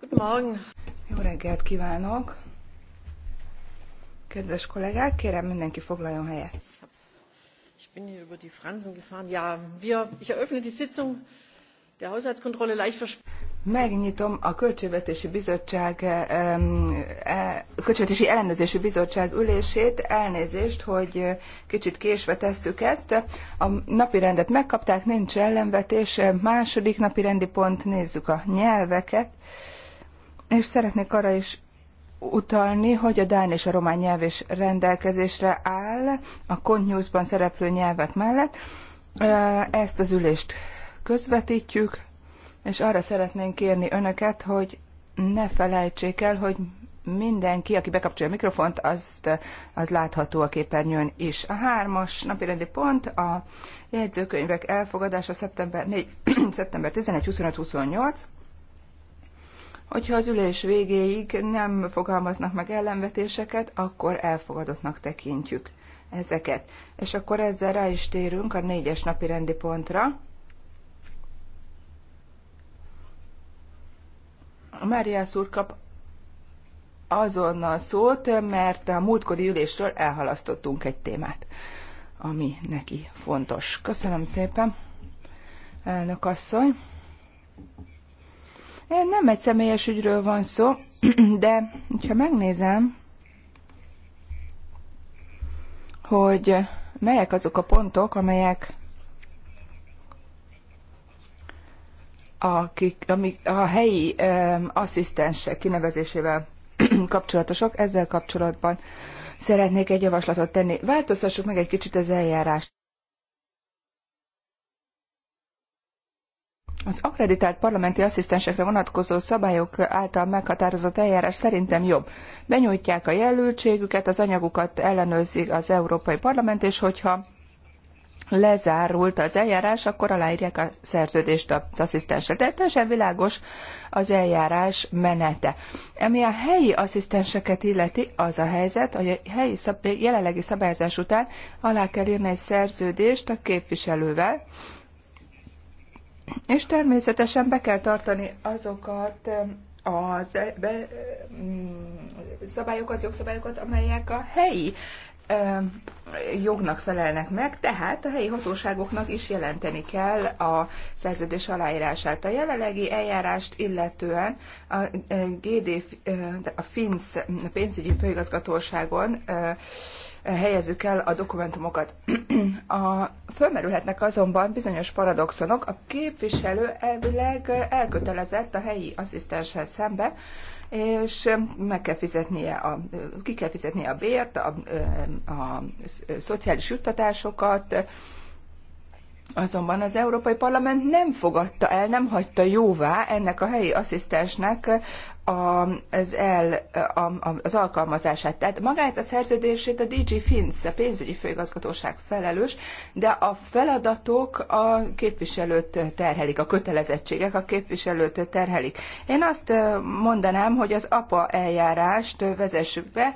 guten Morgen. Jó reggelt kívánok. Kedves kollégák, kérem mindenki foglaljon helyet. Ich bin hier über die Fransen gefahren. Ja, wir, ich eröffne die Sitzung der Haushaltskontrolle leicht Megnyitom a Költségvetési Bizottság, eh, e, Költségvetési Ellenőrzési Bizottság ülését. Elnézést, hogy eh, kicsit késve tesszük ezt. A napi rendet megkapták, nincs ellenvetés. Második napi rendi pont, nézzük a nyelveket és szeretnék arra is utalni, hogy a dán és a román nyelv is rendelkezésre áll a Kontnyúzban szereplő nyelvek mellett. Ezt az ülést közvetítjük, és arra szeretnénk kérni önöket, hogy ne felejtsék el, hogy mindenki, aki bekapcsolja a mikrofont, azt, az látható a képernyőn is. A hármas napirendi pont a jegyzőkönyvek elfogadása szeptember, 4, szeptember 11, 25, 28. Hogyha az ülés végéig nem fogalmaznak meg ellenvetéseket, akkor elfogadottnak tekintjük ezeket. És akkor ezzel rá is térünk a négyes napi rendi pontra. Máriás úr kap azonnal szót, mert a múltkori ülésről elhalasztottunk egy témát, ami neki fontos. Köszönöm szépen, elnök asszony. Nem egy személyes ügyről van szó, de ha megnézem, hogy melyek azok a pontok, amelyek akik, amik a helyi um, asszisztensek kinevezésével kapcsolatosak, ezzel kapcsolatban szeretnék egy javaslatot tenni. Változtassuk meg egy kicsit az eljárást. Az akreditált parlamenti asszisztensekre vonatkozó szabályok által meghatározott eljárás szerintem jobb. Benyújtják a jelöltségüket, az anyagukat ellenőrzik az Európai Parlament, és hogyha lezárult az eljárás, akkor aláírják a szerződést az asszisztensre. De teljesen világos az eljárás menete. Ami a helyi asszisztenseket illeti, az a helyzet, hogy a helyi szab- jelenlegi szabályozás után alá kell írni egy szerződést a képviselővel, és természetesen be kell tartani azokat az e, be, mm, szabályokat, jogszabályokat, amelyek a helyi jognak felelnek meg, tehát a helyi hatóságoknak is jelenteni kell a szerződés aláírását. A jelenlegi eljárást illetően a e, GD, e, a FINSZ pénzügyi főigazgatóságon helyezzük el a dokumentumokat. A, fölmerülhetnek azonban bizonyos paradoxonok. A képviselő elvileg elkötelezett a helyi asszisztenssel szembe, és meg kell fizetnie a, ki kell fizetnie a bért, a, a, a szociális juttatásokat, Azonban az Európai Parlament nem fogadta el, nem hagyta jóvá ennek a helyi asszisztensnek az, el, az alkalmazását. Tehát magát a szerződését a DG Fins, a pénzügyi főigazgatóság felelős, de a feladatok a képviselőt terhelik, a kötelezettségek a képviselőt terhelik. Én azt mondanám, hogy az APA eljárást vezessük be,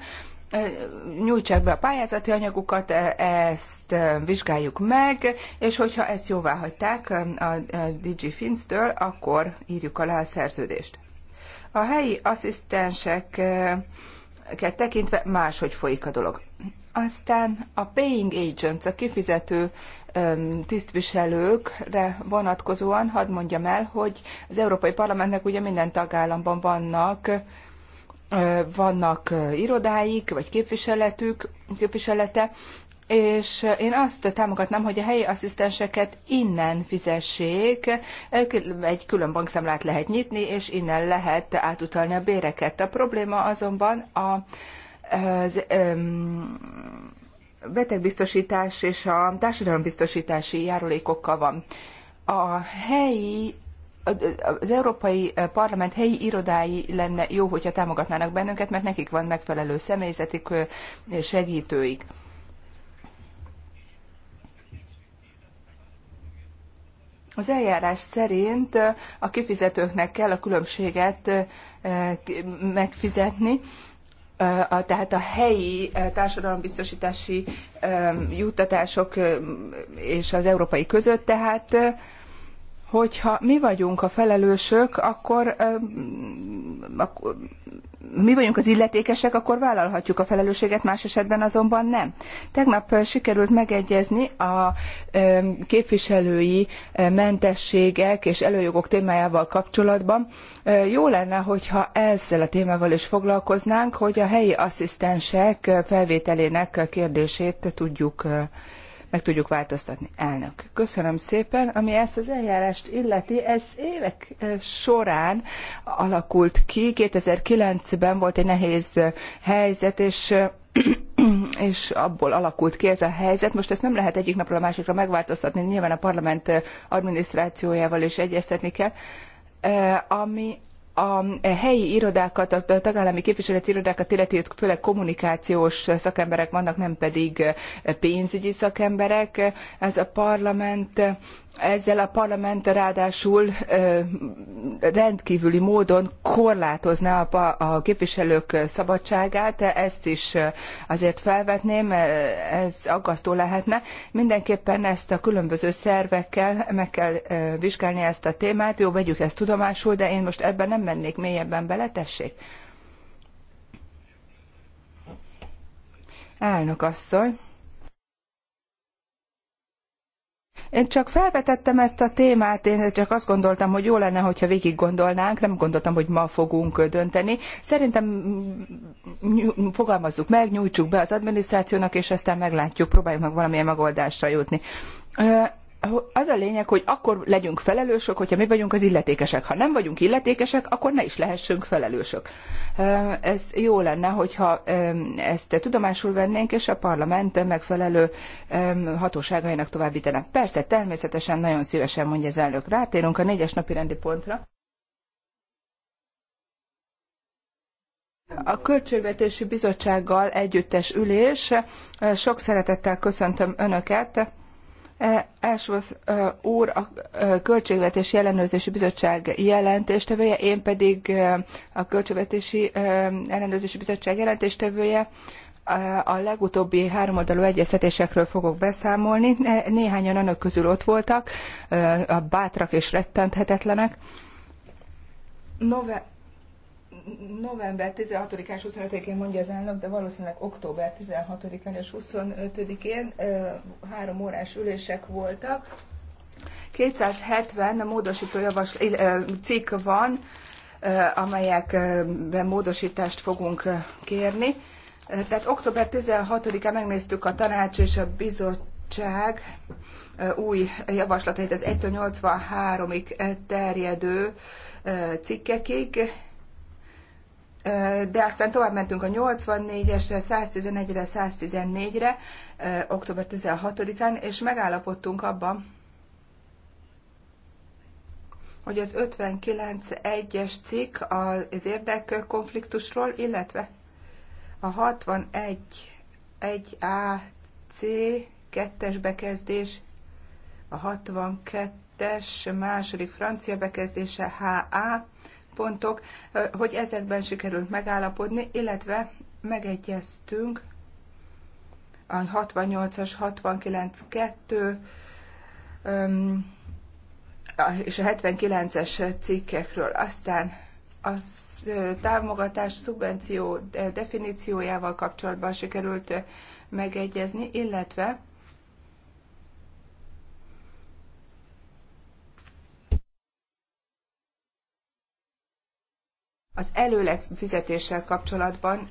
nyújtsák be a pályázati anyagukat, e, ezt vizsgáljuk meg, és hogyha ezt jóvá hagyták a DG Finstől, akkor írjuk alá a szerződést. A helyi asszisztenseket tekintve máshogy folyik a dolog. Aztán a paying agents, a kifizető tisztviselőkre vonatkozóan hadd mondjam el, hogy az Európai Parlamentnek ugye minden tagállamban vannak vannak irodáik, vagy képviseletük, képviselete, és én azt támogatnám, hogy a helyi asszisztenseket innen fizessék, egy külön bankszámlát lehet nyitni, és innen lehet átutalni a béreket. A probléma azonban a, az um, betegbiztosítás és a társadalombiztosítási járulékokkal van. A helyi az Európai Parlament helyi irodái lenne jó, hogyha támogatnának bennünket, mert nekik van megfelelő személyzetik, segítőik. Az eljárás szerint a kifizetőknek kell a különbséget megfizetni, tehát a helyi társadalombiztosítási juttatások és az európai között, tehát hogyha mi vagyunk a felelősök, akkor, akkor mi vagyunk az illetékesek, akkor vállalhatjuk a felelősséget, más esetben azonban nem. Tegnap sikerült megegyezni a képviselői mentességek és előjogok témájával kapcsolatban. Jó lenne, hogyha ezzel a témával is foglalkoznánk, hogy a helyi asszisztensek felvételének kérdését tudjuk meg tudjuk változtatni. Elnök, köszönöm szépen. Ami ezt az eljárást illeti, ez évek során alakult ki. 2009-ben volt egy nehéz helyzet, és és abból alakult ki ez a helyzet. Most ezt nem lehet egyik napról a másikra megváltoztatni, nyilván a parlament adminisztrációjával is egyeztetni kell. Ami a helyi irodákat, a tagállami képviseleti irodákat illeti, ott főleg kommunikációs szakemberek vannak, nem pedig pénzügyi szakemberek. Ez a parlament ezzel a parlament ráadásul rendkívüli módon korlátozná a képviselők szabadságát, ezt is azért felvetném, ez aggasztó lehetne. Mindenképpen ezt a különböző szervekkel meg kell vizsgálni ezt a témát, jó, vegyük ezt tudomásul, de én most ebben nem mennék mélyebben bele, tessék. Elnök asszony. Én csak felvetettem ezt a témát, én csak azt gondoltam, hogy jó lenne, hogyha végig gondolnánk, nem gondoltam, hogy ma fogunk dönteni. Szerintem fogalmazzuk meg, nyújtsuk be az adminisztrációnak, és aztán meglátjuk, próbáljuk meg valamilyen megoldásra jutni az a lényeg, hogy akkor legyünk felelősök, hogyha mi vagyunk az illetékesek. Ha nem vagyunk illetékesek, akkor ne is lehessünk felelősök. Ez jó lenne, hogyha ezt tudomásul vennénk, és a parlament megfelelő hatóságainak továbbítene. Persze, természetesen nagyon szívesen mondja az elnök. Rátérünk a négyes napi rendi pontra. A Költségvetési Bizottsággal együttes ülés. Sok szeretettel köszöntöm Önöket E, Ashworth e, úr a e, Költségvetési Ellenőrzési Bizottság jelentéstevője, én pedig a Költségvetési Ellenőrzési Bizottság jelentéstevője. A legutóbbi háromoldalú egyeztetésekről fogok beszámolni. Néhányan önök közül ott voltak, a bátrak és rettenthetetlenek november 16-án 25-én mondja az elnök, de valószínűleg október 16-án és 25-én három órás ülések voltak. 270 módosító javasl- eh, eh, cikk van, eh, amelyekben módosítást fogunk kérni. Tehát október 16-án megnéztük a tanács és a bizottság új javaslatait az 1-83-ig terjedő cikkekig, de aztán tovább mentünk a 84-esre, 111-re, 114-re, október 16-án, és megállapodtunk abban, hogy az 59-1-es cikk az érdekkonfliktusról, illetve a 61 1 ac 2-es bekezdés, a 62-es második francia bekezdése HA, szempontok, hogy ezekben sikerült megállapodni, illetve megegyeztünk a 68-as, 69-2 és a 79-es cikkekről. Aztán a támogatás szubvenció definíciójával kapcsolatban sikerült megegyezni, illetve az előleg fizetéssel kapcsolatban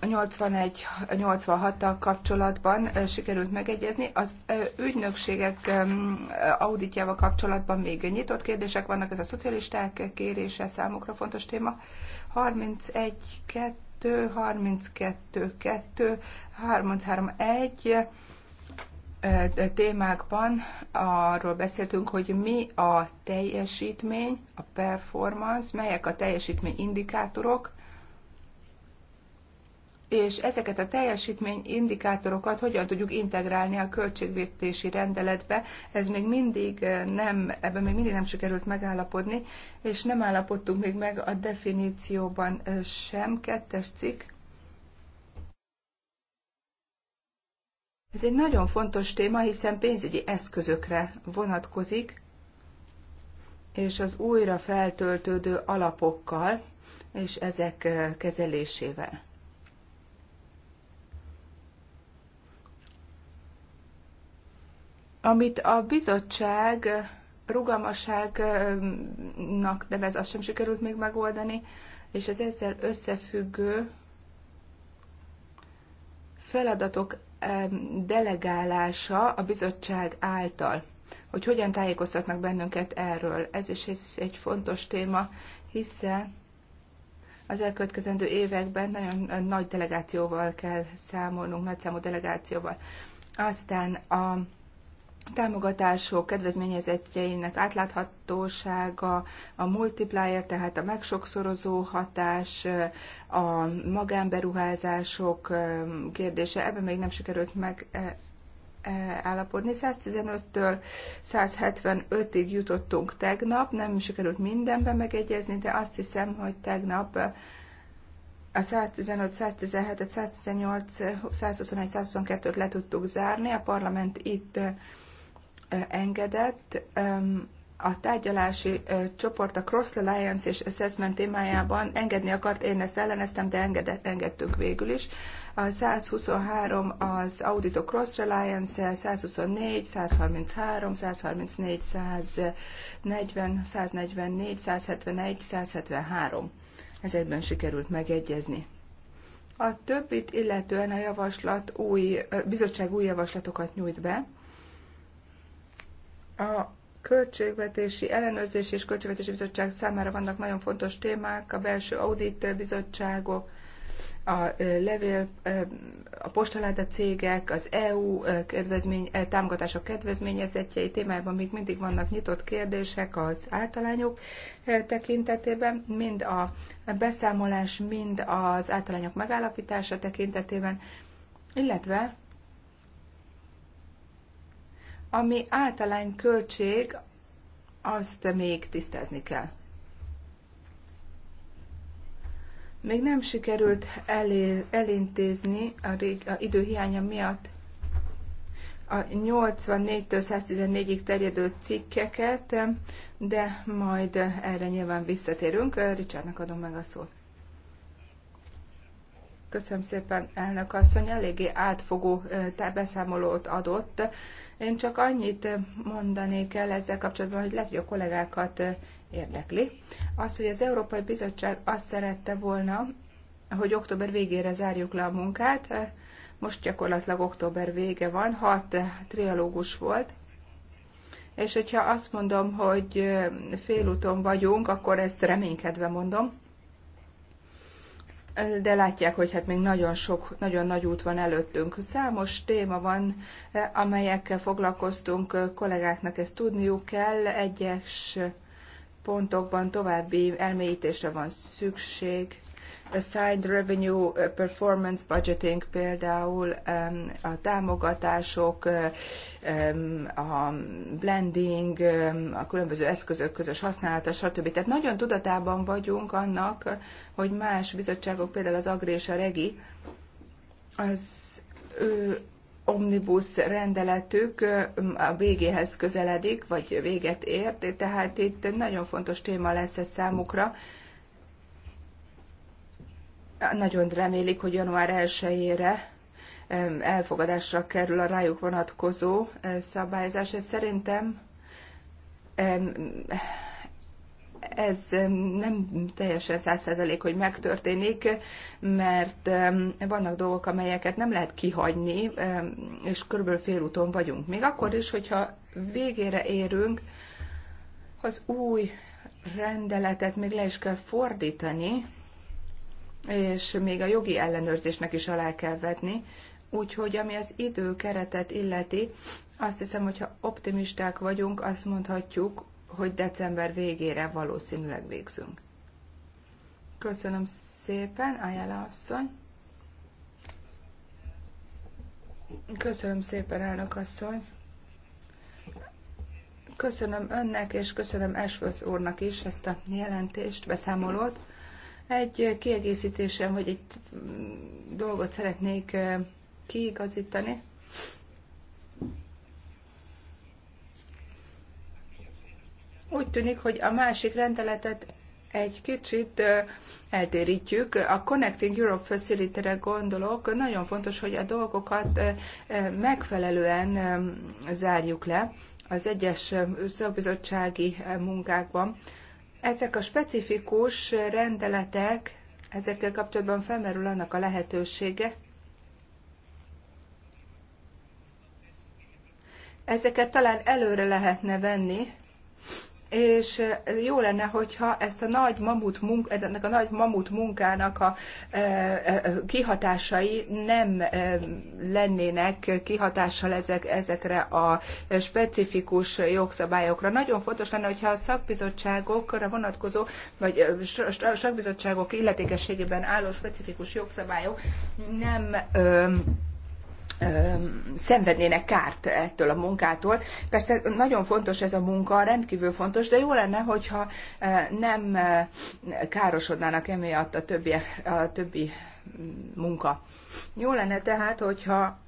81-86-tal kapcsolatban sikerült megegyezni. Az ügynökségek auditjával kapcsolatban még nyitott kérdések vannak, ez a szocialisták kérése számukra fontos téma. 31 2 32 2 33 1 témákban arról beszéltünk, hogy mi a teljesítmény, a performance, melyek a teljesítmény indikátorok, és ezeket a teljesítmény indikátorokat hogyan tudjuk integrálni a költségvetési rendeletbe. Ez még mindig nem, ebben még mindig nem sikerült megállapodni, és nem állapodtunk még meg a definícióban sem. Kettes cikk, Ez egy nagyon fontos téma, hiszen pénzügyi eszközökre vonatkozik, és az újra feltöltődő alapokkal és ezek eh, kezelésével. Amit a bizottság eh, rugalmasságnak nevez, azt sem sikerült még megoldani, és az ezzel összefüggő feladatok delegálása a bizottság által, hogy hogyan tájékoztatnak bennünket erről. Ez is egy fontos téma, hiszen az elkövetkezendő években nagyon nagy delegációval kell számolnunk, nagyszámú delegációval. Aztán a támogatások kedvezményezetjeinek átláthatósága, a multiplier, tehát a megsokszorozó hatás, a magánberuházások um, kérdése, ebben még nem sikerült meg e, e, állapodni. 115-től 175-ig jutottunk tegnap, nem sikerült mindenben megegyezni, de azt hiszem, hogy tegnap e, a 115, 117, 118, 121, 122-t le tudtuk zárni. A parlament itt engedett. A tárgyalási csoport a Cross Alliance és Assessment témájában engedni akart, én ezt elleneztem, de engedett, engedtünk végül is. A 123 az Audito Cross Reliance, 124, 133, 134, 140, 144, 171, 173. Ezekben sikerült megegyezni. A többit illetően a javaslat új, a bizottság új javaslatokat nyújt be, a Költségvetési ellenőrzés és Költségvetési Bizottság számára vannak nagyon fontos témák, a belső audit bizottságok, a levél, a postaláda cégek, az EU kedvezmény, támogatások kedvezményezetjei témában még mindig vannak nyitott kérdések az általányok tekintetében, mind a beszámolás, mind az általányok megállapítása tekintetében, illetve ami általány költség, azt még tisztázni kell. Még nem sikerült elér, elintézni a, rég, a időhiánya miatt a 84-től 114-ig terjedő cikkeket, de majd erre nyilván visszatérünk. Richardnak adom meg a szót. Köszönöm szépen, elnök asszony, eléggé átfogó beszámolót adott én csak annyit mondanék el ezzel kapcsolatban, hogy lehet, hogy a kollégákat érdekli. Az, hogy az Európai Bizottság azt szerette volna, hogy október végére zárjuk le a munkát, most gyakorlatilag október vége van, hat trialógus volt, és hogyha azt mondom, hogy félúton vagyunk, akkor ezt reménykedve mondom, de látják, hogy hát még nagyon sok, nagyon nagy út van előttünk. Számos téma van, eh, amelyekkel foglalkoztunk, kollégáknak ezt tudniuk kell, egyes pontokban további elmélyítésre van szükség. Assigned Revenue uh, Performance Budgeting például, um, a támogatások, uh, um, a blending, um, a különböző eszközök közös használata, stb. Tehát nagyon tudatában vagyunk annak, hogy más bizottságok, például az Agri és a Regi, az ő omnibus rendeletük a végéhez közeledik, vagy véget ért, tehát itt nagyon fontos téma lesz ez számukra, nagyon remélik, hogy január 1-ére elfogadásra kerül a rájuk vonatkozó szabályozás. Ez szerintem ez nem teljesen száz százalék, hogy megtörténik, mert vannak dolgok, amelyeket nem lehet kihagyni, és körülbelül félúton vagyunk. Még akkor is, hogyha végére érünk, az új rendeletet még le is kell fordítani, és még a jogi ellenőrzésnek is alá kell vetni. Úgyhogy ami az időkeretet illeti, azt hiszem, hogyha optimisták vagyunk, azt mondhatjuk, hogy december végére valószínűleg végzünk. Köszönöm szépen, Ajala asszony. Köszönöm szépen, elnök asszony. Köszönöm önnek, és köszönöm Esvöz úrnak is ezt a jelentést, beszámolót. Egy kiegészítésem, hogy egy dolgot szeretnék kiigazítani. Úgy tűnik, hogy a másik rendeletet egy kicsit eltérítjük. A Connecting Europe Facility-re gondolok. Nagyon fontos, hogy a dolgokat megfelelően zárjuk le az egyes szakbizottsági munkákban. Ezek a specifikus rendeletek, ezekkel kapcsolatban felmerül annak a lehetősége, ezeket talán előre lehetne venni, és jó lenne, hogyha ezt a nagy mamut munk, ennek a nagy mamut munkának a kihatásai nem lennének kihatással ezek, ezekre a specifikus jogszabályokra. Nagyon fontos lenne, hogyha a szakbizottságokra vonatkozó, vagy szakbizottságok illetékességében álló specifikus jogszabályok nem szenvednének kárt ettől a munkától. Persze nagyon fontos ez a munka, rendkívül fontos, de jó lenne, hogyha nem károsodnának emiatt a többi, a többi mm, munka. Jó lenne tehát, hogyha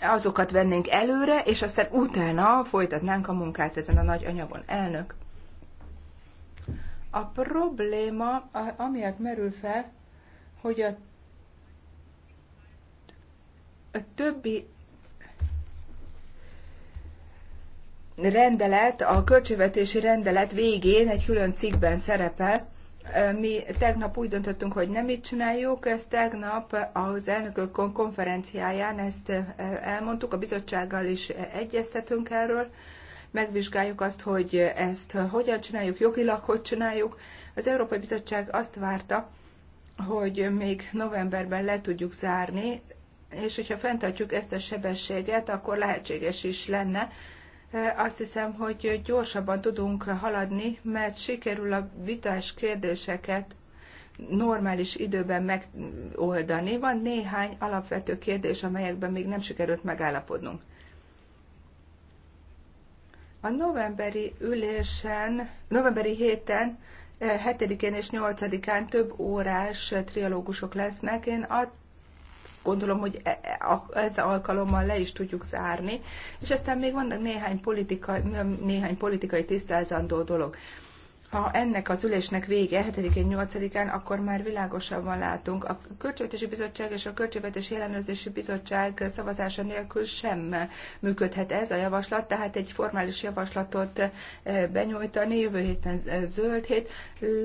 azokat vennénk előre, és aztán utána folytatnánk a munkát ezen a nagy anyagon. Elnök. A probléma amiatt merül fel, hogy a a többi rendelet, a költségvetési rendelet végén egy külön cikkben szerepel. Mi tegnap úgy döntöttünk, hogy nem így csináljuk, ezt tegnap az elnökök konferenciáján ezt elmondtuk, a bizottsággal is egyeztetünk erről, megvizsgáljuk azt, hogy ezt hogyan csináljuk, jogilag hogy csináljuk. Az Európai Bizottság azt várta, hogy még novemberben le tudjuk zárni és hogyha fenntartjuk ezt a sebességet, akkor lehetséges is lenne. Azt hiszem, hogy gyorsabban tudunk haladni, mert sikerül a vitás kérdéseket normális időben megoldani. Van néhány alapvető kérdés, amelyekben még nem sikerült megállapodnunk. A novemberi ülésen, novemberi héten 7-én és 8-án több órás trialógusok lesznek. Én att- gondolom, hogy e, e, ez alkalommal le is tudjuk zárni, és aztán még vannak néhány, politika, néhány politikai tisztázandó dolog ha ennek az ülésnek vége 7-én, 8-án, akkor már világosabban látunk. A Költségvetési Bizottság és a Költségvetési Ellenőrzési Bizottság szavazása nélkül sem működhet ez a javaslat, tehát egy formális javaslatot eh, benyújtani, jövő héten eh, zöld hét,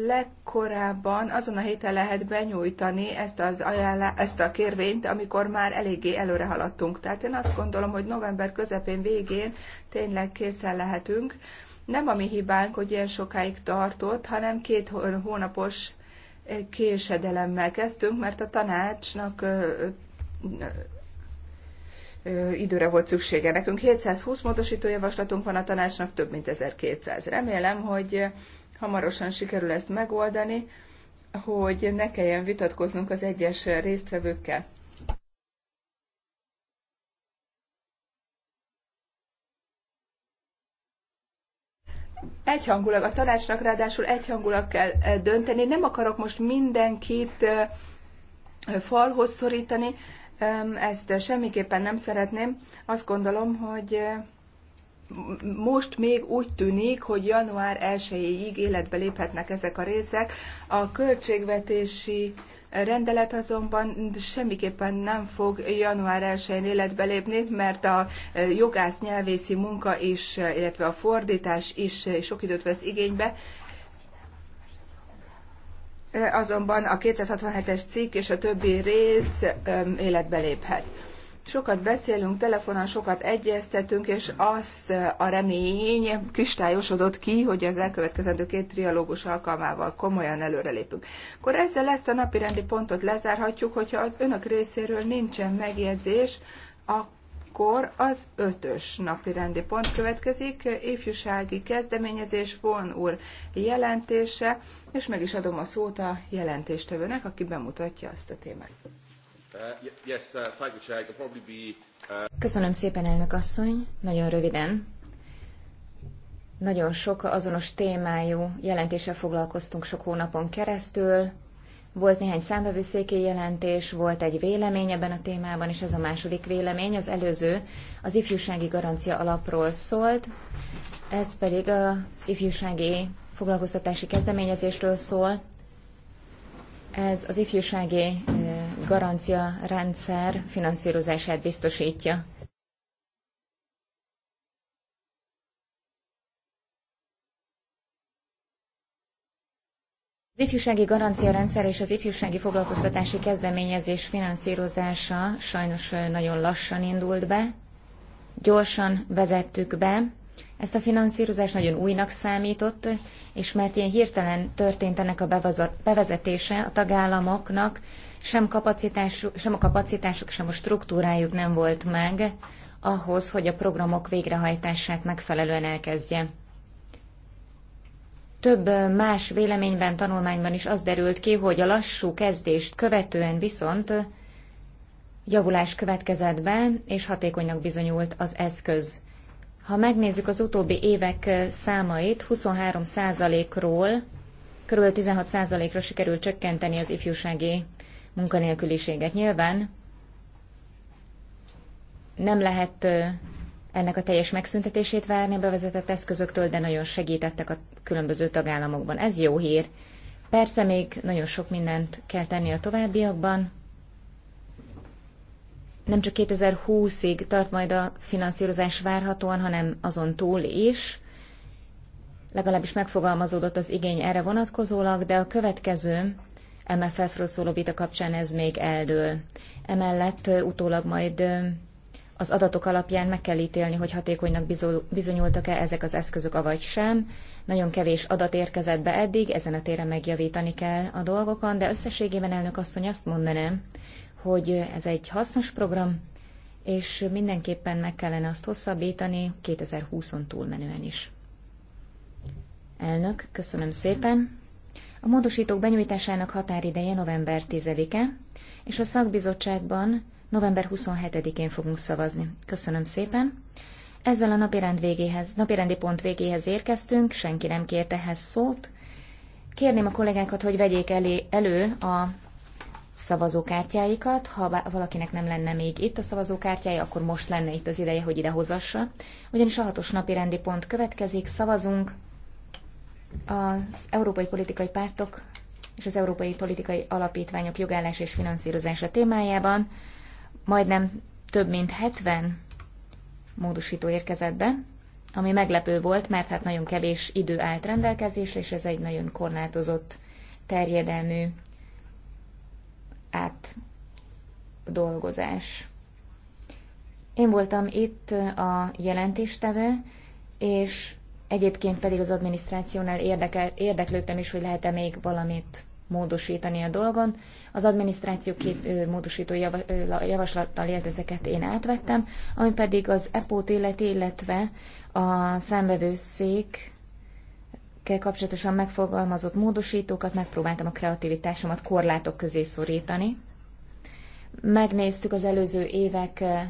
legkorábban azon a héten lehet benyújtani ezt, az ajánlá, ezt a kérvényt, amikor már eléggé előre haladtunk. Tehát én azt gondolom, hogy november közepén, végén tényleg készen lehetünk nem a mi hibánk, hogy ilyen sokáig tartott, hanem két hónapos eh, késedelemmel kezdtünk, mert a tanácsnak időre volt szüksége. Nekünk 720 módosító javaslatunk van a tanácsnak, több mint 1200. Remélem, hogy hamarosan sikerül ezt megoldani, hogy ne kelljen vitatkoznunk az egyes résztvevőkkel. egyhangulag, a tanácsnak ráadásul egyhangulag kell eh, dönteni. Nem akarok most mindenkit eh, falhoz szorítani, ezt semmiképpen nem szeretném. Azt gondolom, hogy eh, most még úgy tűnik, hogy január 1-ig életbe léphetnek ezek a részek. A költségvetési rendelet azonban semmiképpen nem fog január 1-én életbe lépni, mert a e, jogász nyelvészi munka is, e, illetve a fordítás is e, sok időt vesz igénybe, azonban a 267-es cikk és a többi rész életbe léphet. Sokat beszélünk telefonon, sokat egyeztetünk, és az a remény kristályosodott ki, hogy az elkövetkezendő két trialógus alkalmával komolyan előrelépünk. Akkor ezzel ezt a napi rendi pontot lezárhatjuk, hogyha az önök részéről nincsen megjegyzés, akkor az ötös napi rendi pont következik, ifjúsági kezdeményezés, von úr jelentése, és meg is adom a szót a jelentéstevőnek, aki bemutatja azt a témát. Uh, uh, uh, Köszönöm szépen, elnök asszony. Nagyon röviden. Nagyon sok azonos témájú jelentéssel foglalkoztunk sok hónapon keresztül. Volt néhány számbevőszéki jelentés, volt egy vélemény ebben a témában, és ez a második vélemény. Az előző az ifjúsági garancia alapról szólt, ez pedig az ifjúsági foglalkoztatási kezdeményezésről szól, ez az ifjúsági garancia rendszer finanszírozását biztosítja. Az ifjúsági garancia rendszer és az ifjúsági foglalkoztatási kezdeményezés finanszírozása sajnos nagyon lassan indult be. Gyorsan vezettük be ezt a finanszírozás nagyon újnak számított, és mert ilyen hirtelen történt ennek a bevezetése, a tagállamoknak sem, kapacitásuk, sem a kapacitásuk, sem a struktúrájuk nem volt meg ahhoz, hogy a programok végrehajtását megfelelően elkezdje. Több más véleményben, tanulmányban is az derült ki, hogy a lassú kezdést követően viszont javulás következett be, és hatékonynak bizonyult az eszköz. Ha megnézzük az utóbbi évek számait, 23%-ról kb. 16%-ra sikerült csökkenteni az ifjúsági munkanélküliséget. Nyilván nem lehet ennek a teljes megszüntetését várni a bevezetett eszközöktől, de nagyon segítettek a különböző tagállamokban. Ez jó hír. Persze még nagyon sok mindent kell tenni a továbbiakban, nem csak 2020-ig tart majd a finanszírozás várhatóan, hanem azon túl is. Legalábbis megfogalmazódott az igény erre vonatkozólag, de a következő MFF-ről szóló vita kapcsán ez még eldől. Emellett utólag majd az adatok alapján meg kell ítélni, hogy hatékonynak bizonyultak-e ezek az eszközök, avagy sem. Nagyon kevés adat érkezett be eddig, ezen a téren megjavítani kell a dolgokon, de összességében elnök asszony azt mondanám, hogy ez egy hasznos program, és mindenképpen meg kellene azt hosszabbítani 2020-on túlmenően is. Elnök, köszönöm szépen. A módosítók benyújtásának határideje november 10-e, és a szakbizottságban november 27-én fogunk szavazni. Köszönöm szépen. Ezzel a napirend végéhez, napirendi pont végéhez érkeztünk, senki nem kért ehhez szót. Kérném a kollégákat, hogy vegyék elé, elő a szavazókártyáikat. Ha valakinek nem lenne még itt a szavazókártyája, akkor most lenne itt az ideje, hogy ide Ugyanis a hatos napi rendi pont következik, szavazunk az európai politikai pártok és az európai politikai alapítványok jogállás és finanszírozása témájában. Majdnem több mint 70 módosító érkezett be, ami meglepő volt, mert hát nagyon kevés idő állt rendelkezésre, és ez egy nagyon korlátozott terjedelmű dolgozás. Én voltam itt a jelentéstevő, és egyébként pedig az adminisztrációnál érdekel, érdeklődtem is, hogy lehet-e még valamit módosítani a dolgon. Az adminisztráció két ö, módosító javaslattal élt, ezeket én átvettem, ami pedig az EPO-t illeti, illetve a számvevőszék kell kapcsolatosan megfogalmazott módosítókat megpróbáltam a kreativitásomat korlátok közé szorítani. Megnéztük az előző évek eh,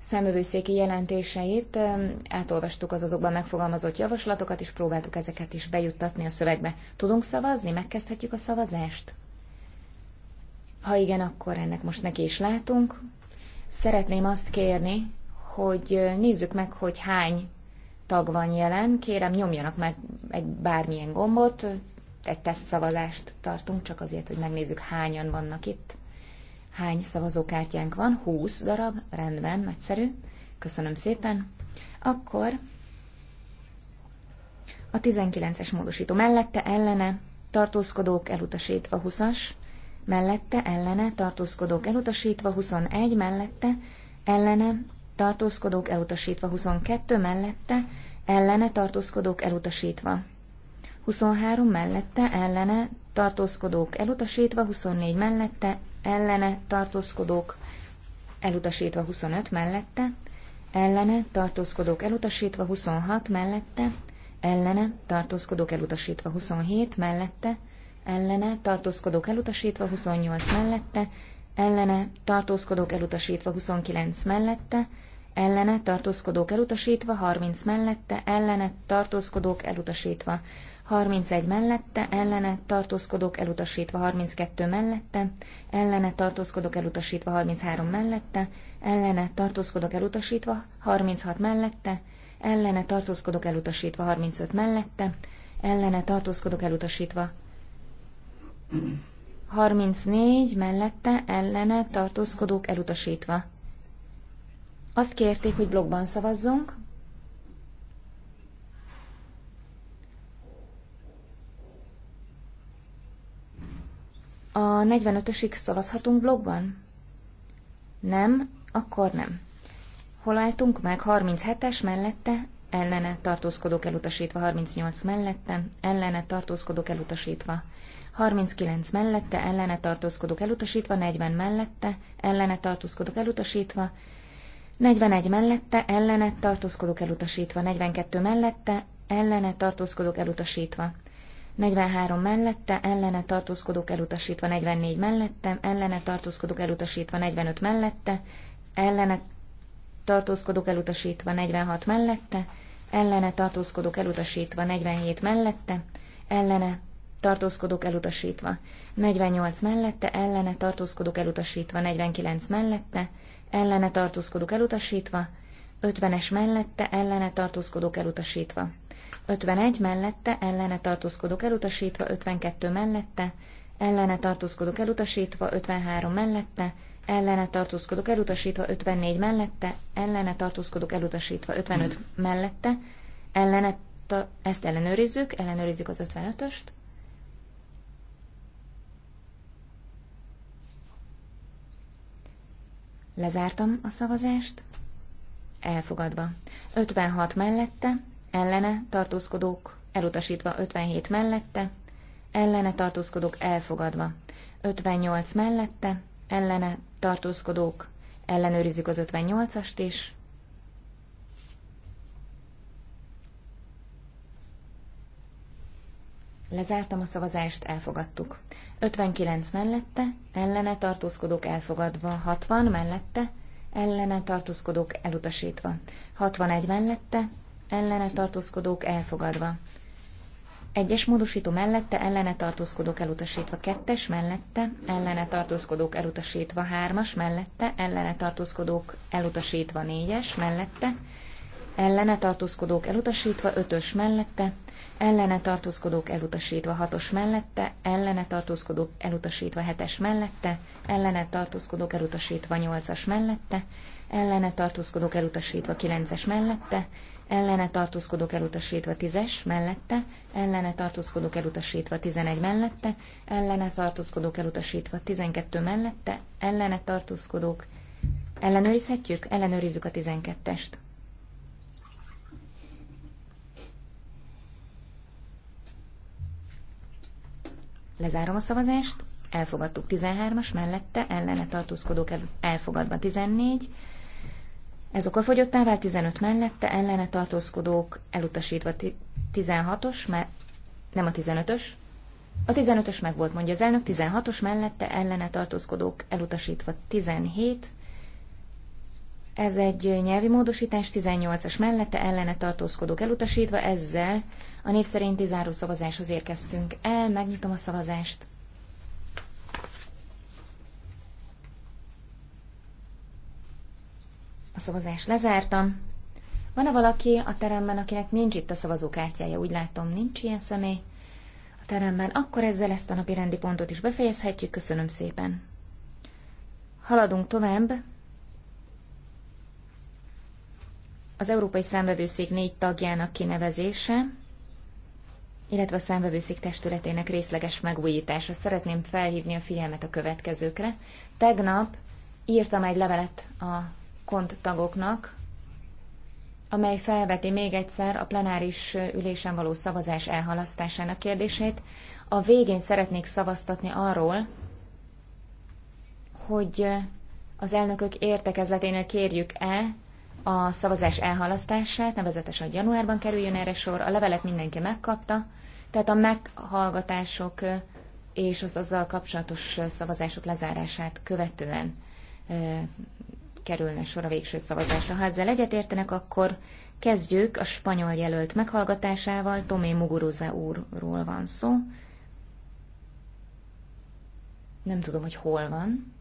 szemövőszéki jelentéseit, eh, átolvastuk az azokban megfogalmazott javaslatokat, és próbáltuk ezeket is bejuttatni a szövegbe. Tudunk szavazni? Megkezdhetjük a szavazást? Ha igen, akkor ennek most neki is látunk. Szeretném azt kérni, hogy eh, nézzük meg, hogy hány tag van jelen, kérem nyomjanak meg egy bármilyen gombot, egy tesztszavazást tartunk, csak azért, hogy megnézzük hányan vannak itt. Hány szavazókártyánk van? 20 darab, rendben, nagyszerű. Köszönöm szépen. Akkor a 19-es módosító mellette, ellene, tartózkodók elutasítva 20-as, mellette, ellene, tartózkodók elutasítva 21, mellette, ellene, tartózkodók elutasítva 22, mellette, ellene tartózkodók elutasítva. 23 mellette ellene tartózkodók elutasítva, 24 mellette ellene tartózkodók elutasítva, 25 mellette ellene tartózkodók elutasítva, 26 mellette ellene tartózkodók elutasítva, 27 mellette ellene tartózkodók elutasítva, 28 mellette ellene tartózkodók elutasítva, 29 mellette ellene tartózkodók elutasítva, 30 mellette, ellene tartózkodók elutasítva, 31 mellette, ellene tartózkodók elutasítva, 32 mellette, ellene tartózkodók elutasítva, 33 mellette, ellene tartózkodók elutasítva, 36 mellette, ellene tartózkodók elutasítva, 35 mellette, ellene tartózkodók elutasítva, 34 mellette, ellene tartózkodók elutasítva. Azt kérték, hogy blogban szavazzunk. A 45-ösig szavazhatunk blogban? Nem, akkor nem. Hol álltunk meg? 37-es mellette, ellene tartózkodók elutasítva, 38 mellette, ellene tartózkodók elutasítva. 39 mellette, ellene tartózkodók elutasítva, 40 mellette, ellene tartózkodók elutasítva, 41 mellette, ellene, tartózkodók elutasítva. 42 mellette, ellene, tartózkodók elutasítva. 43 mellette, ellene tartózkodók elutasítva 44 mellette, ellene tartózkodók elutasítva 45 mellette, ellene tartózkodók elutasítva 46 mellette, ellene tartózkodók elutasítva 47 mellette, ellene tartózkodók elutasítva 48 mellette, ellene tartózkodók elutasítva 49 mellette, ellene tartózkodok elutasítva, 50-es mellette ellene tartózkodok elutasítva, 51 mellette ellene tartózkodok elutasítva, 52 mellette ellene tartózkodok elutasítva, 53 mellette ellene tartózkodok elutasítva, 54 mellette ellene tartózkodok elutasítva, 55 mellette ellene ta- ezt ellenőrizzük, ellenőrizzük az 55-öst, Lezártam a szavazást. Elfogadva. 56 mellette, ellene tartózkodók elutasítva 57 mellette, ellene tartózkodók elfogadva. 58 mellette, ellene tartózkodók ellenőrizzük az 58-ast is. Lezártam a szavazást, elfogadtuk. 59 mellette, ellene tartózkodók elfogadva, 60 mellette, ellene tartózkodók elutasítva, 61 mellette, ellene tartózkodók elfogadva. Egyes módosító mellette ellene tartózkodók elutasítva, kettes mellette ellene tartózkodók elutasítva, hármas mellette ellene tartózkodók elutasítva, négyes mellette ellene tartózkodók elutasítva, ötös mellette ellene tartózkodók elutasítva hatos mellette, ellene tartózkodók elutasítva hetes mellette, ellene tartózkodók elutasítva nyolcas mellette, ellene tartózkodók elutasítva kilences mellette, ellene tartózkodók elutasítva tízes mellette, ellene tartózkodók elutasítva tizenegy mellette, ellene tartózkodók elutasítva tizenkettő mellette, ellene tartózkodók. Ellenőrizhetjük? Ellenőrizzük a tizenkettest. Lezárom a szavazást. Elfogadtuk 13-as, mellette ellene tartózkodók elfogadva 14. Ez okafogyottá vált 15 mellette, ellene tartózkodók elutasítva 16-os, mert nem a 15-ös. A 15-ös meg volt, mondja az elnök, 16-os mellette, ellene tartózkodók elutasítva 17, ez egy nyelvi módosítás, 18-as mellette ellene tartózkodók elutasítva, ezzel a név szerinti zárószavazáshoz érkeztünk el, megnyitom a szavazást. A szavazást lezártam. Van-e valaki a teremben, akinek nincs itt a szavazókártyája? Úgy látom, nincs ilyen személy a teremben. Akkor ezzel ezt a napi rendi pontot is befejezhetjük. Köszönöm szépen. Haladunk tovább. az Európai Számvevőszék négy tagjának kinevezése, illetve a számvevőszék testületének részleges megújítása. Szeretném felhívni a figyelmet a következőkre. Tegnap írtam egy levelet a kont tagoknak, amely felveti még egyszer a plenáris ülésen való szavazás elhalasztásának kérdését. A végén szeretnék szavaztatni arról, hogy az elnökök értekezleténél kérjük-e, a szavazás elhalasztását, nevezetesen januárban kerüljön erre sor, a levelet mindenki megkapta, tehát a meghallgatások és az azzal kapcsolatos szavazások lezárását követően e, kerülne sor a végső szavazásra. Ha ezzel egyetértenek, akkor kezdjük a spanyol jelölt meghallgatásával. Tomé Muguruza úrról van szó. Nem tudom, hogy hol van.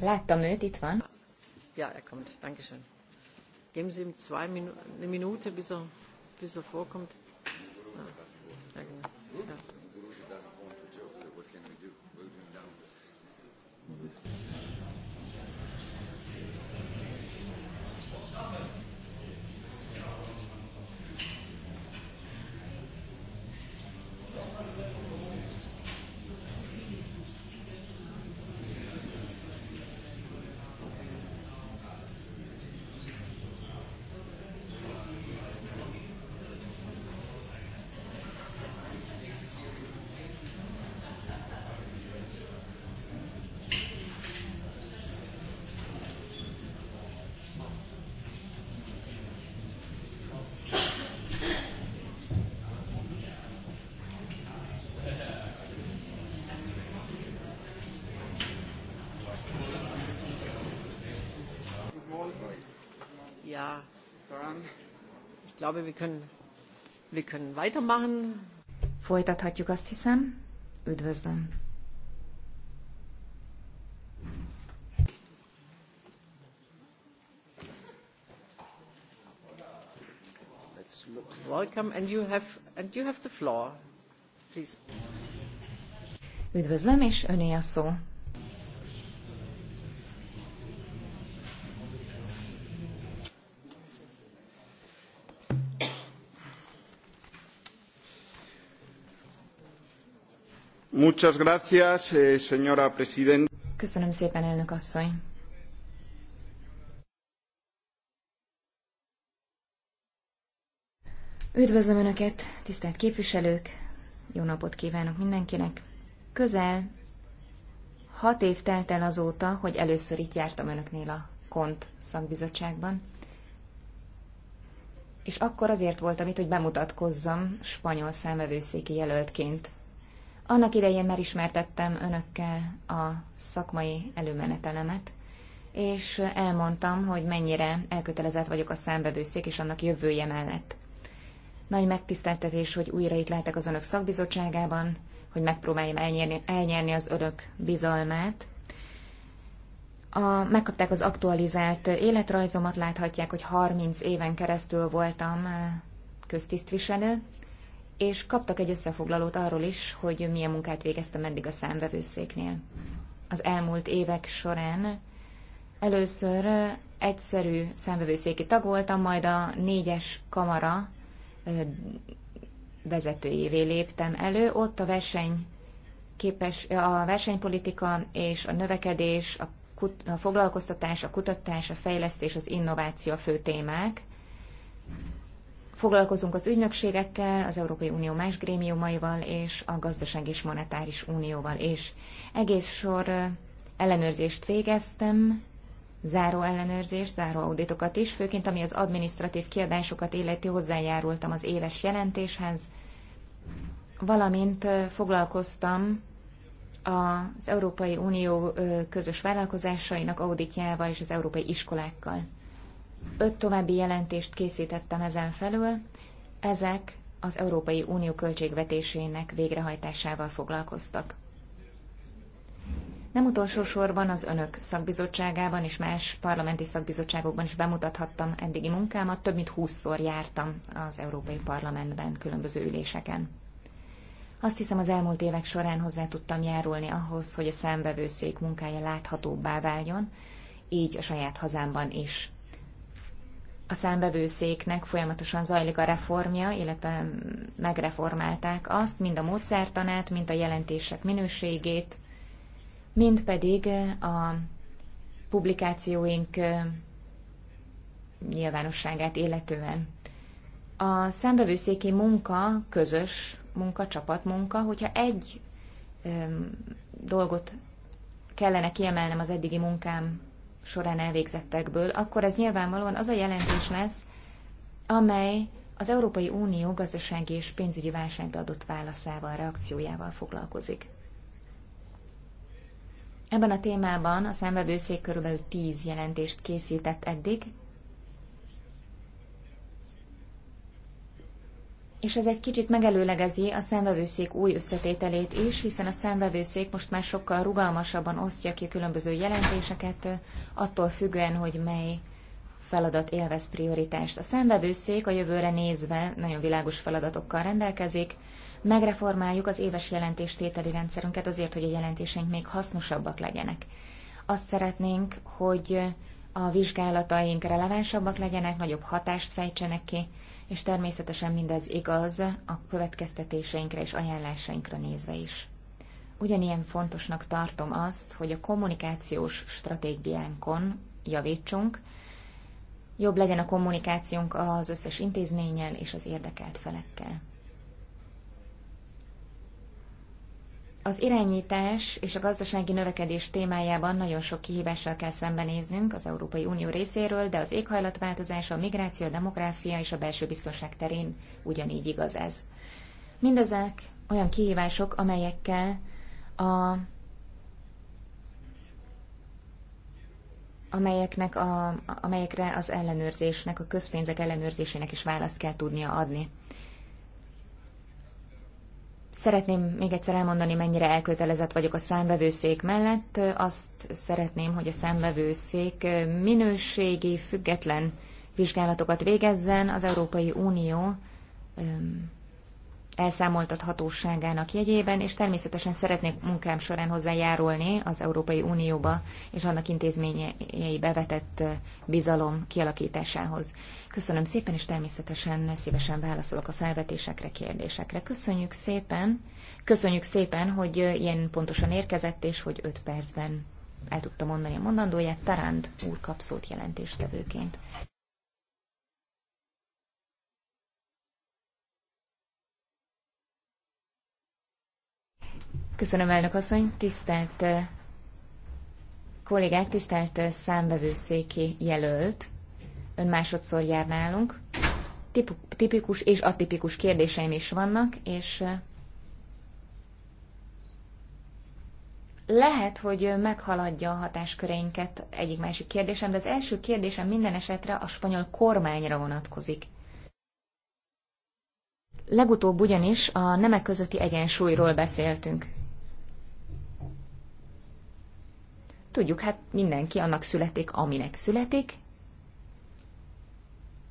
Láttam őt, itt van. Ja, er kommt. Dankeschön. Geben Sie ihm zwei Minuten, eine Minute, bis er, bis er vorkommt. Ja, ah, ja, genau. ja. glaube, wir können, wir können weitermachen. Folytathatjuk azt hiszem. Üdvözlöm. Welcome and you have and you have the floor. Please. Üdvözlöm, és öné a szó. Muchas gracias, eh, señora presidenta. Köszönöm szépen, elnök asszony. Üdvözlöm Önöket, tisztelt képviselők! Jó napot kívánok mindenkinek! Közel hat év telt el azóta, hogy először itt jártam Önöknél a KONT szakbizottságban, és akkor azért voltam itt, hogy bemutatkozzam spanyol számvevőszéki jelöltként. Annak idején már ismertettem önökkel a szakmai előmenetelemet, és elmondtam, hogy mennyire elkötelezett vagyok a számbevőszék és annak jövője mellett. Nagy megtiszteltetés, hogy újra itt lehetek az önök szakbizottságában, hogy megpróbáljam elnyerni, elnyerni az önök bizalmát. A, megkapták az aktualizált életrajzomat, láthatják, hogy 30 éven keresztül voltam eh, köztisztviselő, és kaptak egy összefoglalót arról is, hogy milyen munkát végeztem eddig a számvevőszéknél. Az elmúlt évek során először egyszerű számvevőszéki tag voltam, majd a négyes kamara vezetőjévé léptem elő. Ott a verseny képes, a versenypolitika és a növekedés, a, kut, a foglalkoztatás, a kutatás, a fejlesztés, az innováció a fő témák. Foglalkozunk az ügynökségekkel, az Európai Unió más grémiumaival és a Gazdaság és Monetáris Unióval És Egész sor ellenőrzést végeztem, záró ellenőrzést, záró auditokat is, főként ami az administratív kiadásokat illeti hozzájárultam az éves jelentéshez, valamint foglalkoztam az Európai Unió közös vállalkozásainak auditjával és az európai iskolákkal öt további jelentést készítettem ezen felül. Ezek az Európai Unió költségvetésének végrehajtásával foglalkoztak. Nem utolsó sorban az önök szakbizottságában és más parlamenti szakbizottságokban is bemutathattam eddigi munkámat, több mint húszszor jártam az Európai Parlamentben különböző üléseken. Azt hiszem az elmúlt évek során hozzá tudtam járulni ahhoz, hogy a számbevőszék munkája láthatóbbá váljon, így a saját hazámban is a számbevőszéknek folyamatosan zajlik a reformja, illetve megreformálták azt, mind a módszertanát, mind a jelentések minőségét, mind pedig a publikációink nyilvánosságát illetően. A számbevőszéki munka közös munka, csapatmunka, hogyha egy dolgot kellene kiemelnem az eddigi munkám során elvégzettekből, akkor ez nyilvánvalóan az a jelentés lesz, amely az Európai Unió gazdasági és pénzügyi válságra adott válaszával, reakciójával foglalkozik. Ebben a témában a szembevőszék körülbelül 10 jelentést készített eddig, és ez egy kicsit megelőlegezi a szemvevőszék új összetételét is, hiszen a szemvevőszék most már sokkal rugalmasabban osztja ki a különböző jelentéseket, attól függően, hogy mely feladat élvez prioritást. A szemvevőszék a jövőre nézve nagyon világos feladatokkal rendelkezik, megreformáljuk az éves jelentéstételi rendszerünket azért, hogy a jelentéseink még hasznosabbak legyenek. Azt szeretnénk, hogy a vizsgálataink relevánsabbak legyenek, nagyobb hatást fejtsenek ki, és természetesen mindez igaz a következtetéseinkre és ajánlásainkra nézve is. Ugyanilyen fontosnak tartom azt, hogy a kommunikációs stratégiánkon javítsunk, jobb legyen a kommunikációnk az összes intézménnyel és az érdekelt felekkel. Az irányítás és a gazdasági növekedés témájában nagyon sok kihívással kell szembenéznünk az Európai Unió részéről, de az éghajlatváltozás, a migráció, a demográfia és a belső biztonság terén ugyanígy igaz ez. Mindezek olyan kihívások, amelyekkel a amelyeknek a, amelyekre az ellenőrzésnek, a közpénzek ellenőrzésének is választ kell tudnia adni. Szeretném még egyszer elmondani, mennyire elkötelezett vagyok a számbevőszék mellett. Azt szeretném, hogy a számbevőszék minőségi, független vizsgálatokat végezzen. Az Európai Unió elszámoltat hatóságának jegyében, és természetesen szeretnék munkám során hozzájárulni az Európai Unióba és annak intézményei bevetett eh, bizalom kialakításához. Köszönöm szépen, és természetesen szívesen válaszolok a felvetésekre, kérdésekre. Köszönjük szépen, köszönjük szépen, hogy eh, ilyen pontosan érkezett, és hogy 5 percben el tudta mondani a mondandóját. Tarand úr kapszót jelentéstevőként. Köszönöm, elnök asszony. Tisztelt eh, kollégák, tisztelt eh, számbevőszéki jelölt. Ön másodszor jár nálunk. Tipikus és atipikus kérdéseim is vannak, és eh, lehet, hogy meghaladja a hatásköreinket egyik-másik kérdésem, de az első kérdésem minden esetre a spanyol kormányra vonatkozik. Legutóbb ugyanis a nemek közötti egyensúlyról beszéltünk. Tudjuk, hát mindenki annak születik, aminek születik,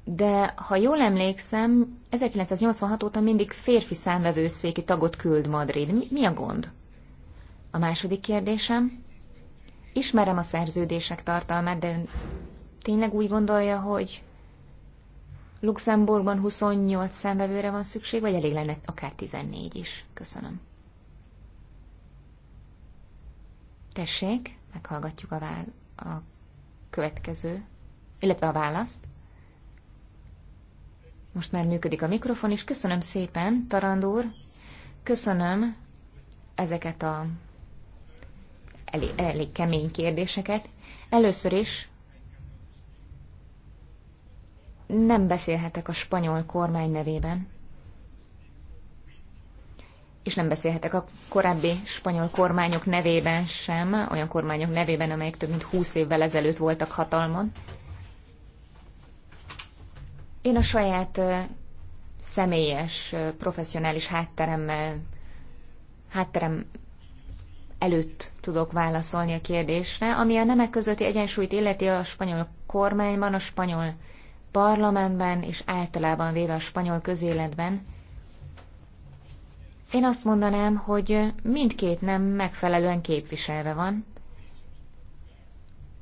de ha jól emlékszem, 1986 óta mindig férfi számvevőszéki tagot küld Madrid. Mi, mi a gond? A második kérdésem. Ismerem a szerződések tartalmát, de ön tényleg úgy gondolja, hogy Luxemburgban 28 számvevőre van szükség, vagy elég lenne akár 14 is? Köszönöm. Tessék? meghallgatjuk a, vál, a következő, illetve a választ. Most már működik a mikrofon és Köszönöm szépen, Tarandúr. Köszönöm ezeket a elég, elég kemény kérdéseket. Először is nem beszélhetek a spanyol kormány nevében és nem beszélhetek a korábbi spanyol kormányok nevében sem, olyan kormányok nevében, amelyek több mint 20 évvel ezelőtt voltak hatalmon. Én a saját személyes, professzionális hátteremmel, hátterem előtt tudok válaszolni a kérdésre, ami a nemek közötti egyensúlyt illeti a spanyol kormányban, a spanyol parlamentben és általában véve a spanyol közéletben én azt mondanám, hogy mindkét nem megfelelően képviselve van.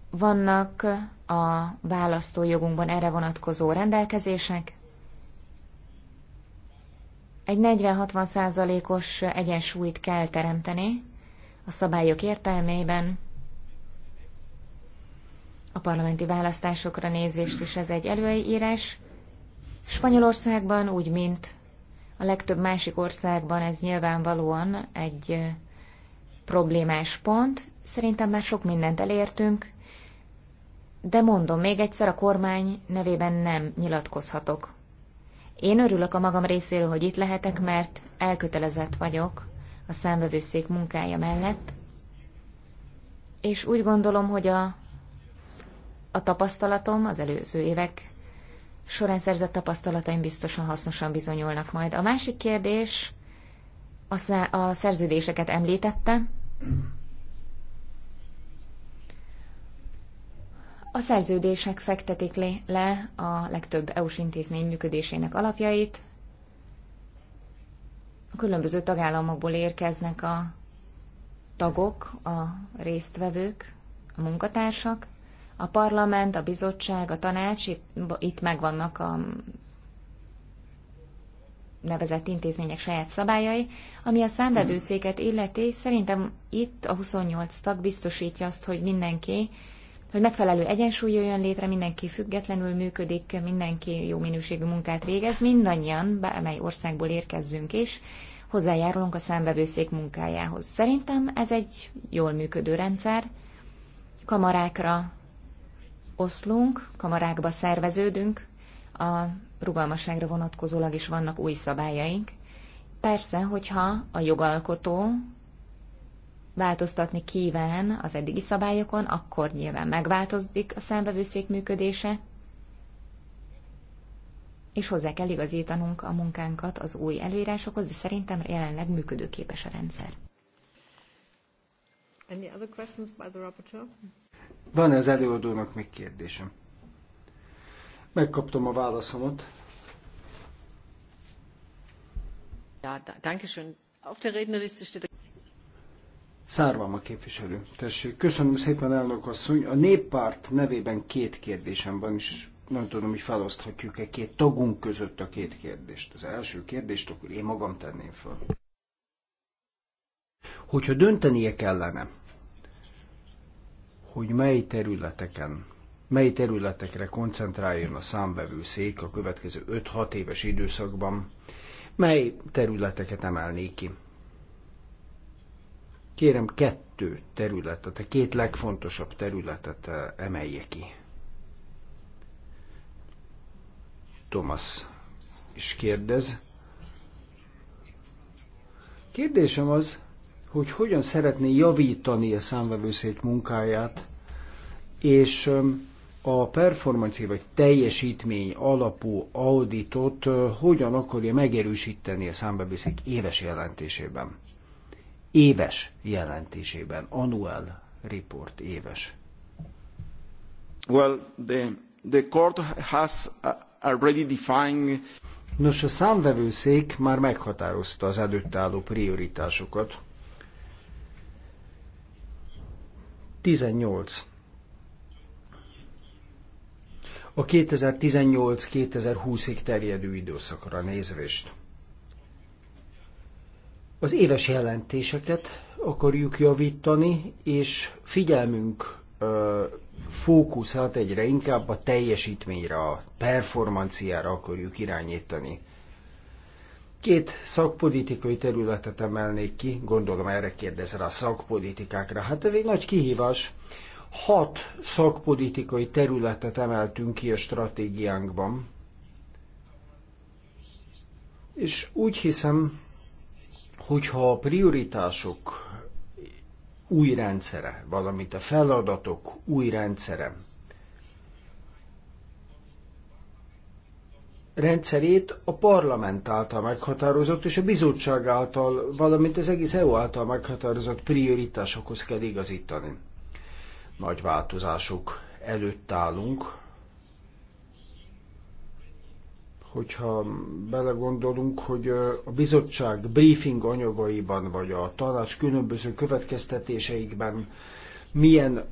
Vannak a választójogunkban erre vonatkozó rendelkezések. Egy 40-60 százalékos egyensúlyt kell teremteni a szabályok értelmében. A parlamenti választásokra nézvést is ez egy előírás. Spanyolországban, úgy mint a legtöbb másik országban ez nyilvánvalóan egy problémás pont. Szerintem már sok mindent elértünk, de mondom még egyszer, a kormány nevében nem nyilatkozhatok. Én örülök a magam részéről, hogy itt lehetek, mert elkötelezett vagyok a számvevőszék munkája mellett, és úgy gondolom, hogy a, a tapasztalatom az előző évek során szerzett tapasztalataim biztosan hasznosan bizonyulnak majd. A másik kérdés a szerződéseket említette. A szerződések fektetik le a legtöbb EU-s intézmény működésének alapjait. A különböző tagállamokból érkeznek a tagok, a résztvevők, a munkatársak, a parlament, a bizottság, a tanács, itt, itt megvannak a nevezett intézmények saját szabályai, ami a számvevőszéket illeti, szerintem itt a 28 tag biztosítja azt, hogy mindenki, hogy megfelelő egyensúly jöjjön létre, mindenki függetlenül működik, mindenki jó minőségű munkát végez, mindannyian, bármely országból érkezzünk is, hozzájárulunk a számbevőszék munkájához. Szerintem ez egy jól működő rendszer. Kamarákra oszlunk, kamarákba szerveződünk, a rugalmasságra vonatkozólag is vannak új szabályaink. Persze, hogyha a jogalkotó változtatni kíván az eddigi szabályokon, akkor nyilván megváltozik a számbevőszék működése, és hozzá kell igazítanunk a munkánkat az új előírásokhoz, de szerintem jelenleg működőképes a rendszer. Any other questions by the rapporteur? van az előadónak még kérdésem? Megkaptam a válaszomat. Szárvam a képviselő. Tessék, köszönöm szépen, elnök asszony. A néppárt nevében két kérdésem van, és nem tudom, hogy feloszthatjuk-e két tagunk között a két kérdést. Az első kérdést akkor én magam tenném fel. Hogyha döntenie kellene, hogy mely területeken, mely területekre koncentráljon a számbevőszék a következő 5-6 éves időszakban, mely területeket emelnék ki. Kérem, kettő területet, a két legfontosabb területet eh, emelje ki. Thomas is kérdez. Kérdésem az, hogy hogyan szeretné javítani a számvevőszék munkáját, és a performance- vagy teljesítmény alapú auditot hogyan akarja megerősíteni a számvevőszék éves jelentésében. Éves jelentésében, annual report éves. Well, the, the court has uh, already defined... Nos, a számvevőszék már meghatározta az előtt álló prioritásokat, 18. A 2018-2020-ig terjedő időszakra nézvést. Az éves jelentéseket akarjuk javítani, és figyelmünk ö, fókuszát egyre inkább a teljesítményre, a performanciára akarjuk irányítani. Két szakpolitikai területet emelnék ki, gondolom erre kérdezel a szakpolitikákra. Hát ez egy nagy kihívás. Hat szakpolitikai területet emeltünk ki a stratégiánkban. És úgy hiszem, hogyha a prioritások új rendszere, valamint a feladatok új rendszere rendszerét a parlament által meghatározott és a bizottság által, valamint az egész EU által meghatározott prioritásokhoz kell igazítani. Nagy változások előtt állunk, hogyha belegondolunk, hogy a bizottság briefing anyagaiban, vagy a tanács különböző következtetéseikben milyen,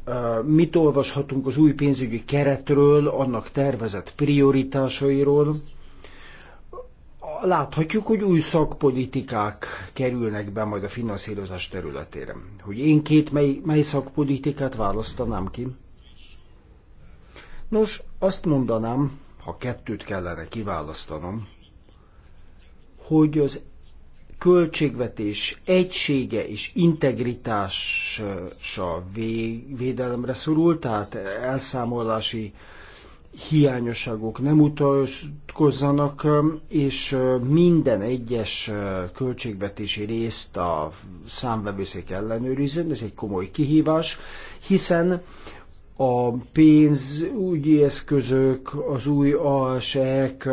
mit olvashatunk az új pénzügyi keretről, annak tervezett prioritásairól. Láthatjuk, hogy új szakpolitikák kerülnek be majd a finanszírozás területére. Hogy én két mely, mely szakpolitikát választanám ki? Nos, azt mondanám, ha kettőt kellene kiválasztanom, hogy az költségvetés egysége és integritása védelemre szorult, tehát elszámolási hiányosságok nem utalkozzanak, és minden egyes költségvetési részt a számvevőszék ellenőrizni, ez egy komoly kihívás, hiszen a pénzügyi eszközök, az új alsek,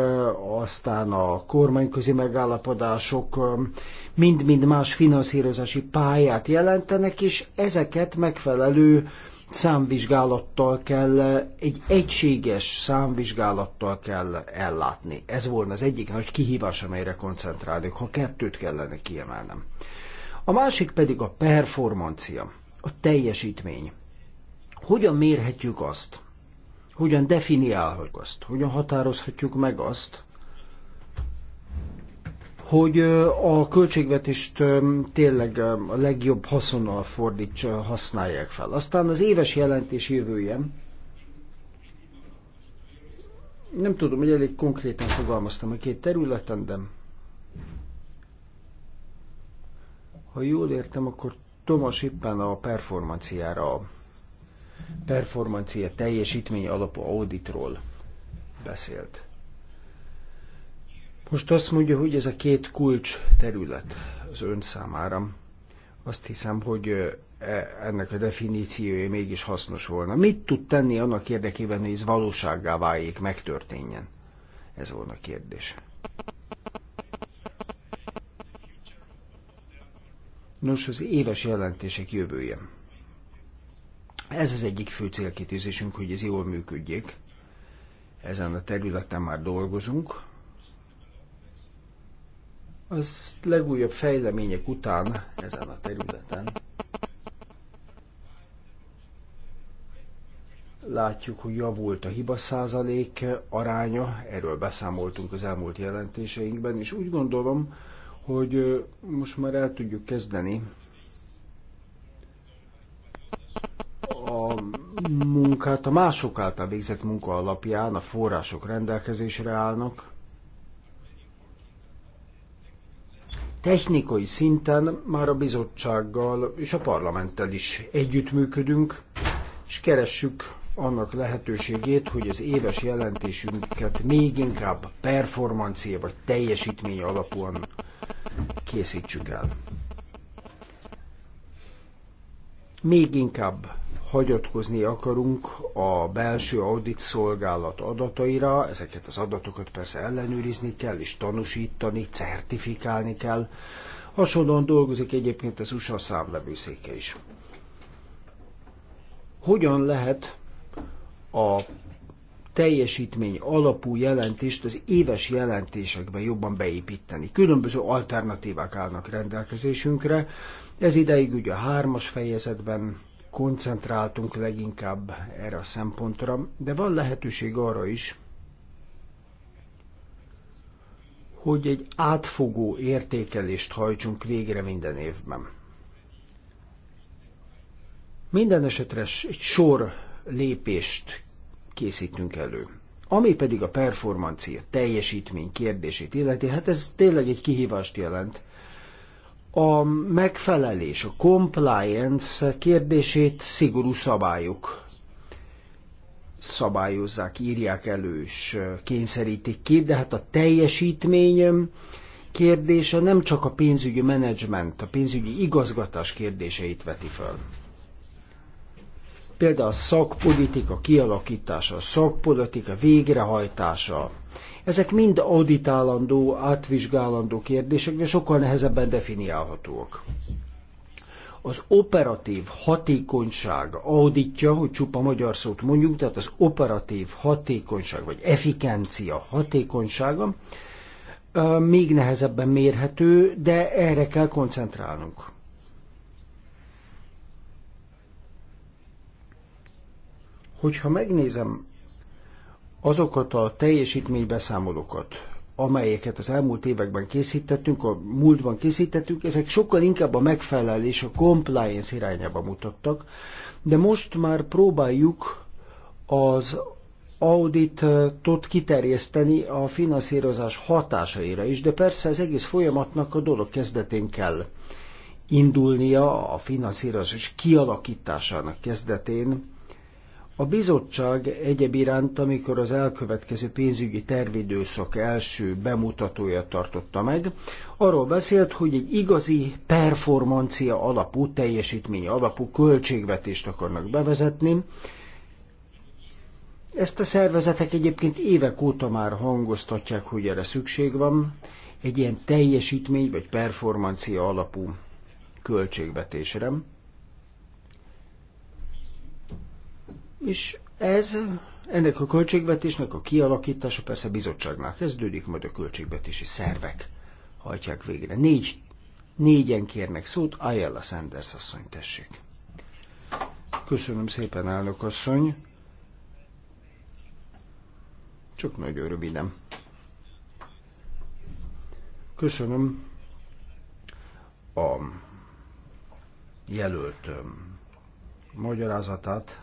aztán a kormányközi megállapodások mind-mind más finanszírozási pályát jelentenek, és ezeket megfelelő számvizsgálattal kell, egy egységes számvizsgálattal kell ellátni. Ez volna az egyik nagy kihívás, amelyre koncentrálnék, ha kettőt kellene kiemelnem. A másik pedig a performancia, a teljesítmény. Hogyan mérhetjük azt? Hogyan definiálhatjuk azt? Hogyan határozhatjuk meg azt, hogy a költségvetést tényleg a legjobb haszonnal fordítsa, használják fel. Aztán az éves jelentés jövője, nem tudom, hogy elég konkrétan fogalmaztam a két területen, de ha jól értem, akkor Tomas éppen a performanciára, performancia teljesítmény alapú auditról beszélt. Most azt mondja, hogy ez a két kulcs terület az ön számára. Azt hiszem, hogy e, ennek a definíciója mégis hasznos volna. Mit tud tenni annak érdekében, hogy ez valósággá váljék, megtörténjen? Ez volna a kérdés. Nos, az éves jelentések jövője. Ez az egyik fő célkitűzésünk, hogy ez jól működjék. Ezen a területen már dolgozunk. Az legújabb fejlemények után ezen a területen látjuk, hogy javult a hiba százalék aránya, erről beszámoltunk az elmúlt jelentéseinkben, és úgy gondolom, hogy most már el tudjuk kezdeni a munkát a mások által végzett munka alapján a források rendelkezésre állnak. Technikai szinten már a bizottsággal és a parlamenttel is együttműködünk, és keressük annak lehetőségét, hogy az éves jelentésünket még inkább performancia vagy teljesítmény alapúan készítsük el. Még inkább hagyatkozni akarunk a belső audit szolgálat adataira, ezeket az adatokat persze ellenőrizni kell, és tanúsítani, certifikálni kell. Hasonlóan dolgozik egyébként az USA számlevőszéke is. Hogyan lehet a teljesítmény alapú jelentést az éves jelentésekbe jobban beépíteni. Különböző alternatívák állnak rendelkezésünkre. Ez ideig ugye a hármas fejezetben koncentráltunk leginkább erre a szempontra, de van lehetőség arra is, hogy egy átfogó értékelést hajtsunk végre minden évben. Minden esetre egy sor lépést készítünk elő. Ami pedig a performancia, teljesítmény kérdését illeti, hát ez tényleg egy kihívást jelent, a megfelelés, a compliance kérdését szigorú szabályok szabályozzák, írják elő és kényszerítik ki, de hát a teljesítmény kérdése nem csak a pénzügyi menedzsment, a pénzügyi igazgatás kérdéseit veti fel. Például a szakpolitika kialakítása, a szakpolitika végrehajtása, ezek mind auditálandó, átvizsgálandó kérdések, de sokkal nehezebben definiálhatóak. Az operatív hatékonyság auditja, hogy csupa magyar szót mondjuk, tehát az operatív hatékonyság, vagy efikencia hatékonysága, még nehezebben mérhető, de erre kell koncentrálnunk. Hogyha megnézem azokat a teljesítménybeszámolókat, amelyeket az elmúlt években készítettünk, a múltban készítettünk, ezek sokkal inkább a megfelelés, a compliance irányába mutattak, de most már próbáljuk az auditot kiterjeszteni a finanszírozás hatásaira is, de persze az egész folyamatnak a dolog kezdetén kell indulnia a finanszírozás kialakításának kezdetén, a bizottság egyéb iránt, amikor az elkövetkező pénzügyi tervidőszak első bemutatója tartotta meg, arról beszélt, hogy egy igazi performancia alapú, teljesítmény alapú költségvetést akarnak bevezetni. Ezt a szervezetek egyébként évek óta már hangoztatják, hogy erre szükség van, egy ilyen teljesítmény vagy performancia alapú költségvetésre. És ez, ennek a költségvetésnek a kialakítása persze bizottságnál kezdődik, majd a költségvetési szervek hajtják végre. Négy, négyen kérnek szót, Ayala Sanders asszony, tessék. Köszönöm szépen, elnök asszony. Csak nagyon röviden. Köszönöm a jelölt um, magyarázatát.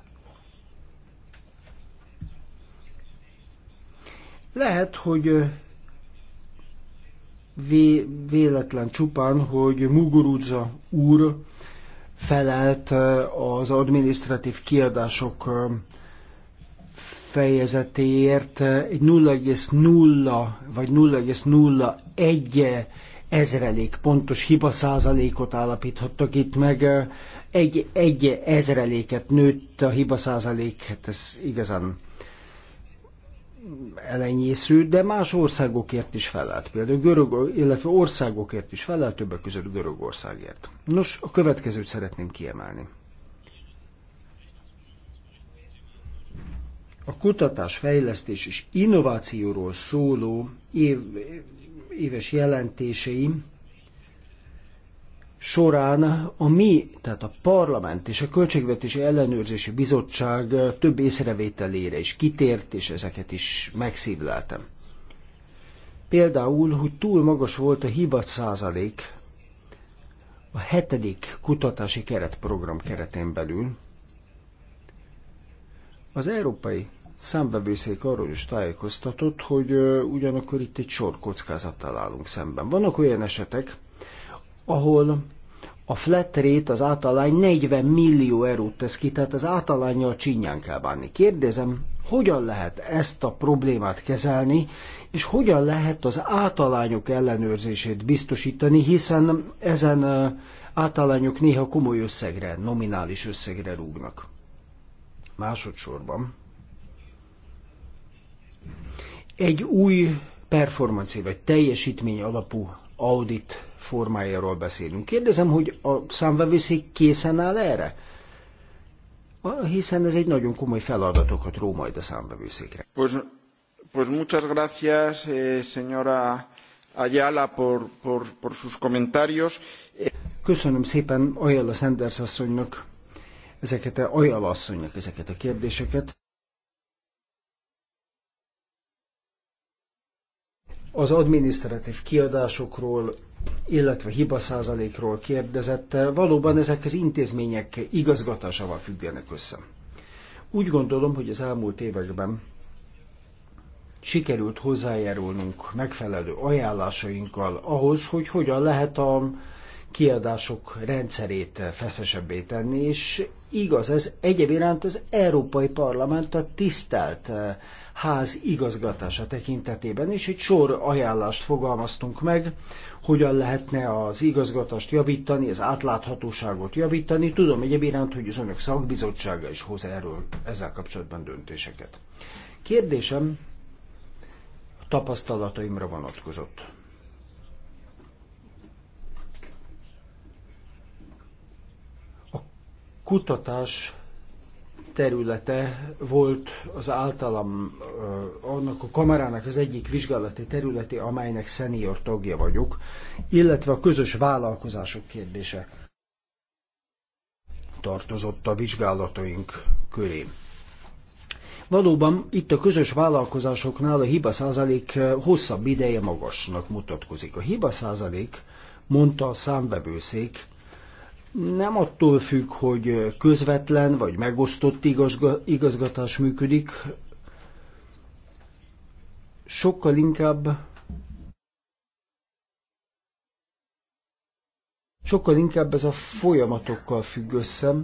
Lehet, hogy vé, véletlen csupán, hogy Muguruza úr felelt az administratív kiadások fejezetéért egy 0,0 vagy 0,01 ezrelék pontos hiba százalékot állapíthattak itt meg. Egy, egy ezreléket nőtt a hiba százalék, hát ez igazán elenyésző, de más országokért is felelt. Például görög, illetve országokért is felelt, többek között Görögországért. Nos, a következőt szeretném kiemelni. A kutatás, fejlesztés és innovációról szóló év, éves jelentéseim során a mi, tehát a parlament és a Költségvetési Ellenőrzési Bizottság több észrevételére is kitért, és ezeket is megszívleltem. Például, hogy túl magas volt a hibat százalék a hetedik kutatási keretprogram keretén belül. Az Európai számbevőszék arról is tájékoztatott, hogy ugyanakkor itt egy sor kockázattal állunk szemben. Vannak olyan esetek, ahol a flat rate, az átalány 40 millió eurót tesz ki, tehát az átalányjal csinyán kell bánni. Kérdezem, hogyan lehet ezt a problémát kezelni, és hogyan lehet az átalányok ellenőrzését biztosítani, hiszen ezen átalányok néha komoly összegre, nominális összegre rúgnak. Másodszorban egy új performanci vagy teljesítmény alapú audit formájáról beszélünk. Kérdezem, hogy a számvevőszék készen áll erre? Hiszen ez egy nagyon komoly feladatokat ró majd a számvevőszékre. Pues, pues muchas gracias, eh, señora Ayala, por, por, por sus comentarios. Köszönöm szépen Ayala Sanders asszonynak ezeket a Ayala asszonynak ezeket a kérdéseket. az adminisztratív kiadásokról, illetve hibaszázalékról kérdezett, valóban ezek az intézmények igazgatásával függenek össze. Úgy gondolom, hogy az elmúlt években sikerült hozzájárulnunk megfelelő ajánlásainkkal ahhoz, hogy hogyan lehet a kiadások rendszerét feszesebbé tenni, és igaz, ez egyéb iránt az Európai Parlament a tisztelt eh, ház igazgatása tekintetében is egy sor ajánlást fogalmaztunk meg, hogyan lehetne az igazgatást javítani, az átláthatóságot javítani. Tudom egyéb iránt, hogy az önök szakbizottsága is hoz erről ezzel kapcsolatban döntéseket. Kérdésem tapasztalataimra vonatkozott. kutatás területe volt az általam annak a kamerának az egyik vizsgálati területi, amelynek szenior tagja vagyok, illetve a közös vállalkozások kérdése tartozott a vizsgálataink köré. Valóban itt a közös vállalkozásoknál a hiba százalék hosszabb ideje magasnak mutatkozik. A hiba százalék, mondta a számbevőszék, nem attól függ, hogy közvetlen vagy megosztott igazgatás működik, sokkal inkább sokkal inkább ez a folyamatokkal függ össze,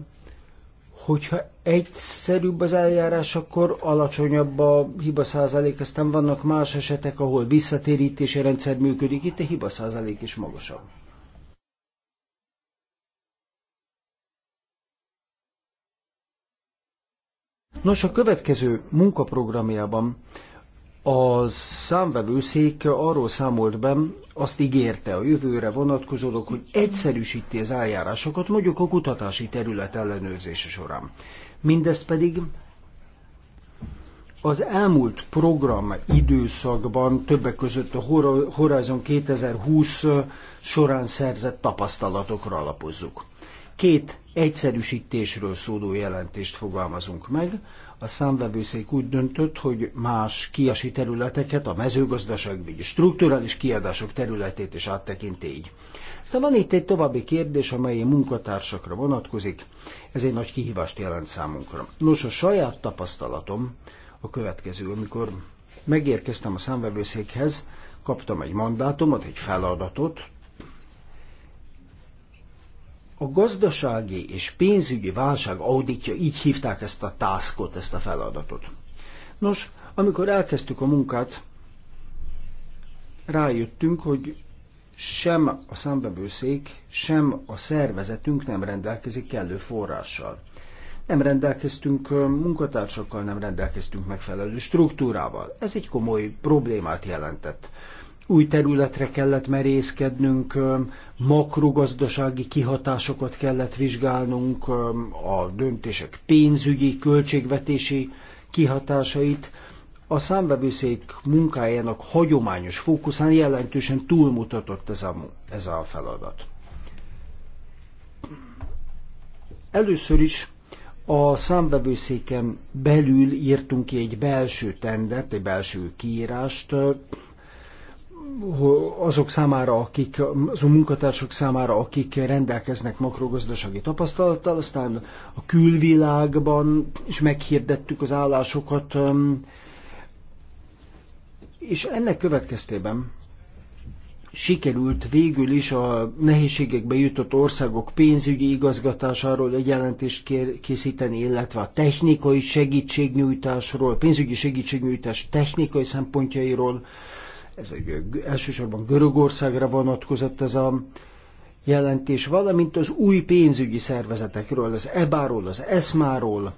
hogyha egyszerűbb az eljárás, akkor alacsonyabb a hiba százalék, aztán vannak más esetek, ahol visszatérítési rendszer működik, itt a hiba százalék is magasabb. Nos, a következő munkaprogramjában a számvevőszék arról számolt be, azt ígérte a jövőre vonatkozólag, hogy egyszerűsíti az eljárásokat, mondjuk a kutatási terület ellenőrzése során. Mindezt pedig az elmúlt program időszakban többek között a Horizon 2020 során szerzett tapasztalatokra alapozzuk. Két egyszerűsítésről szóló jelentést fogalmazunk meg. A számvevőszék úgy döntött, hogy más kiasi területeket, a mezőgazdaságügyi strukturális kiadások területét is áttekinti így. Aztán van itt egy további kérdés, amely a munkatársakra vonatkozik. Ez egy nagy kihívást jelent számunkra. Nos, a saját tapasztalatom a következő, amikor megérkeztem a számvevőszékhez, kaptam egy mandátumot, egy feladatot, a gazdasági és pénzügyi válság auditja, így hívták ezt a tászkot, ezt a feladatot. Nos, amikor elkezdtük a munkát, rájöttünk, hogy sem a számbevőszék, sem a szervezetünk nem rendelkezik kellő forrással. Nem rendelkeztünk munkatársakkal, nem rendelkeztünk megfelelő struktúrával. Ez egy komoly problémát jelentett új területre kellett merészkednünk, makrogazdasági kihatásokat kellett vizsgálnunk, a döntések pénzügyi, költségvetési kihatásait. A számvevőszék munkájának hagyományos fókuszán jelentősen túlmutatott ez a, ez a feladat. Először is a számbevőszéken belül írtunk ki egy belső tendet, egy belső kiírást, azok számára, akik, azon munkatársok számára, akik rendelkeznek makrogazdasági tapasztalattal, aztán a külvilágban is meghirdettük az állásokat, és ennek következtében sikerült végül is a nehézségekbe jutott országok pénzügyi igazgatásáról egy jelentést készíteni, illetve a technikai segítségnyújtásról, pénzügyi segítségnyújtás technikai szempontjairól, ez egy, elsősorban Görögországra vonatkozott ez a jelentés, valamint az új pénzügyi szervezetekről, az EBA-ról, az ESMA-ról,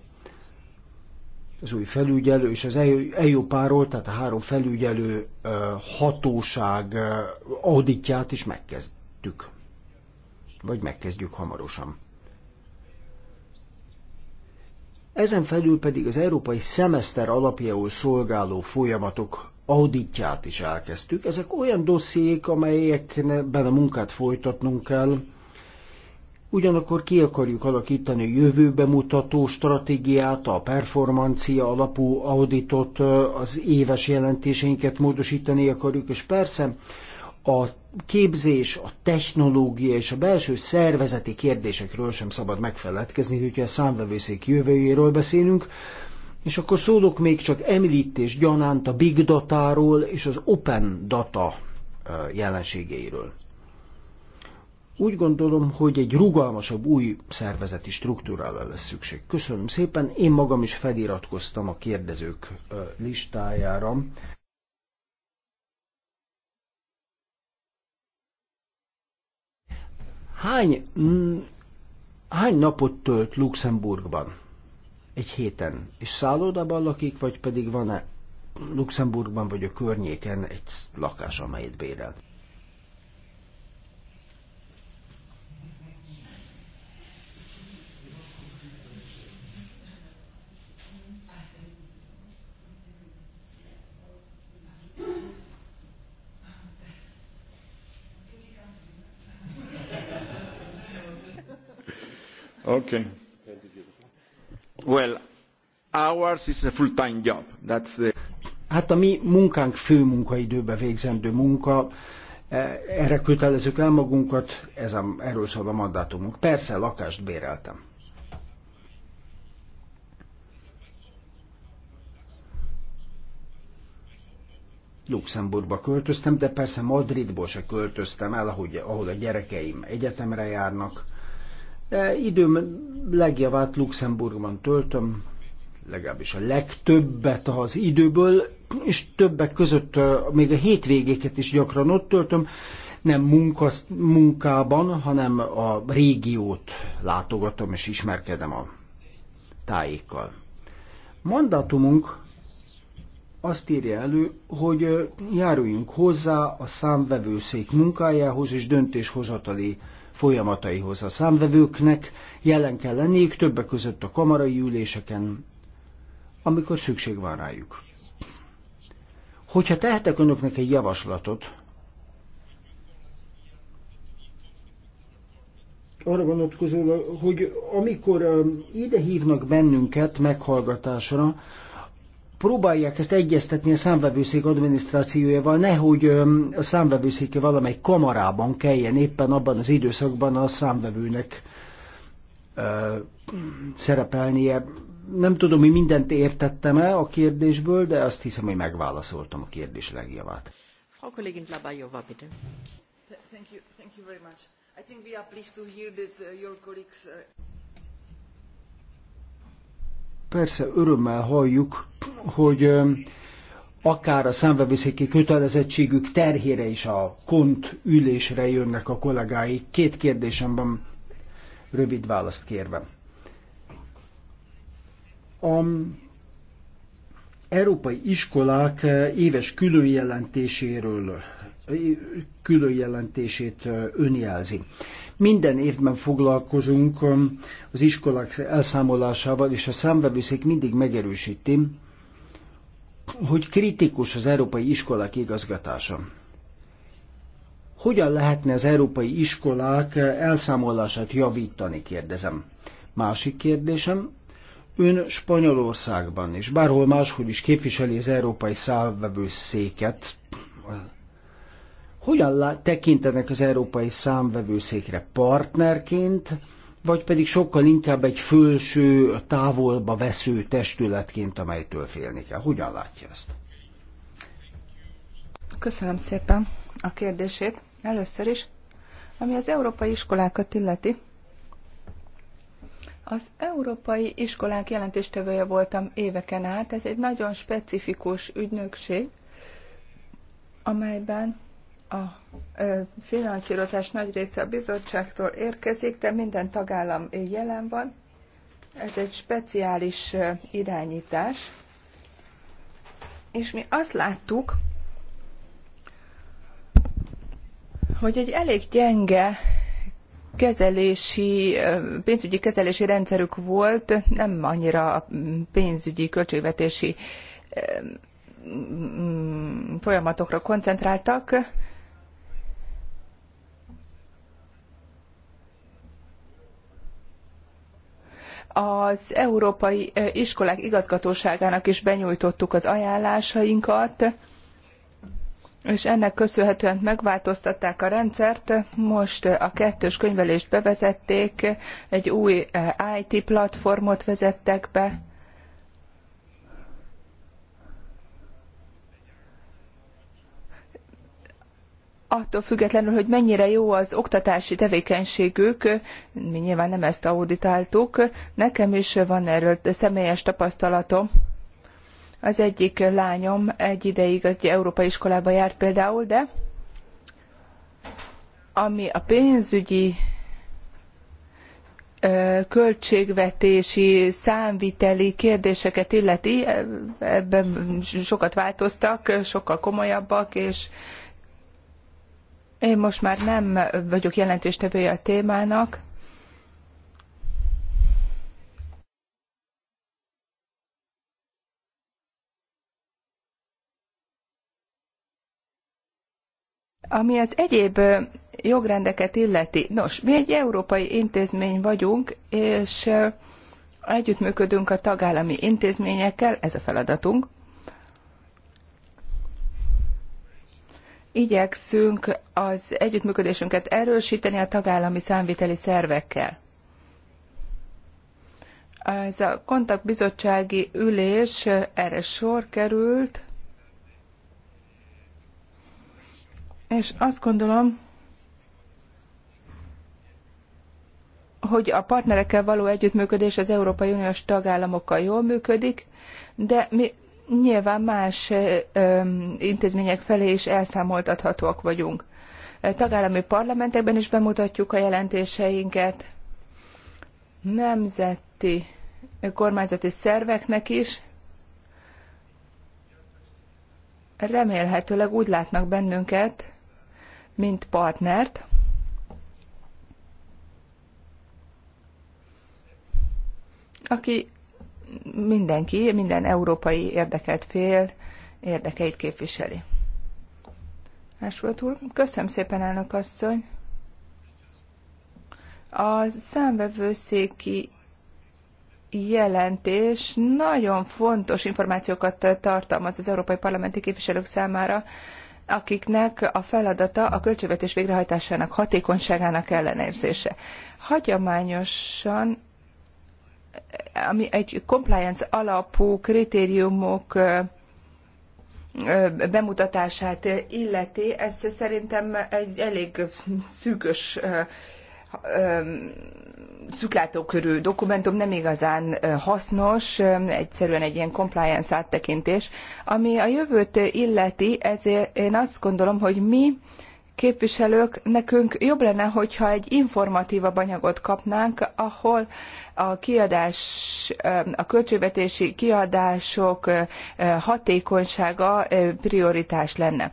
az új felügyelő és az eupa e ról tehát a három felügyelő hatóság auditját is megkezdtük. Vagy megkezdjük hamarosan. Ezen felül pedig az európai szemeszter alapjául szolgáló folyamatok auditját is elkezdtük. Ezek olyan dossziék, amelyekben a munkát folytatnunk kell, Ugyanakkor ki akarjuk alakítani a jövőbe mutató stratégiát, a performancia alapú auditot, az éves jelentéseinket módosítani akarjuk, és persze a képzés, a technológia és a belső szervezeti kérdésekről sem szabad megfeledkezni, hogyha a számvevőszék jövőjéről beszélünk, és akkor szólok még csak említés gyanánt a big datáról és az open data jelenségeiről. Úgy gondolom, hogy egy rugalmasabb új szervezeti struktúrára lesz szükség. Köszönöm szépen, én magam is feliratkoztam a kérdezők listájára. Hány, mm, hány napot tölt Luxemburgban? egy héten, és szállodában lakik, vagy pedig van-e Luxemburgban vagy a környéken egy lakás, amelyet bérel. Okay. Well, ours is a full-time job. That's the... Hát a mi munkánk fő munkaidőbe végzendő munka, e, erre kötelezzük el magunkat, ez a, erről szól a mandátumunk. Persze, lakást béreltem. Luxemburgba költöztem, de persze Madridból se költöztem el, ahogy, ahol a gyerekeim egyetemre járnak. E, időm legjavát Luxemburgban töltöm, legalábbis a legtöbbet az időből, és többek között e, még a hétvégéket is gyakran ott töltöm, nem munka, munkában, hanem a régiót látogatom és ismerkedem a tájékkal. Mandátumunk azt írja elő, hogy e, járuljunk hozzá a számvevőszék munkájához és döntéshozatali folyamataihoz. A számvevőknek jelen kell lenniük többek között a kamarai üléseken, amikor szükség van rájuk. Hogyha tehetek önöknek egy javaslatot, arra vonatkozóan, hogy amikor um, ide hívnak bennünket meghallgatásra, próbálják ezt egyeztetni a számvevőszék adminisztrációjával, nehogy a számvevőszéki valamely kamarában kelljen éppen abban az időszakban a számvevőnek ö, szerepelnie. Nem tudom, hogy mindent értettem-e a kérdésből, de azt hiszem, hogy megválaszoltam a kérdés legjavát. Frau Kollegin Labajova, bitte. Thank you, thank you very much. I think we are pleased to hear that uh, your colleagues uh, persze örömmel halljuk, hogy akár a számvevőszéki kötelezettségük terhére is a kont ülésre jönnek a kollégáik. Két van, rövid választ kérve. A európai iskolák eh, éves különjelentéséről eh, különjelentését eh, önjelzi. Minden évben foglalkozunk az iskolák elszámolásával, és a számbevőszék mindig megerősíti, hogy kritikus az európai iskolák igazgatása. Hogyan lehetne az európai iskolák elszámolását javítani, kérdezem. Másik kérdésem, Ön Spanyolországban és bárhol máshol is képviseli az európai széket. Hogyan tekintenek az európai számvevőszékre partnerként, vagy pedig sokkal inkább egy fölső, távolba vesző testületként, amelytől félni kell? Hogyan látja ezt? Köszönöm szépen a kérdését. Először is, ami az európai iskolákat illeti, az európai iskolák jelentéstevője voltam éveken át. Ez egy nagyon specifikus ügynökség, amelyben a finanszírozás nagy része a bizottságtól érkezik, de minden tagállam jelen van. Ez egy speciális irányítás. És mi azt láttuk, hogy egy elég gyenge kezelési, pénzügyi kezelési rendszerük volt, nem annyira a pénzügyi költségvetési mm, folyamatokra koncentráltak, az Európai Iskolák Igazgatóságának is benyújtottuk az ajánlásainkat, és ennek köszönhetően megváltoztatták a rendszert. Most a kettős könyvelést bevezették, egy új eh, IT platformot vezettek be. attól függetlenül, hogy mennyire jó az oktatási tevékenységük, mi nyilván nem ezt auditáltuk, nekem is van erről személyes tapasztalatom. Az egyik lányom egy ideig egy európai iskolába járt például, de ami a pénzügyi költségvetési, számviteli kérdéseket illeti, e, ebben sokat változtak, sokkal komolyabbak, és én most már nem vagyok jelentéstevője a témának, Ami az egyéb jogrendeket illeti, nos, mi egy európai intézmény vagyunk, és együttműködünk a tagállami intézményekkel, ez a feladatunk. Igyekszünk az együttműködésünket erősíteni a tagállami számviteli szervekkel. Ez a kontaktbizottsági ülés erre sor került, És azt gondolom, hogy a partnerekkel való együttműködés az Európai Uniós tagállamokkal jól működik, de mi nyilván más intézmények felé is elszámoltathatóak vagyunk. Tagállami parlamentekben is bemutatjuk a jelentéseinket, nemzeti kormányzati szerveknek is. Remélhetőleg úgy látnak bennünket, mint partnert. aki mindenki, minden európai érdekelt fél érdekeit képviseli. Másfolt úr, köszönöm szépen, elnök asszony. A számvevőszéki jelentés nagyon fontos információkat tartalmaz az európai parlamenti képviselők számára akiknek a feladata a költségvetés végrehajtásának hatékonyságának ellenőrzése. Hagyományosan ami egy compliance alapú kritériumok bemutatását illeti, ez szerintem egy elég szűkös szüklátókörű dokumentum nem igazán hasznos, egyszerűen egy ilyen compliance áttekintés. Ami a jövőt illeti, ezért én azt gondolom, hogy mi képviselők, nekünk jobb lenne, hogyha egy informatívabb anyagot kapnánk, ahol a kiadás, a költségvetési kiadások hatékonysága prioritás lenne.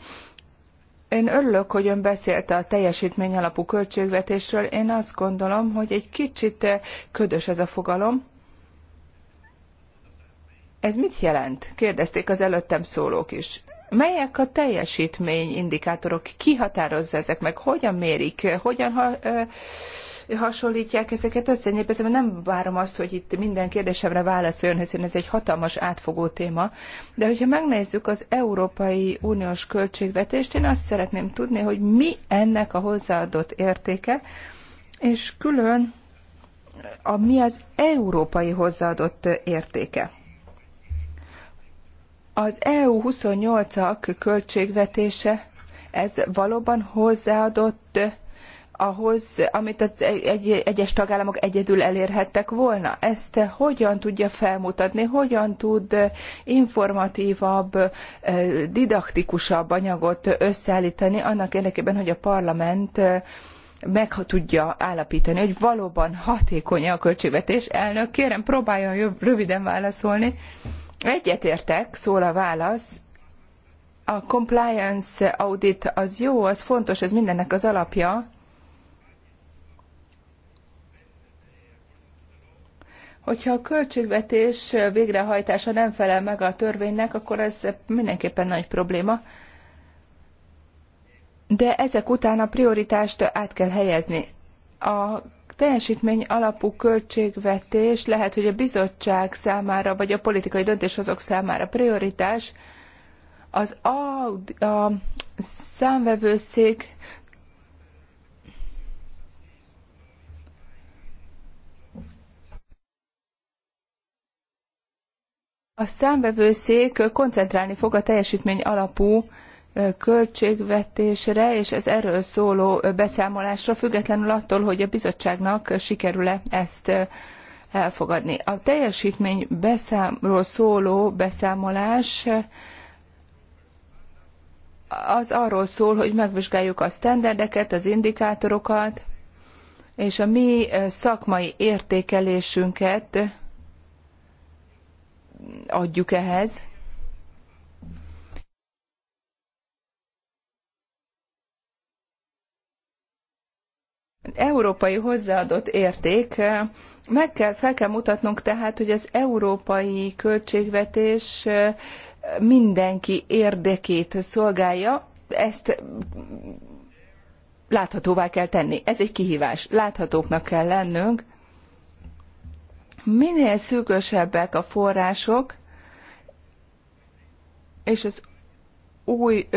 Én örülök, hogy ön beszélt a teljesítmény alapú költségvetésről. Én azt gondolom, hogy egy kicsit eh, ködös ez a fogalom. Ez mit jelent? Kérdezték az előttem szólók is. Melyek a teljesítmény indikátorok? Ki határozza ezek meg? Hogyan mérik? Hogyan ha, eh, hasonlítják ezeket össze. Én persze nem várom azt, hogy itt minden kérdésemre válaszoljon, hiszen ez egy hatalmas átfogó téma. De hogyha megnézzük az Európai Uniós költségvetést, én azt szeretném tudni, hogy mi ennek a hozzáadott értéke, és külön a, mi az európai hozzáadott értéke. Az EU 28-ak költségvetése, ez valóban hozzáadott ahhoz, amit az egy, egyes tagállamok egyedül elérhettek volna. Ezt hogyan tudja felmutatni, hogyan tud eh, informatívabb, eh, didaktikusabb anyagot összeállítani annak érdekében, hogy a parlament eh, meg tudja állapítani, hogy valóban hatékony a költségvetés. Elnök, kérem, próbáljon röviden válaszolni. Egyetértek, szól a válasz. A compliance audit az jó, az fontos, ez mindennek az alapja, Hogyha a költségvetés végrehajtása nem felel meg a törvénynek, akkor ez mindenképpen nagy probléma. De ezek után a prioritást át kell helyezni. A teljesítmény alapú költségvetés lehet, hogy a bizottság számára, vagy a politikai döntéshozók számára prioritás, az a, a számvevőszék A számvevőszék koncentrálni fog a teljesítmény alapú költségvetésre és az erről szóló beszámolásra, függetlenül attól, hogy a bizottságnak sikerül-e ezt elfogadni. A teljesítmény beszámról szóló beszámolás az arról szól, hogy megvizsgáljuk a sztenderdeket, az indikátorokat, és a mi szakmai értékelésünket adjuk ehhez. Európai hozzáadott érték, meg kell, fel kell mutatnunk tehát, hogy az európai költségvetés mindenki érdekét szolgálja, ezt láthatóvá kell tenni. Ez egy kihívás. Láthatóknak kell lennünk, Minél szűkösebbek a források, és az új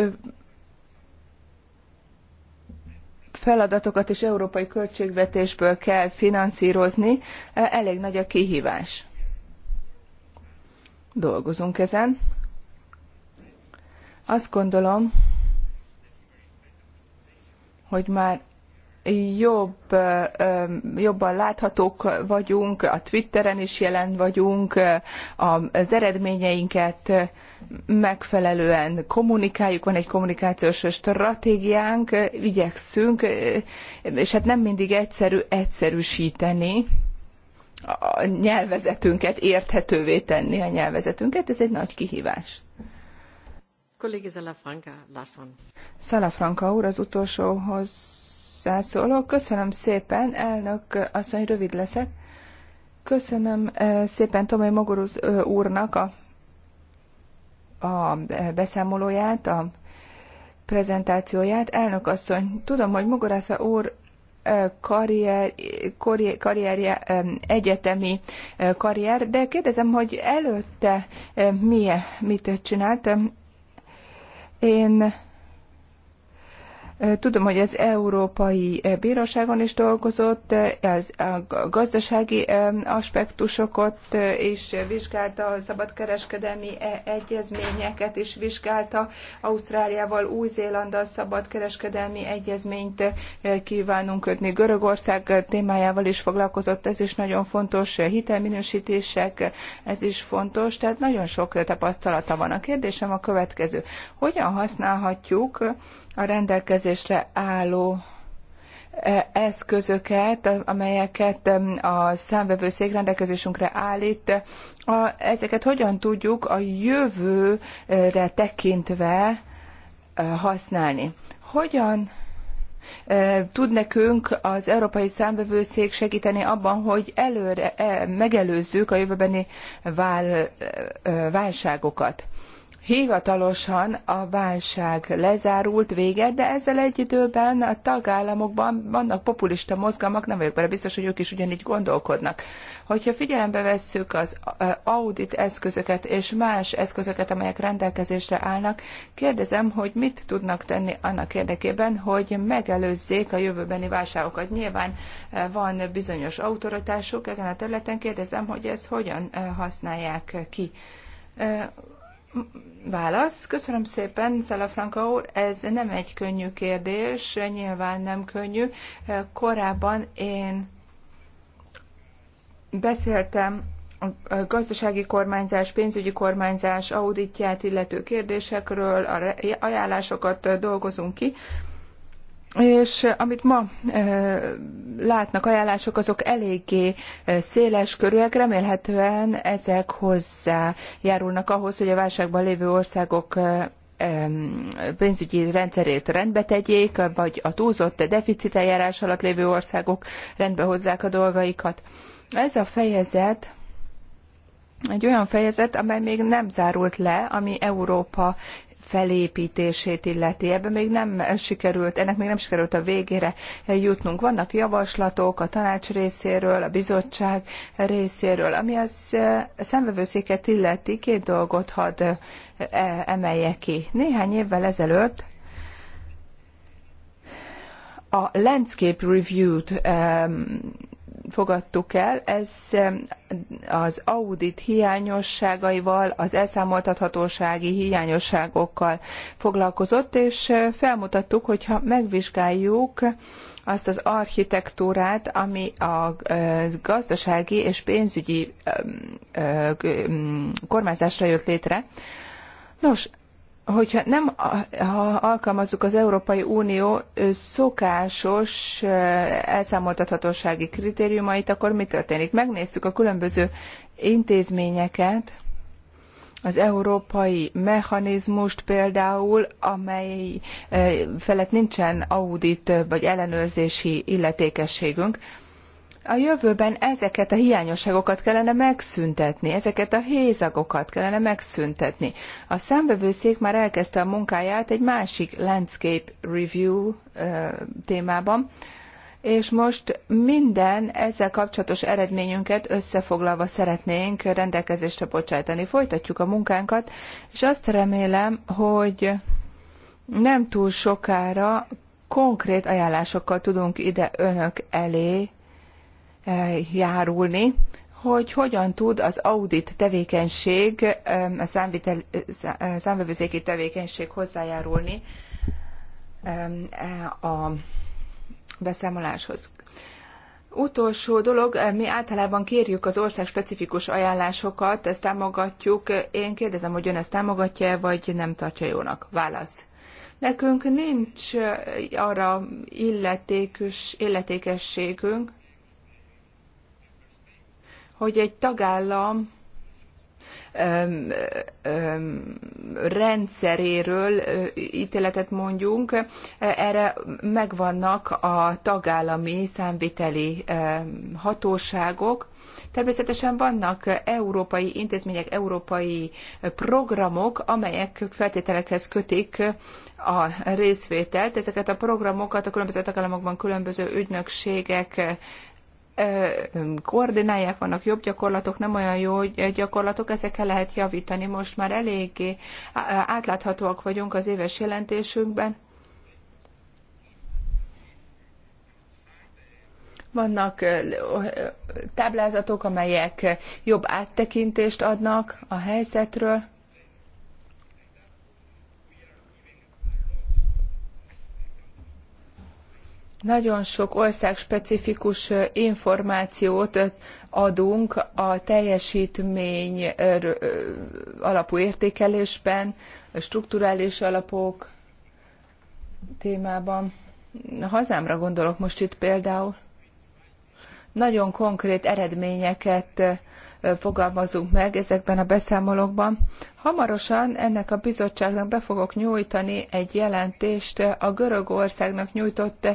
feladatokat is európai költségvetésből kell finanszírozni, elég nagy a kihívás. Dolgozunk ezen. Azt gondolom, hogy már jobb, jobban láthatók vagyunk, a Twitteren is jelen vagyunk, az eredményeinket megfelelően kommunikáljuk, van egy kommunikációs stratégiánk, igyekszünk, és hát nem mindig egyszerű egyszerűsíteni a nyelvezetünket, érthetővé tenni a nyelvezetünket, ez egy nagy kihívás. Kollégi Salafranca, last one. Salafranca úr, az utolsóhoz hozzászóló. Köszönöm szépen, elnök asszony, rövid leszek. Köszönöm eh, szépen Tomé Mogoruz úrnak a, a eh, beszámolóját, a prezentációját. Elnök asszony, tudom, hogy Mogorásza úr eh, karrier, karrier, karrierje, egyetemi karrier, de kérdezem, hogy előtte milyen, mit csinált? Én Tudom, hogy az Európai Bíróságon is dolgozott, ez a gazdasági aspektusokat is vizsgálta, a szabadkereskedelmi e, egyezményeket is vizsgálta, Ausztráliával, Új-Zélanddal szabadkereskedelmi egyezményt kívánunk kötni. Görögország témájával is foglalkozott, ez is nagyon fontos, hitelminősítések, ez is fontos, tehát nagyon sok tapasztalata van. A kérdésem a következő. Hogyan használhatjuk a rendelkezésre álló e, eszközöket, amelyeket a számvevőszék rendelkezésünkre állít, a, ezeket hogyan tudjuk a jövőre tekintve e, használni. Hogyan e, tud nekünk az Európai Számvevőszék segíteni abban, hogy előre megelőzzük a jövőbeni válságokat hivatalosan a válság lezárult, véget, de ezzel egy időben a tagállamokban vannak populista mozgalmak, nem vagyok benne biztos, hogy ők is ugyanígy gondolkodnak. Hogyha figyelembe vesszük az audit eszközöket és más eszközöket, amelyek rendelkezésre állnak, kérdezem, hogy mit tudnak tenni annak érdekében, hogy megelőzzék a jövőbeni válságokat. Nyilván van bizonyos autoritásuk ezen a területen, kérdezem, hogy ezt hogyan használják ki Válasz. Köszönöm szépen, Franka úr. Ez nem egy könnyű kérdés, nyilván nem könnyű. Korábban én beszéltem a gazdasági kormányzás, pénzügyi kormányzás auditját illető kérdésekről, ajánlásokat dolgozunk ki és eh, amit ma eh, látnak ajánlások, azok eléggé eh, széles körűek, remélhetően ezek hozzájárulnak ahhoz, hogy a válságban lévő országok pénzügyi rendszerét rendbe tegyék, vagy a túlzott deficiteljárás alatt lévő országok rendbe hozzák a dolgaikat. Ez a fejezet egy olyan fejezet, amely még nem zárult le, ami Európa felépítését illeti. Ebben még nem sikerült, ennek még nem sikerült a végére jutnunk. Vannak javaslatok a tanács részéről, a bizottság részéről, ami az szemvevőszéket illeti, két dolgot hadd e, emelje ki. Néhány évvel ezelőtt a Landscape Review-t fogadtuk el, ez az audit hiányosságaival, az elszámoltathatósági hiányosságokkal foglalkozott, és felmutattuk, hogy ha megvizsgáljuk azt az architektúrát, ami a gazdasági és pénzügyi kormányzásra jött létre. Nos, hogyha nem ha alkalmazzuk az Európai Unió szokásos elszámoltathatósági kritériumait, akkor mi történik? Megnéztük a különböző intézményeket, az európai mechanizmust például, amely felett nincsen audit vagy ellenőrzési illetékességünk, a jövőben ezeket a hiányosságokat kellene megszüntetni, ezeket a hézagokat kellene megszüntetni. A számbevőszék már elkezdte a munkáját egy másik landscape review témában, és most minden ezzel kapcsolatos eredményünket összefoglalva szeretnénk rendelkezésre bocsátani. Folytatjuk a munkánkat, és azt remélem, hogy nem túl sokára konkrét ajánlásokkal tudunk ide önök elé járulni, hogy hogyan tud az audit tevékenység, a számvevőszéki tevékenység hozzájárulni a beszámoláshoz. Utolsó dolog, mi általában kérjük az ország specifikus ajánlásokat, ezt támogatjuk. Én kérdezem, hogy ön ezt támogatja, vagy nem tartja jónak? Válasz. Nekünk nincs arra illetékes, illetékességünk, hogy egy tagállam öm, öm, rendszeréről ítéletet mondjunk, e, erre megvannak a tagállami számviteli hatóságok. Természetesen vannak európai intézmények, európai programok, amelyek feltételekhez kötik a részvételt. Ezeket a programokat a különböző tagállamokban különböző ügynökségek koordinálják, vannak jobb gyakorlatok, nem olyan jó gyakorlatok, ezekkel lehet javítani. Most már eléggé átláthatóak vagyunk az éves jelentésünkben. Vannak táblázatok, amelyek jobb áttekintést adnak a helyzetről nagyon sok országspecifikus információt adunk a teljesítmény alapú értékelésben, a strukturális alapok témában. A hazámra gondolok most itt például. Nagyon konkrét eredményeket fogalmazunk meg ezekben a beszámolókban. Hamarosan ennek a bizottságnak be fogok nyújtani egy jelentést a Görögországnak nyújtott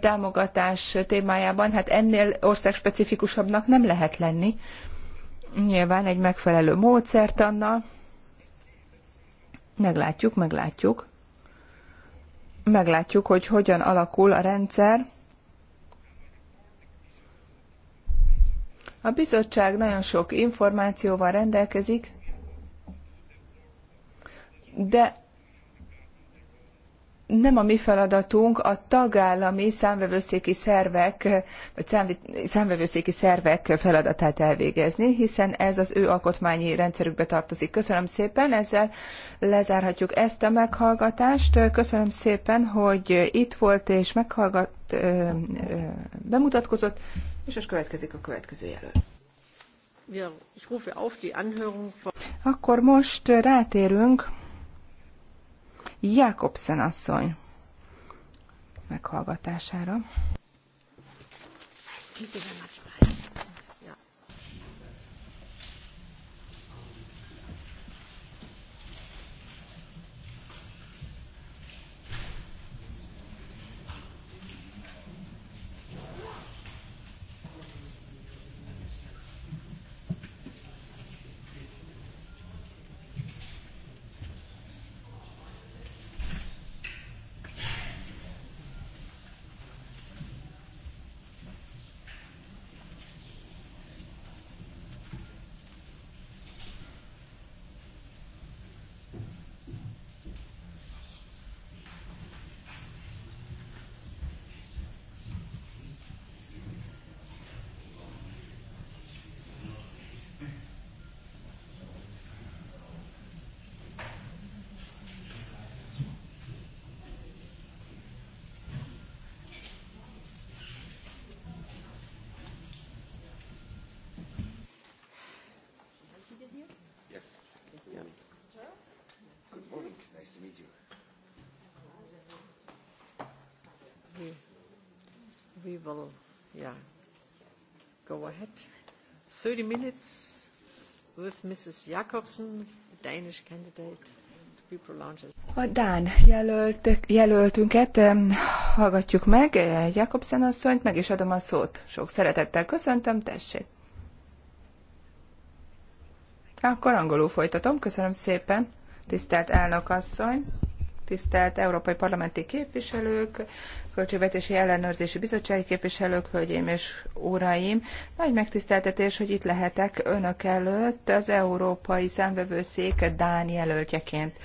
támogatás témájában. Hát ennél országspecifikusabbnak nem lehet lenni. Nyilván egy megfelelő módszertannal. Meglátjuk, meglátjuk. Meglátjuk, hogy hogyan alakul a rendszer A bizottság nagyon sok információval rendelkezik, de nem a mi feladatunk a tagállami számvevőszéki szervek, vagy számvevőszéki szervek feladatát elvégezni, hiszen ez az ő alkotmányi rendszerükbe tartozik. Köszönöm szépen, ezzel lezárhatjuk ezt a meghallgatást. Köszönöm szépen, hogy itt volt és meghallgat, bemutatkozott és most következik a következő jelöl. Akkor most rátérünk Jakobsen asszony meghallgatására. Köszönöm. we will yeah, go ahead. 30 minutes with Mrs. the Danish candidate a Dán jelölt, jelöltünket hallgatjuk meg, eh, Jakobsen asszonyt, meg is adom a szót. Sok szeretettel köszöntöm, tessék. Akkor angolul folytatom, köszönöm szépen, tisztelt elnök asszony tisztelt európai parlamenti képviselők, Költségvetési Ellenőrzési Bizottsági képviselők, hölgyeim és uraim! Nagy megtiszteltetés, hogy itt lehetek önök előtt az Európai Számvevőszék Dán jelöltjeként.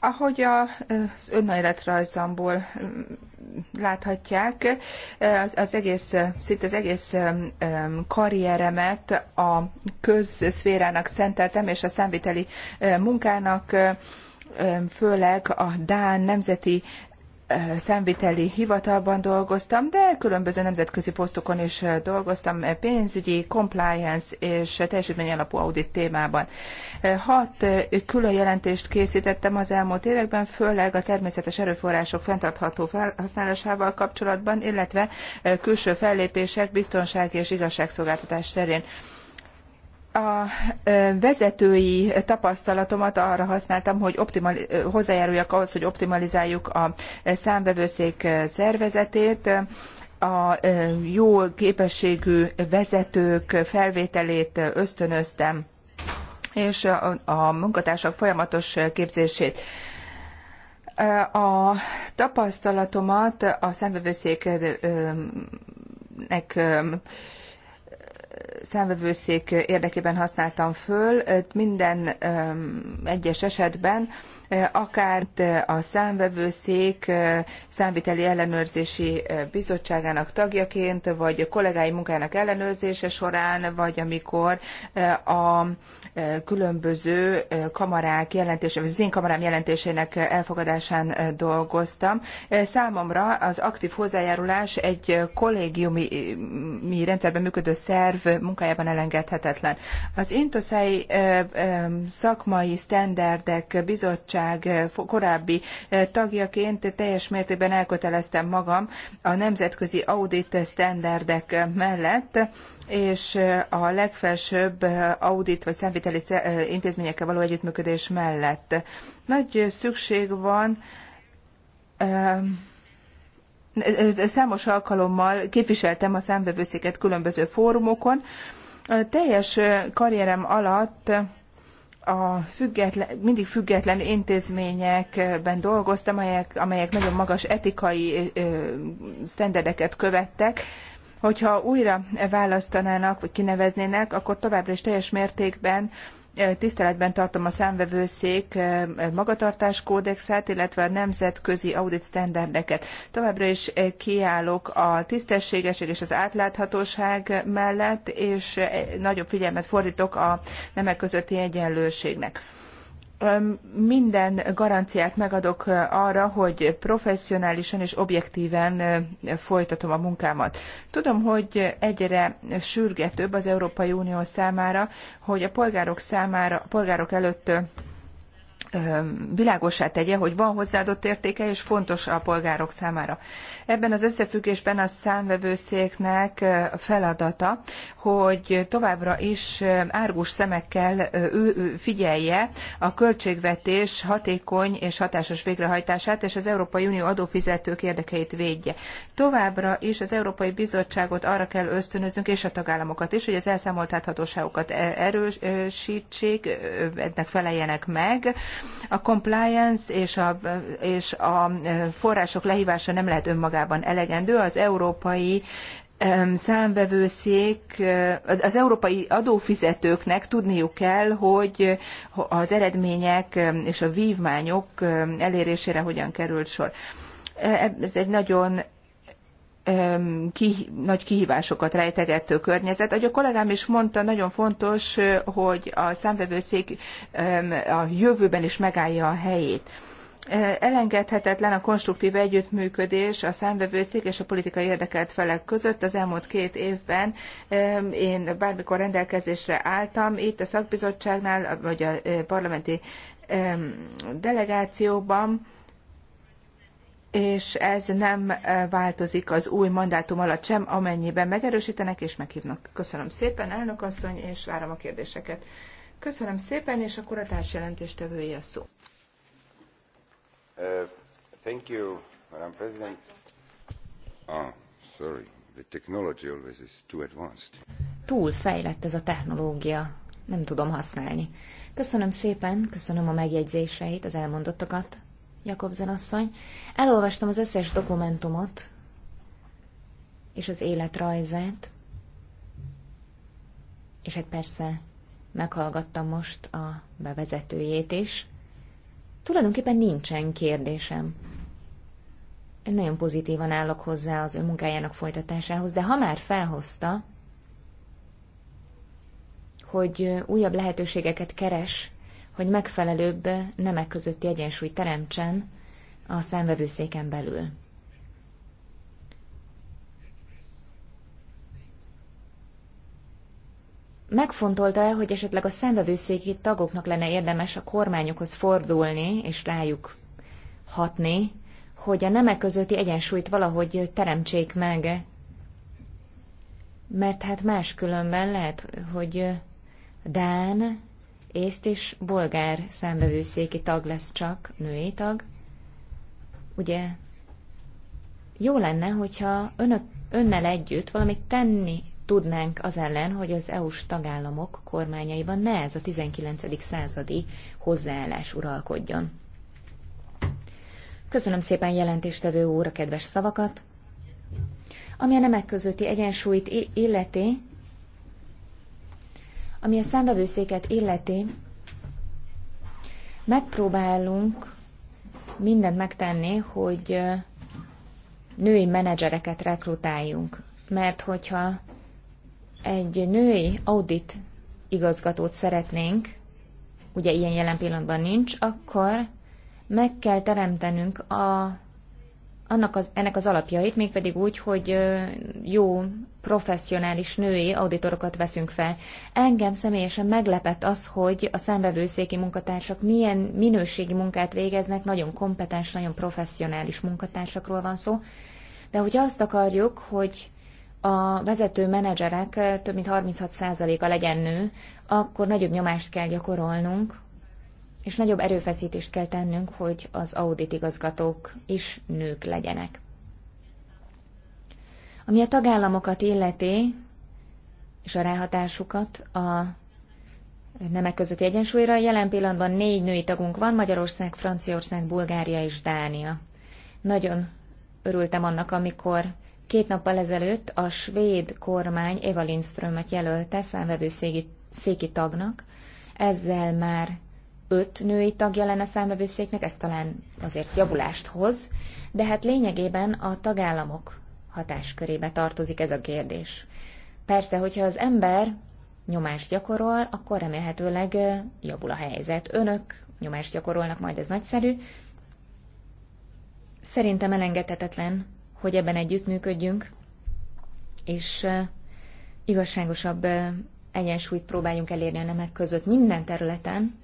Ahogy az önéletrajzamból mm, láthatják, az, az egész, szinte az egész mm, mm, karrieremet a közszférának szenteltem, és a számviteli munkának főleg a Dán Nemzeti számviteli hivatalban dolgoztam, de különböző nemzetközi posztokon is dolgoztam, pénzügyi, compliance és teljesítmény alapú audit témában. Hat külön jelentést készítettem az elmúlt években, főleg a természetes erőforrások fenntartható felhasználásával kapcsolatban, illetve külső fellépések, biztonság és igazságszolgáltatás terén a vezetői tapasztalatomat arra használtam, hogy optimali- hozzájáruljak ahhoz, hogy optimalizáljuk a számvevőszék szervezetét, a jó képességű vezetők felvételét ösztönöztem, és a munkatársak folyamatos képzését. A tapasztalatomat a számvevőszéknek számvevőszék érdekében használtam föl. Minden egyes esetben Eh, akár eh, a számvevőszék eh, számviteli ellenőrzési bizottságának tagjaként, vagy a kollégái munkának ellenőrzése során, vagy amikor a különböző kamarák jelentése, vagy az én kamarám jelentésének elfogadásán dolgoztam. Számomra az aktív hozzájárulás egy kollégiumi mi rendszerben működő szerv munkájában elengedhetetlen. Az Intoszai szakmai sztenderdek bizottság bizottság eh, korábbi eh, tagjaként teljes mértékben elköteleztem magam a nemzetközi audit standardek eh, mellett, és a legfelsőbb audit vagy számviteli intézményekkel való együttműködés mellett. Nagy szükség van ehm, számos alkalommal képviseltem a számbevőszéket különböző fórumokon. Teljes karrierem alatt a független, mindig független intézményekben dolgoztam, amelyek, amelyek nagyon magas etikai sztenderdeket követtek. Hogyha újra választanának, vagy kineveznének, akkor továbbra is teljes mértékben tiszteletben tartom a számvevőszék magatartás illetve a nemzetközi audit standardeket. Továbbra is kiállok a tisztességesség és az átláthatóság mellett, és nagyobb figyelmet fordítok a nemek közötti egyenlőségnek minden garanciát megadok arra, hogy professzionálisan és objektíven folytatom a munkámat. Tudom, hogy egyre sürgetőbb az Európai Unió számára, hogy a polgárok számára, a polgárok előtt világossá tegye, hogy van hozzáadott értéke, és fontos a polgárok számára. Ebben az összefüggésben a számvevőszéknek feladata, hogy továbbra is árgus szemekkel figyelje a költségvetés hatékony és hatásos végrehajtását, és az Európai Unió adófizetők érdekeit védje. Továbbra is az Európai Bizottságot arra kell ösztönöznünk, és a tagállamokat is, hogy az elszámoltathatóságokat e-, erősítsék, ennek feleljenek meg, a compliance és a, és a e, források lehívása nem lehet önmagában elegendő. Az európai e, számvevőszék, e, az, az európai adófizetőknek tudniuk kell, hogy az eredmények és a vívmányok elérésére hogyan került sor. Ez egy nagyon ki, nagy kihívásokat rejtegető környezet. Ahogy a kollégám is mondta, nagyon fontos, hogy a számvevőszék a jövőben is megállja a helyét. Elengedhetetlen a konstruktív együttműködés a számvevőszék és a politikai érdekelt felek között. Az elmúlt két évben én bármikor rendelkezésre álltam itt a szakbizottságnál, vagy a parlamenti delegációban, és ez nem eh, változik az új mandátum alatt sem, amennyiben megerősítenek és meghívnak. Köszönöm szépen, elnök asszony, és várom a kérdéseket. Köszönöm szépen, és akkor a társjelentéstevője a szó. Uh, thank you, Madam President. Ah, sorry. The technology always is too advanced. Túl fejlett ez a technológia. Nem tudom használni. Köszönöm szépen, köszönöm a megjegyzéseit, az elmondottakat. Jakobzen asszony. Elolvastam az összes dokumentumot és az életrajzát, és hát persze meghallgattam most a bevezetőjét is. Tulajdonképpen nincsen kérdésem. Én nagyon pozitívan állok hozzá az ő munkájának folytatásához, de ha már felhozta, hogy újabb lehetőségeket keres hogy megfelelőbb nemek közötti egyensúly teremtsen a szemvevőszéken belül. Megfontolta-e, hogy esetleg a szemvevőszéki tagoknak lenne érdemes a kormányokhoz fordulni és rájuk hatni, hogy a nemek közötti egyensúlyt valahogy teremtsék meg, mert hát máskülönben lehet, hogy Dán észt és bolgár szembevőszéki tag lesz csak, női tag. Ugye jó lenne, hogyha önök, önnel együtt valamit tenni tudnánk az ellen, hogy az EU-s tagállamok kormányaiban ne ez a 19. századi hozzáállás uralkodjon. Köszönöm szépen jelentéstevő úr a kedves szavakat. Ami a nemek közötti egyensúlyt illeti, ami a szembevőszéket illeti, megpróbálunk mindent megtenni, hogy női menedzsereket rekrutáljunk. Mert hogyha egy női audit igazgatót szeretnénk, ugye ilyen jelen pillanatban nincs, akkor meg kell teremtenünk a annak az, ennek az alapjait, mégpedig úgy, hogy jó, professzionális női auditorokat veszünk fel. Engem személyesen meglepett az, hogy a számbevőszéki munkatársak milyen minőségi munkát végeznek, nagyon kompetens, nagyon professzionális munkatársakról van szó, de hogyha azt akarjuk, hogy a vezető menedzserek több mint 36%-a legyen nő, akkor nagyobb nyomást kell gyakorolnunk és nagyobb erőfeszítést kell tennünk, hogy az audit igazgatók is nők legyenek. Ami a tagállamokat illeti, és a ráhatásukat a nemek közötti egyensúlyra, jelen pillanatban négy női tagunk van, Magyarország, Franciaország, Bulgária és Dánia. Nagyon örültem annak, amikor két nappal ezelőtt a svéd kormány Eva Lindströmet jelölte széki tagnak, ezzel már öt női tagja lenne a számbevőszéknek, ez talán azért javulást hoz, de hát lényegében a tagállamok hatáskörébe tartozik ez a kérdés. Persze, hogyha az ember nyomást gyakorol, akkor remélhetőleg javul a helyzet. Önök nyomást gyakorolnak, majd ez nagyszerű. Szerintem elengedhetetlen, hogy ebben együttműködjünk, és igazságosabb egyensúlyt próbáljunk elérni a nemek között minden területen,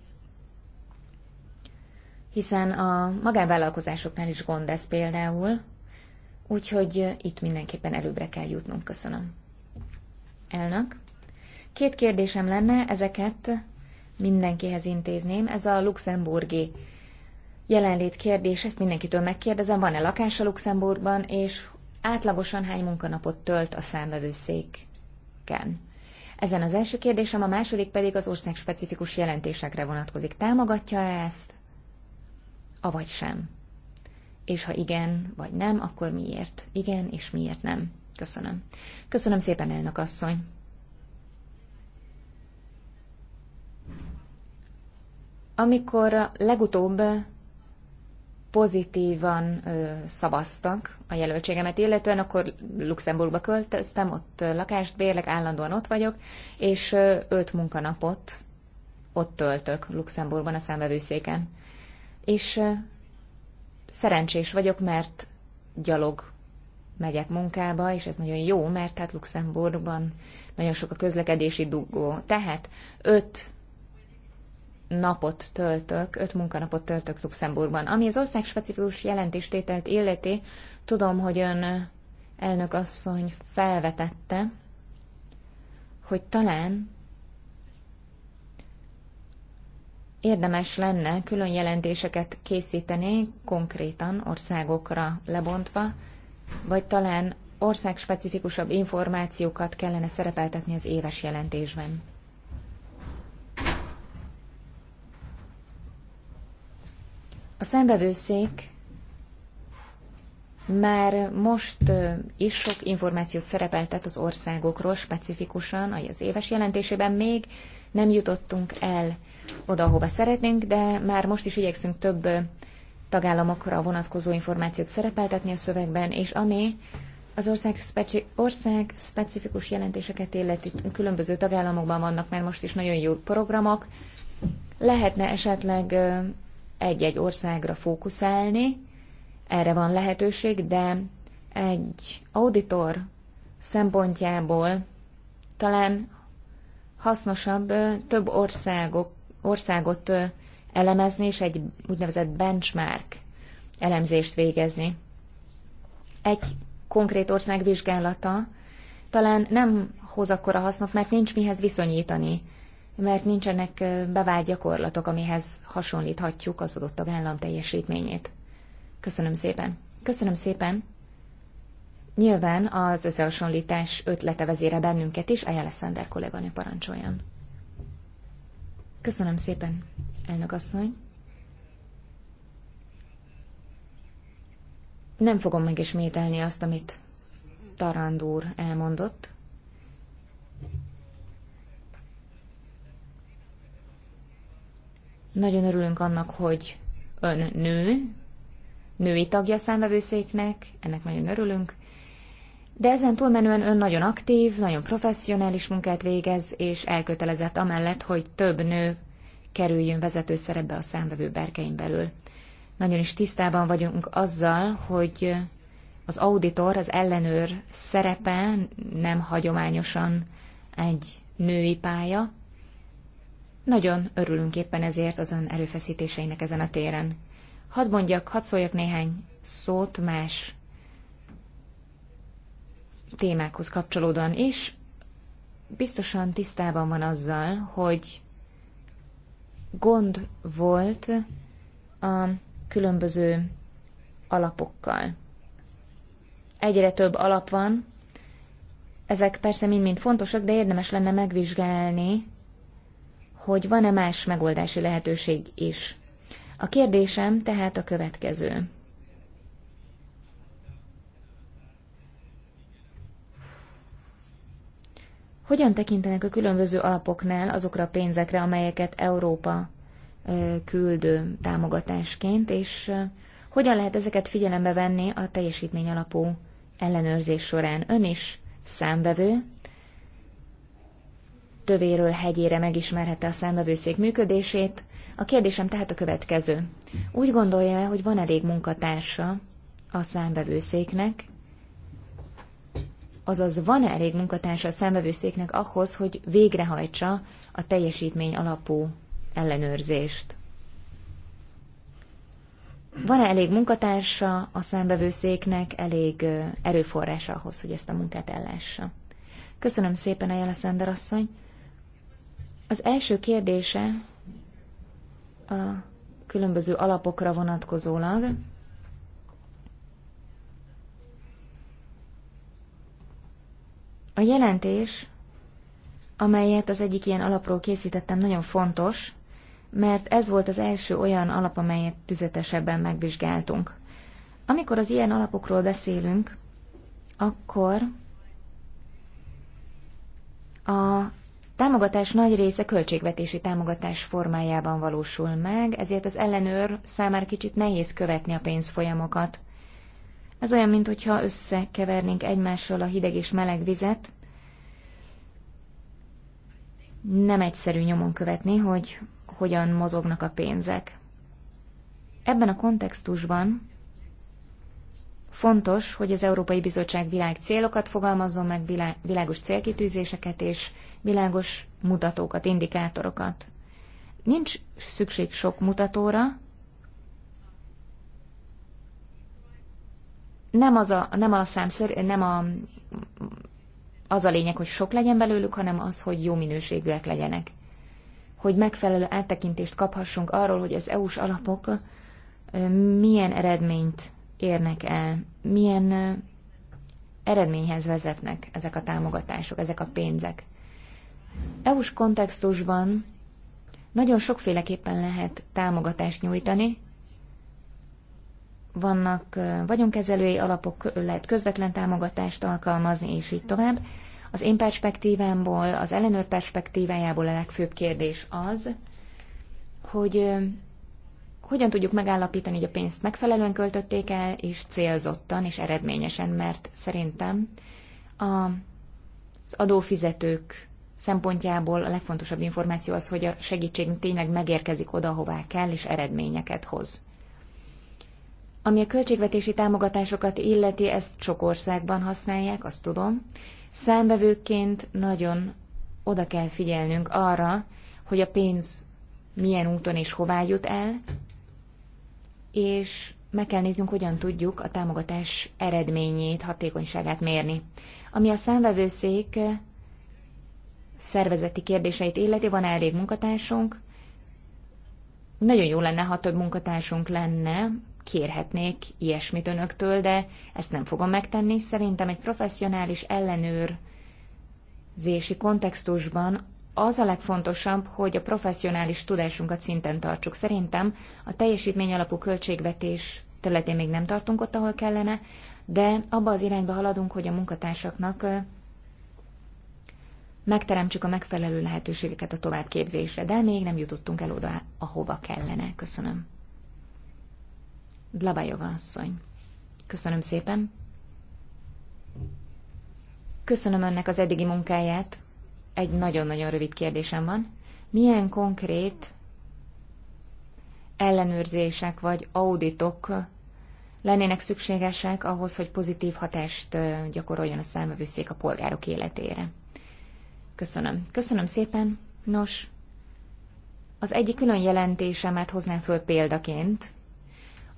hiszen a magánvállalkozásoknál is gond ez például, úgyhogy itt mindenképpen előbbre kell jutnunk. Köszönöm. Elnök. Két kérdésem lenne, ezeket mindenkihez intézném. Ez a luxemburgi jelenlét kérdés, ezt mindenkitől megkérdezem, van-e a Luxemburgban, és átlagosan hány munkanapot tölt a számbevőszéken? Ezen az első kérdésem, a második pedig az ország specifikus jelentésekre vonatkozik. Támogatja -e ezt? avagy sem? És ha igen, vagy nem, akkor miért? Igen, és miért nem? Köszönöm. Köszönöm szépen, elnök asszony. Amikor legutóbb pozitívan ö, szavaztak a jelöltségemet illetően, akkor Luxemburgba költöztem, ott lakást bérlek, állandóan ott vagyok, és ö, öt munkanapot ott töltök Luxemburgban a számvevőszéken és szerencsés vagyok, mert gyalog megyek munkába, és ez nagyon jó, mert hát Luxemburgban nagyon sok a közlekedési dugó. Tehát öt napot töltök, öt munkanapot töltök Luxemburgban. Ami az ország specifikus jelentéstételt illeti, tudom, hogy ön elnök asszony felvetette, hogy talán érdemes lenne külön jelentéseket készíteni konkrétan országokra lebontva, vagy talán országspecifikusabb információkat kellene szerepeltetni az éves jelentésben. A szembevőszék már most is sok információt szerepeltet az országokról specifikusan az éves jelentésében, még nem jutottunk el oda, ahova szeretnénk, de már most is igyekszünk több tagállamokra vonatkozó információt szerepeltetni a szövegben, és ami az ország, speci- ország specifikus jelentéseket illeti különböző tagállamokban vannak mert most is nagyon jó programok. Lehetne esetleg egy-egy országra fókuszálni, erre van lehetőség, de egy auditor szempontjából talán hasznosabb több országok országot elemezni, és egy úgynevezett benchmark elemzést végezni. Egy konkrét ország vizsgálata talán nem hoz akkora hasznot, mert nincs mihez viszonyítani, mert nincsenek bevált gyakorlatok, amihez hasonlíthatjuk az adott tagállam teljesítményét. Köszönöm szépen. Köszönöm szépen. Nyilván az összehasonlítás ötlete vezére bennünket is, a Sander kolléganő parancsoljon. Köszönöm szépen, elnök asszony. Nem fogom megismételni azt, amit Tarand úr elmondott. Nagyon örülünk annak, hogy ön nő, női tagja a számvevőszéknek, ennek nagyon örülünk, de ezen túlmenően ön nagyon aktív, nagyon professzionális munkát végez, és elkötelezett amellett, hogy több nő kerüljön vezető szerepbe a számvevő berkein belül. Nagyon is tisztában vagyunk azzal, hogy az auditor, az ellenőr szerepe nem hagyományosan egy női pálya. Nagyon örülünk éppen ezért az ön erőfeszítéseinek ezen a téren. Hadd mondjak, hadd szóljak néhány szót más témákhoz kapcsolódóan is biztosan tisztában van azzal, hogy gond volt a különböző alapokkal. Egyre több alap van, ezek persze mind-mind fontosak, de érdemes lenne megvizsgálni, hogy van-e más megoldási lehetőség is. A kérdésem tehát a következő. Hogyan tekintenek a különböző alapoknál azokra a pénzekre, amelyeket Európa küldő támogatásként, és hogyan lehet ezeket figyelembe venni a teljesítmény alapú ellenőrzés során? Ön is számvevő, tövéről hegyére megismerhette a számbevőszék működését. A kérdésem tehát a következő. Úgy gondolja, hogy van elég munkatársa a számbevőszéknek, azaz van-e elég munkatársa a számvevőszéknek ahhoz, hogy végrehajtsa a teljesítmény alapú ellenőrzést? Van-e elég munkatársa a számbevőszéknek, elég erőforrása ahhoz, hogy ezt a munkát ellássa? Köszönöm szépen, Ejele Szender asszony. Az első kérdése a különböző alapokra vonatkozólag A jelentés, amelyet az egyik ilyen alapról készítettem, nagyon fontos, mert ez volt az első olyan alap, amelyet tüzetesebben megvizsgáltunk. Amikor az ilyen alapokról beszélünk, akkor a támogatás nagy része költségvetési támogatás formájában valósul meg, ezért az ellenőr számára kicsit nehéz követni a pénzfolyamokat. Ez olyan, mintha összekevernénk egymással a hideg és meleg vizet. Nem egyszerű nyomon követni, hogy hogyan mozognak a pénzek. Ebben a kontextusban fontos, hogy az Európai Bizottság világ célokat fogalmazzon meg, világos célkitűzéseket és világos mutatókat, indikátorokat. Nincs szükség sok mutatóra, nem az a, nem a számszer, nem a, az a lényeg, hogy sok legyen belőlük, hanem az, hogy jó minőségűek legyenek. Hogy megfelelő áttekintést kaphassunk arról, hogy az EU-s alapok milyen eredményt érnek el, milyen eredményhez vezetnek ezek a támogatások, ezek a pénzek. EU-s kontextusban nagyon sokféleképpen lehet támogatást nyújtani, vannak vagyonkezelői alapok, lehet közvetlen támogatást alkalmazni, és így tovább. Az én perspektívámból, az ellenőr perspektívájából a legfőbb kérdés az, hogy hogyan tudjuk megállapítani, hogy a pénzt megfelelően költötték el, és célzottan, és eredményesen, mert szerintem a, az adófizetők szempontjából a legfontosabb információ az, hogy a segítség tényleg megérkezik oda, hová kell, és eredményeket hoz. Ami a költségvetési támogatásokat illeti, ezt sok országban használják, azt tudom. Számbevőként nagyon oda kell figyelnünk arra, hogy a pénz milyen úton és hová jut el, és meg kell néznünk, hogyan tudjuk a támogatás eredményét, hatékonyságát mérni. Ami a számvevőszék szervezeti kérdéseit illeti, van elég munkatársunk. Nagyon jó lenne, ha több munkatársunk lenne, kérhetnék ilyesmit önöktől, de ezt nem fogom megtenni. Szerintem egy professzionális ellenőrzési kontextusban az a legfontosabb, hogy a professzionális tudásunkat szinten tartsuk. Szerintem a teljesítmény alapú költségvetés területén még nem tartunk ott, ahol kellene, de abba az irányba haladunk, hogy a munkatársaknak megteremtsük a megfelelő lehetőségeket a továbbképzésre, de még nem jutottunk el oda, ahova kellene. Köszönöm. Dlabajova asszony. Köszönöm szépen. Köszönöm önnek az eddigi munkáját. Egy nagyon-nagyon rövid kérdésem van. Milyen konkrét ellenőrzések vagy auditok lennének szükségesek ahhoz, hogy pozitív hatást gyakoroljon a számövőszék a polgárok életére? Köszönöm. Köszönöm szépen. Nos, az egyik külön jelentésemet hoznám föl példaként,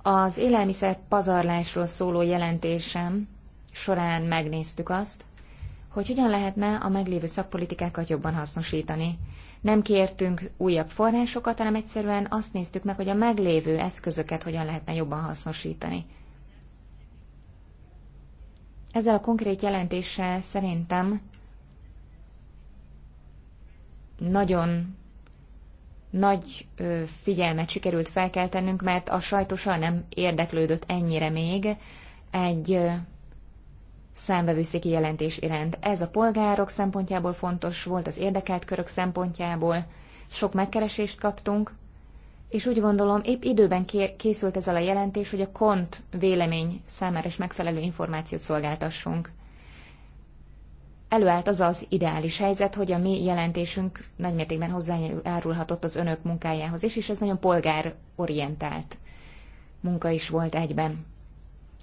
az élelmiszer pazarlásról szóló jelentésem során megnéztük azt, hogy hogyan lehetne a meglévő szakpolitikákat jobban hasznosítani. Nem kértünk újabb forrásokat, hanem egyszerűen azt néztük meg, hogy a meglévő eszközöket hogyan lehetne jobban hasznosítani. Ezzel a konkrét jelentéssel szerintem nagyon nagy figyelmet sikerült felkeltenünk, mert a sajtó soha nem érdeklődött ennyire még egy számbevőszéki jelentés iránt. Ez a polgárok szempontjából fontos volt, az érdekelt körök szempontjából. Sok megkeresést kaptunk, és úgy gondolom, épp időben készült ezzel a jelentés, hogy a kont vélemény számára is megfelelő információt szolgáltassunk előállt az az ideális helyzet, hogy a mi jelentésünk nagymértékben hozzájárulhatott az önök munkájához is, és ez nagyon polgárorientált munka is volt egyben.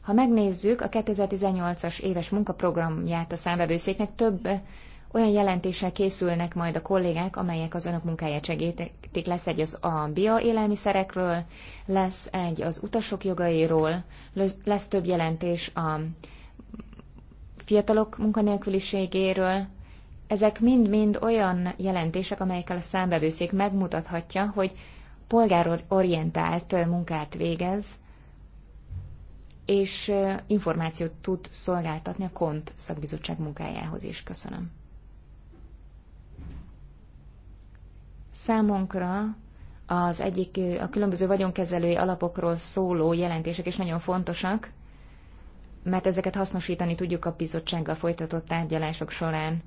Ha megnézzük a 2018-as éves munkaprogramját a számbevőszéknek, több olyan jelentéssel készülnek majd a kollégák, amelyek az önök munkáját segítik. Lesz egy az a bioélelmiszerekről, lesz egy az utasok jogairól, lesz több jelentés a fiatalok munkanélküliségéről. Ezek mind-mind olyan jelentések, amelyekkel a számbevőszék megmutathatja, hogy polgárorientált munkát végez, és információt tud szolgáltatni a KONT szakbizottság munkájához is. Köszönöm. Számunkra az egyik, a különböző vagyonkezelői alapokról szóló jelentések is nagyon fontosak, mert ezeket hasznosítani tudjuk a bizottsággal folytatott tárgyalások során.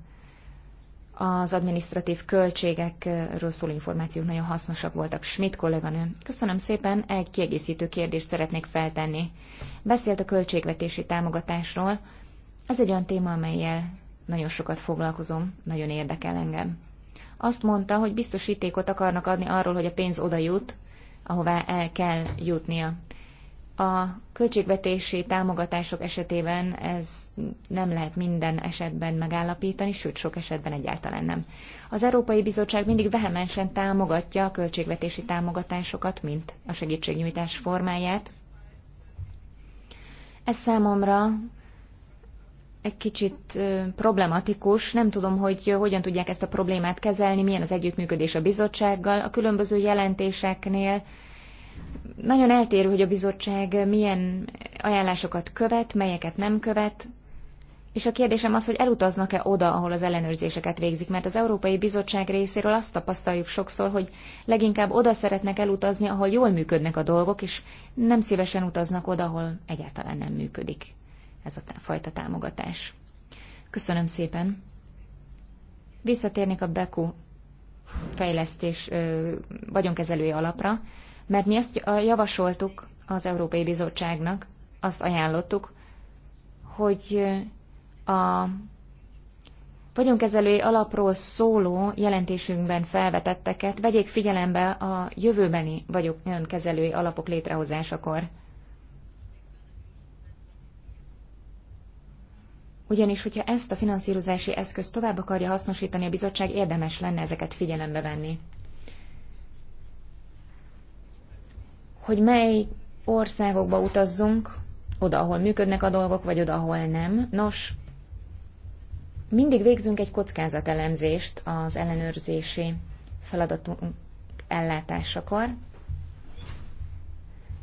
Az administratív költségekről szóló információk nagyon hasznosak voltak. Schmidt kolléganő, köszönöm szépen, egy kiegészítő kérdést szeretnék feltenni. Beszélt a költségvetési támogatásról. Ez egy olyan téma, amelyel nagyon sokat foglalkozom, nagyon érdekel engem. Azt mondta, hogy biztosítékot akarnak adni arról, hogy a pénz oda jut, ahová el kell jutnia. A költségvetési támogatások esetében ez nem lehet minden esetben megállapítani, sőt sok esetben egyáltalán nem. Az Európai Bizottság mindig vehemensen támogatja a költségvetési támogatásokat, mint a segítségnyújtás formáját. Ez számomra egy kicsit problematikus. Nem tudom, hogy hogyan tudják ezt a problémát kezelni, milyen az együttműködés a bizottsággal. A különböző jelentéseknél nagyon eltérő, hogy a bizottság milyen ajánlásokat követ, melyeket nem követ, és a kérdésem az, hogy elutaznak-e oda, ahol az ellenőrzéseket végzik, mert az Európai Bizottság részéről azt tapasztaljuk sokszor, hogy leginkább oda szeretnek elutazni, ahol jól működnek a dolgok, és nem szívesen utaznak oda, ahol egyáltalán nem működik ez a fajta támogatás. Köszönöm szépen. Visszatérnék a Beku fejlesztés vagyonkezelői alapra. Mert mi ezt javasoltuk az Európai Bizottságnak, azt ajánlottuk, hogy a vagyonkezelői alapról szóló jelentésünkben felvetetteket vegyék figyelembe a jövőbeni vagyonkezelői alapok létrehozásakor. Ugyanis, hogyha ezt a finanszírozási eszközt tovább akarja hasznosítani a bizottság, érdemes lenne ezeket figyelembe venni. hogy mely országokba utazzunk, oda, ahol működnek a dolgok, vagy oda, ahol nem. Nos, mindig végzünk egy kockázatelemzést az ellenőrzési feladatunk ellátásakor,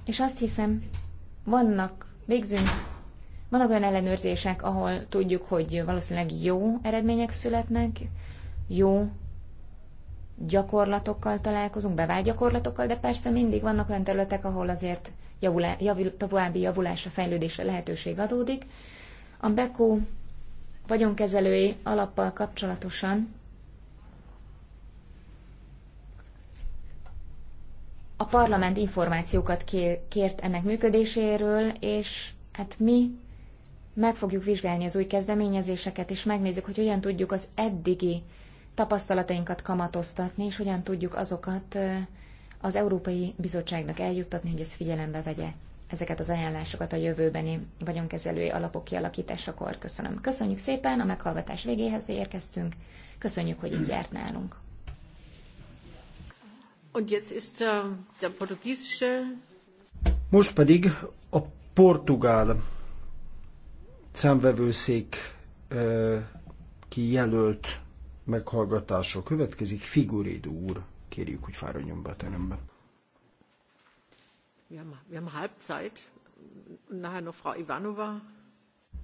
és azt hiszem, vannak, végzünk, vannak olyan ellenőrzések, ahol tudjuk, hogy valószínűleg jó eredmények születnek, jó gyakorlatokkal találkozunk, bevált gyakorlatokkal, de persze mindig vannak olyan területek, ahol azért javulá, javul, további javulásra, fejlődésre lehetőség adódik. A beko vagyonkezelői alappal kapcsolatosan a parlament információkat kér, kért ennek működéséről, és hát mi meg fogjuk vizsgálni az új kezdeményezéseket, és megnézzük, hogy hogyan tudjuk az eddigi tapasztalatainkat kamatoztatni, és hogyan tudjuk azokat az Európai Bizottságnak eljuttatni, hogy ez figyelembe vegye ezeket az ajánlásokat a jövőbeni vagyonkezelői alapok kialakításakor. Köszönöm. Köszönjük szépen, a meghallgatás végéhez érkeztünk. Köszönjük, hogy itt járt nálunk. Äh, Most pedig a portugál szemvevőszék kijelölt meghallgatása következik. Figurédó úr, kérjük, hogy fáradjon be a terembe. Frau Ivanova.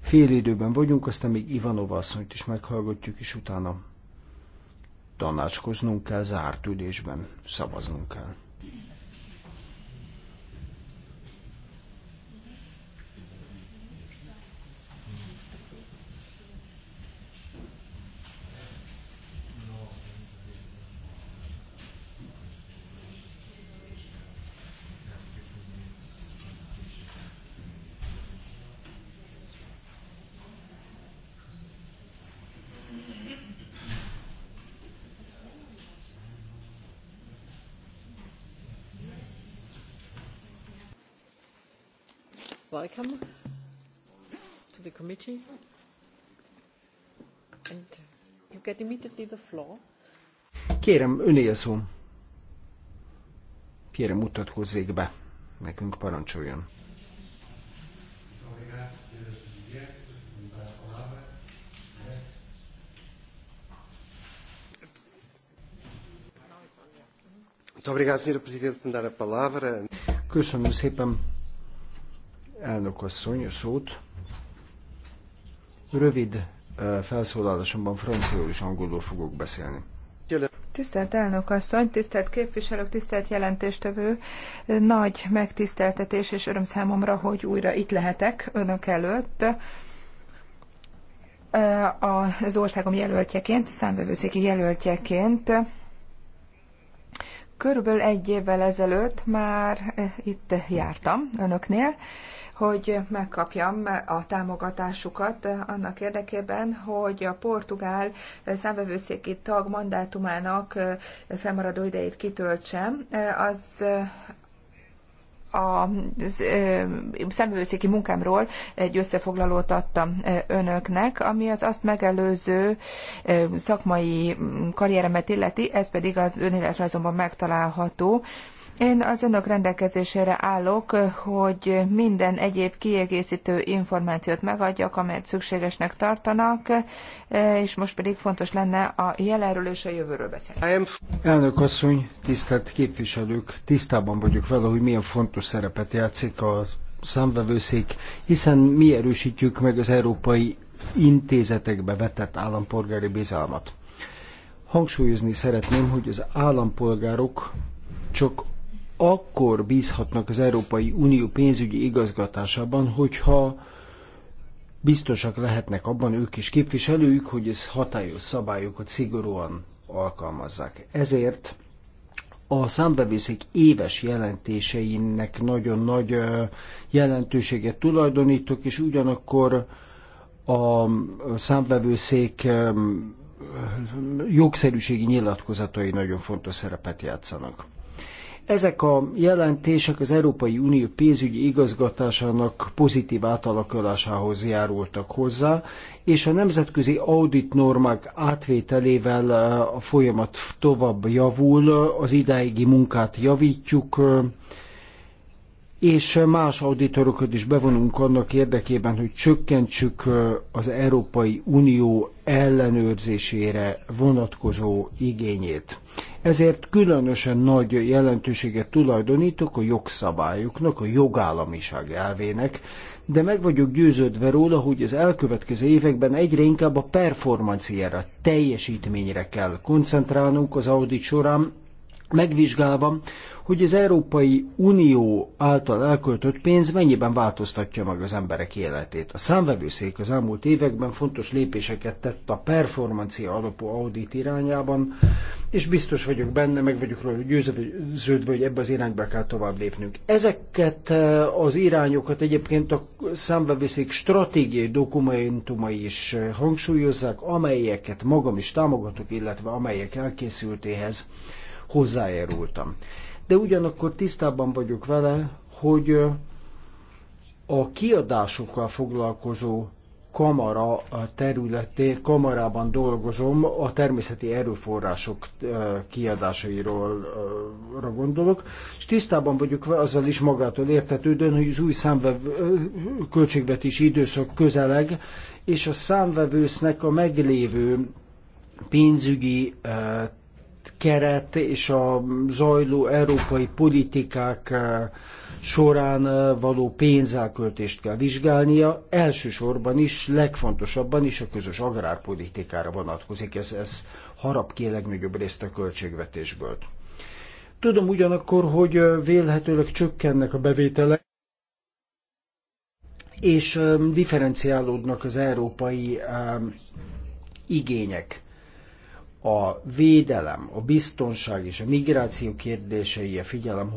Fél időben vagyunk, aztán még Ivanova asszonyt is meghallgatjuk, és utána tanácskoznunk kell, zárt ülésben szavaznunk kell. Beckham to the committee. And you get immediately the floor. Kérem, önél szó. Kérem, mutatkozzék be. Nekünk parancsoljon. Köszönöm szépen, elnökasszony, a szót. Rövid felszólalásomban franciául és angolul fogok beszélni. Tisztelt elnök asszony, tisztelt képviselők, tisztelt jelentéstevő, nagy megtiszteltetés és öröm számomra, hogy újra itt lehetek önök előtt az országom jelöltjeként, számbevőszéki jelöltjeként. Körülbelül egy évvel ezelőtt már itt jártam önöknél, hogy megkapjam a támogatásukat annak érdekében, hogy a portugál számvevőszéki tag mandátumának felmaradó idejét kitöltsem. Az a szemüvőszéki munkámról egy összefoglalót adtam önöknek, ami az azt megelőző szakmai karrieremet illeti, ez pedig az önéletrajzomban megtalálható. Én az önök rendelkezésére állok, hogy minden egyéb kiegészítő információt megadjak, amelyet szükségesnek tartanak, és most pedig fontos lenne a jelenről és a jövőről beszélni. Elnök asszony, tisztelt képviselők, tisztában vagyok vele, hogy milyen fontos szerepet játszik a számvevőszék, hiszen mi erősítjük meg az európai intézetekbe vetett állampolgári bizalmat. Hangsúlyozni szeretném, hogy az állampolgárok csak akkor bízhatnak az Európai Unió pénzügyi igazgatásában, hogyha biztosak lehetnek abban ők is képviselőjük, hogy ez hatályos szabályokat szigorúan alkalmazzák. Ezért a számbevészék éves jelentéseinek nagyon nagy jelentőséget tulajdonítok, és ugyanakkor a számbevőszék jogszerűségi nyilatkozatai nagyon fontos szerepet játszanak. Ezek a jelentések az Európai Unió pénzügyi igazgatásának pozitív átalakulásához járultak hozzá, és a nemzetközi audit normák átvételével a folyamat tovább javul, az idáigi munkát javítjuk, és más auditorokat is bevonunk annak érdekében, hogy csökkentsük az Európai Unió ellenőrzésére vonatkozó igényét. Ezért különösen nagy jelentőséget tulajdonítok a jogszabályoknak, a jogállamiság elvének, de meg vagyok győződve róla, hogy az elkövetkező években egyre inkább a performanciára, teljesítményre kell koncentrálnunk az audit során, megvizsgálva, hogy az Európai Unió által elköltött pénz mennyiben változtatja meg az emberek életét. A számvevőszék az elmúlt években fontos lépéseket tett a performancia alapú audit irányában, és biztos vagyok benne, meg vagyok róla győződve, hogy ebbe az irányba kell tovább lépnünk. Ezeket eh, az irányokat egyébként a számvevőszék stratégiai dokumentumai is eh, hangsúlyozzák, amelyeket magam is támogatok, illetve amelyek elkészültéhez hozzájárultam. De ugyanakkor tisztában vagyok vele, hogy a kiadásokkal foglalkozó kamara területé, kamarában dolgozom, a természeti erőforrások kiadásairól gondolok, és tisztában vagyok azzal is magától értetődően, hogy az új számvevő költségvetési időszak közeleg, és a számvevősznek a meglévő pénzügyi keret és a zajló európai politikák eh, során eh, való pénzelköltést kell vizsgálnia, elsősorban is, legfontosabban is a közös agrárpolitikára vonatkozik. Ez, ez harap ki a legnagyobb részt a költségvetésből. Tudom ugyanakkor, hogy eh, vélhetőleg csökkennek a bevételek, és differenciálódnak az európai igények a védelem, a biztonság és a migráció kérdései a figyelem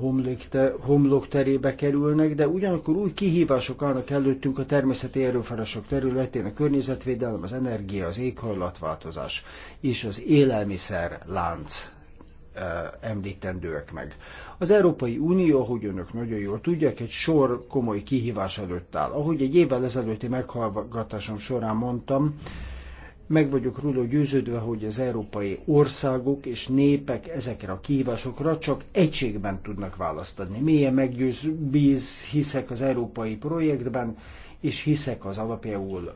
homlok terébe kerülnek, de ugyanakkor új kihívások állnak előttünk a természeti erőforrások területén, a környezetvédelem, az energia, az éghajlatváltozás és az élelmiszer lánc e, említendőek meg. Az Európai Unió, ahogy önök nagyon jól tudják, egy sor komoly kihívás előtt áll. Ahogy egy évvel ezelőtti meghallgatásom során mondtam, meg vagyok róla győződve, hogy az európai országok és népek ezekre a kihívásokra csak egységben tudnak választ adni. Mélyen meggyőz, bíz, hiszek az európai projektben, és hiszek az alapjául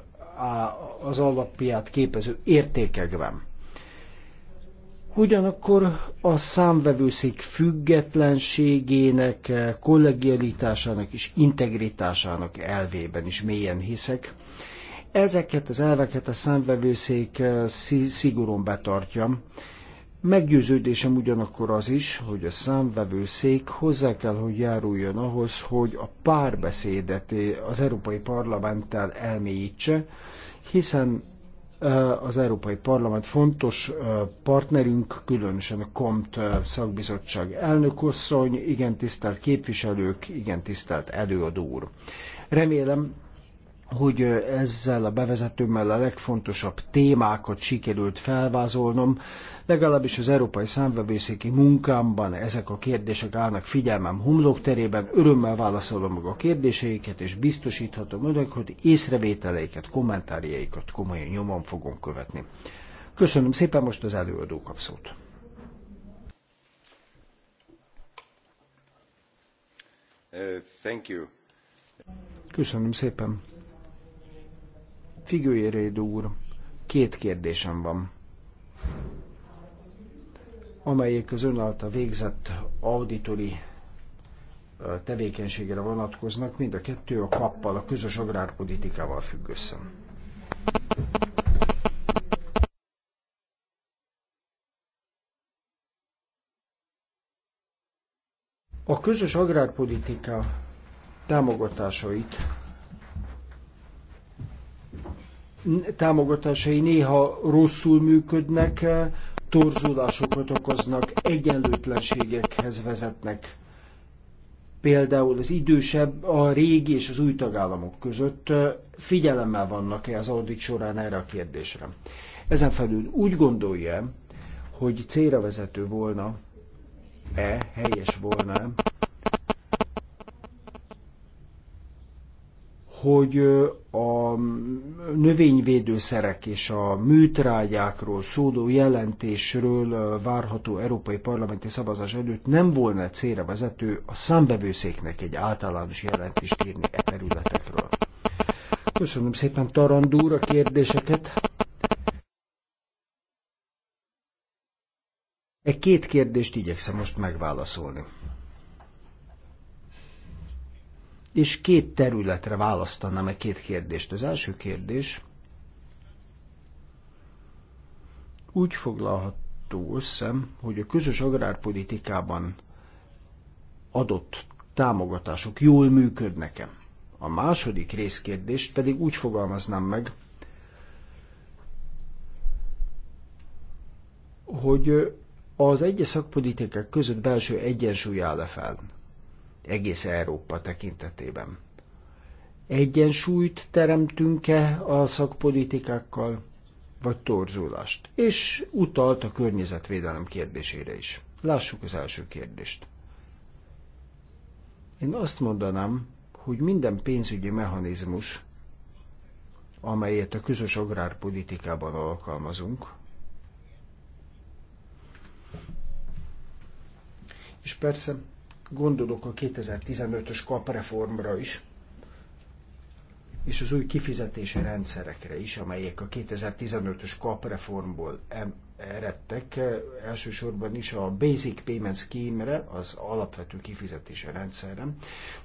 az alapját képező értékekben. Ugyanakkor a számvevőszék függetlenségének, kollegialitásának és integritásának elvében is mélyen hiszek, Ezeket az elveket a számbevőszék eh, szigorúan betartja. Meggyőződésem ugyanakkor az is, hogy a számvevőszék hozzá kell, hogy járuljon ahhoz, hogy a párbeszédet eh, az Európai Parlamenttel elmélyítse, hiszen eh, az Európai Parlament fontos partnerünk, különösen a KOMT szakbizottság elnökosszony, igen tisztelt képviselők, igen tisztelt előadó úr. Remélem, hogy ezzel a bevezetőmmel a legfontosabb témákat sikerült felvázolnom, legalábbis az európai számvevőszéki munkámban ezek a kérdések állnak figyelmem terében, örömmel válaszolom meg a kérdéseiket, és biztosíthatom önök, hogy észrevételeiket, kommentárjaikat komolyan nyomon fogom követni. Köszönöm szépen, most az előadó uh, Thank you. Köszönöm szépen. Figőjéréd úr, két kérdésem van, amelyek az ön által végzett auditori tevékenységre vonatkoznak, mind a kettő a kappal, a közös agrárpolitikával függ össze. A közös agrárpolitika támogatásait támogatásai néha rosszul működnek, eh, torzulásokat okoznak, egyenlőtlenségekhez vezetnek. Például az idősebb, a régi és az új tagállamok között eh, figyelemmel vannak-e az audit során erre a kérdésre. Ezen felül úgy gondolja, hogy célra vezető volna, e helyes volna, hogy a növényvédőszerek és a műtrágyákról szóló jelentésről várható európai parlamenti szavazás előtt nem volna célra vezető a számbevőszéknek egy általános jelentést írni e területekről. Köszönöm szépen Tarandúr a kérdéseket. E két kérdést igyekszem most megválaszolni és két területre választanám a e két kérdést. Az első kérdés úgy foglalható össze, hogy a közös agrárpolitikában adott támogatások jól működnek-e. A második részkérdést pedig úgy fogalmaznám meg, hogy az egyes szakpolitikák között belső egyensúly áll -e fel egész Európa tekintetében. Egyensúlyt teremtünk-e a szakpolitikákkal, vagy torzulást? És utalt a környezetvédelem kérdésére is. Lássuk az első kérdést. Én azt mondanám, hogy minden pénzügyi mechanizmus, amelyet a közös agrárpolitikában alkalmazunk, és persze Gondolok a 2015-ös kapreformra is, és az új kifizetési rendszerekre is, amelyek a 2015-ös kapreformból eredtek, elsősorban is a Basic Payment Scheme-re, az alapvető kifizetési rendszerre.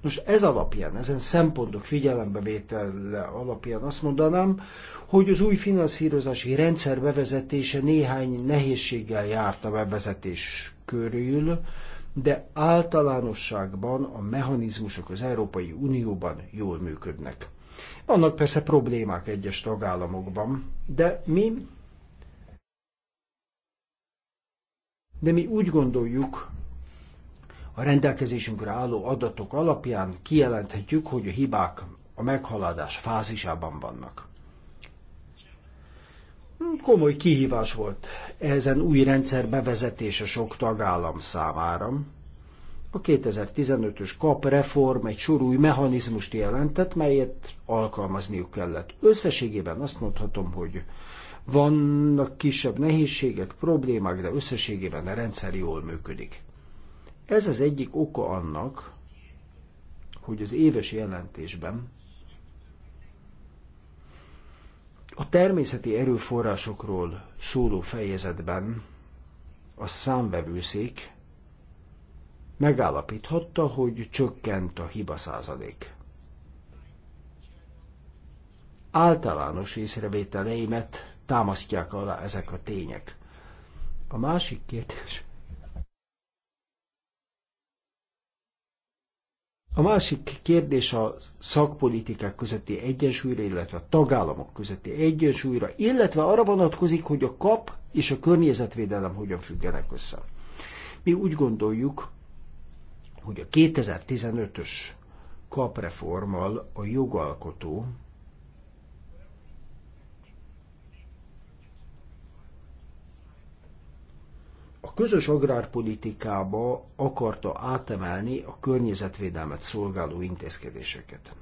Nos, ez alapján, ezen szempontok figyelembevétele alapján azt mondanám, hogy az új finanszírozási rendszer bevezetése néhány nehézséggel járt a bevezetés körül, de általánosságban a mechanizmusok az Európai Unióban jól működnek. Vannak persze problémák egyes tagállamokban, de mi de mi úgy gondoljuk, a rendelkezésünkre álló adatok alapján kijelenthetjük, hogy a hibák a meghaladás fázisában vannak. Komoly kihívás volt ezen új rendszer bevezetése sok tagállam számára. A 2015-ös kap reform egy sor új mechanizmust jelentett, melyet alkalmazniuk kellett. Összességében azt mondhatom, hogy vannak kisebb nehézségek, problémák, de összességében a rendszer jól működik. Ez az egyik oka annak, hogy az éves jelentésben A természeti erőforrásokról szóló fejezetben a számbevőszék megállapíthatta, hogy csökkent a hiba százalék. Általános észrevételeimet támasztják alá ezek a tények. A másik kérdés A másik kérdés a szakpolitikák közötti egyensúlyra, illetve a tagállamok közötti egyensúlyra, illetve arra vonatkozik, hogy a kap és a környezetvédelem hogyan függenek össze. Mi úgy gondoljuk, hogy a 2015-ös kapreformmal a jogalkotó a közös agrárpolitikába akarta átemelni a környezetvédelmet szolgáló intézkedéseket.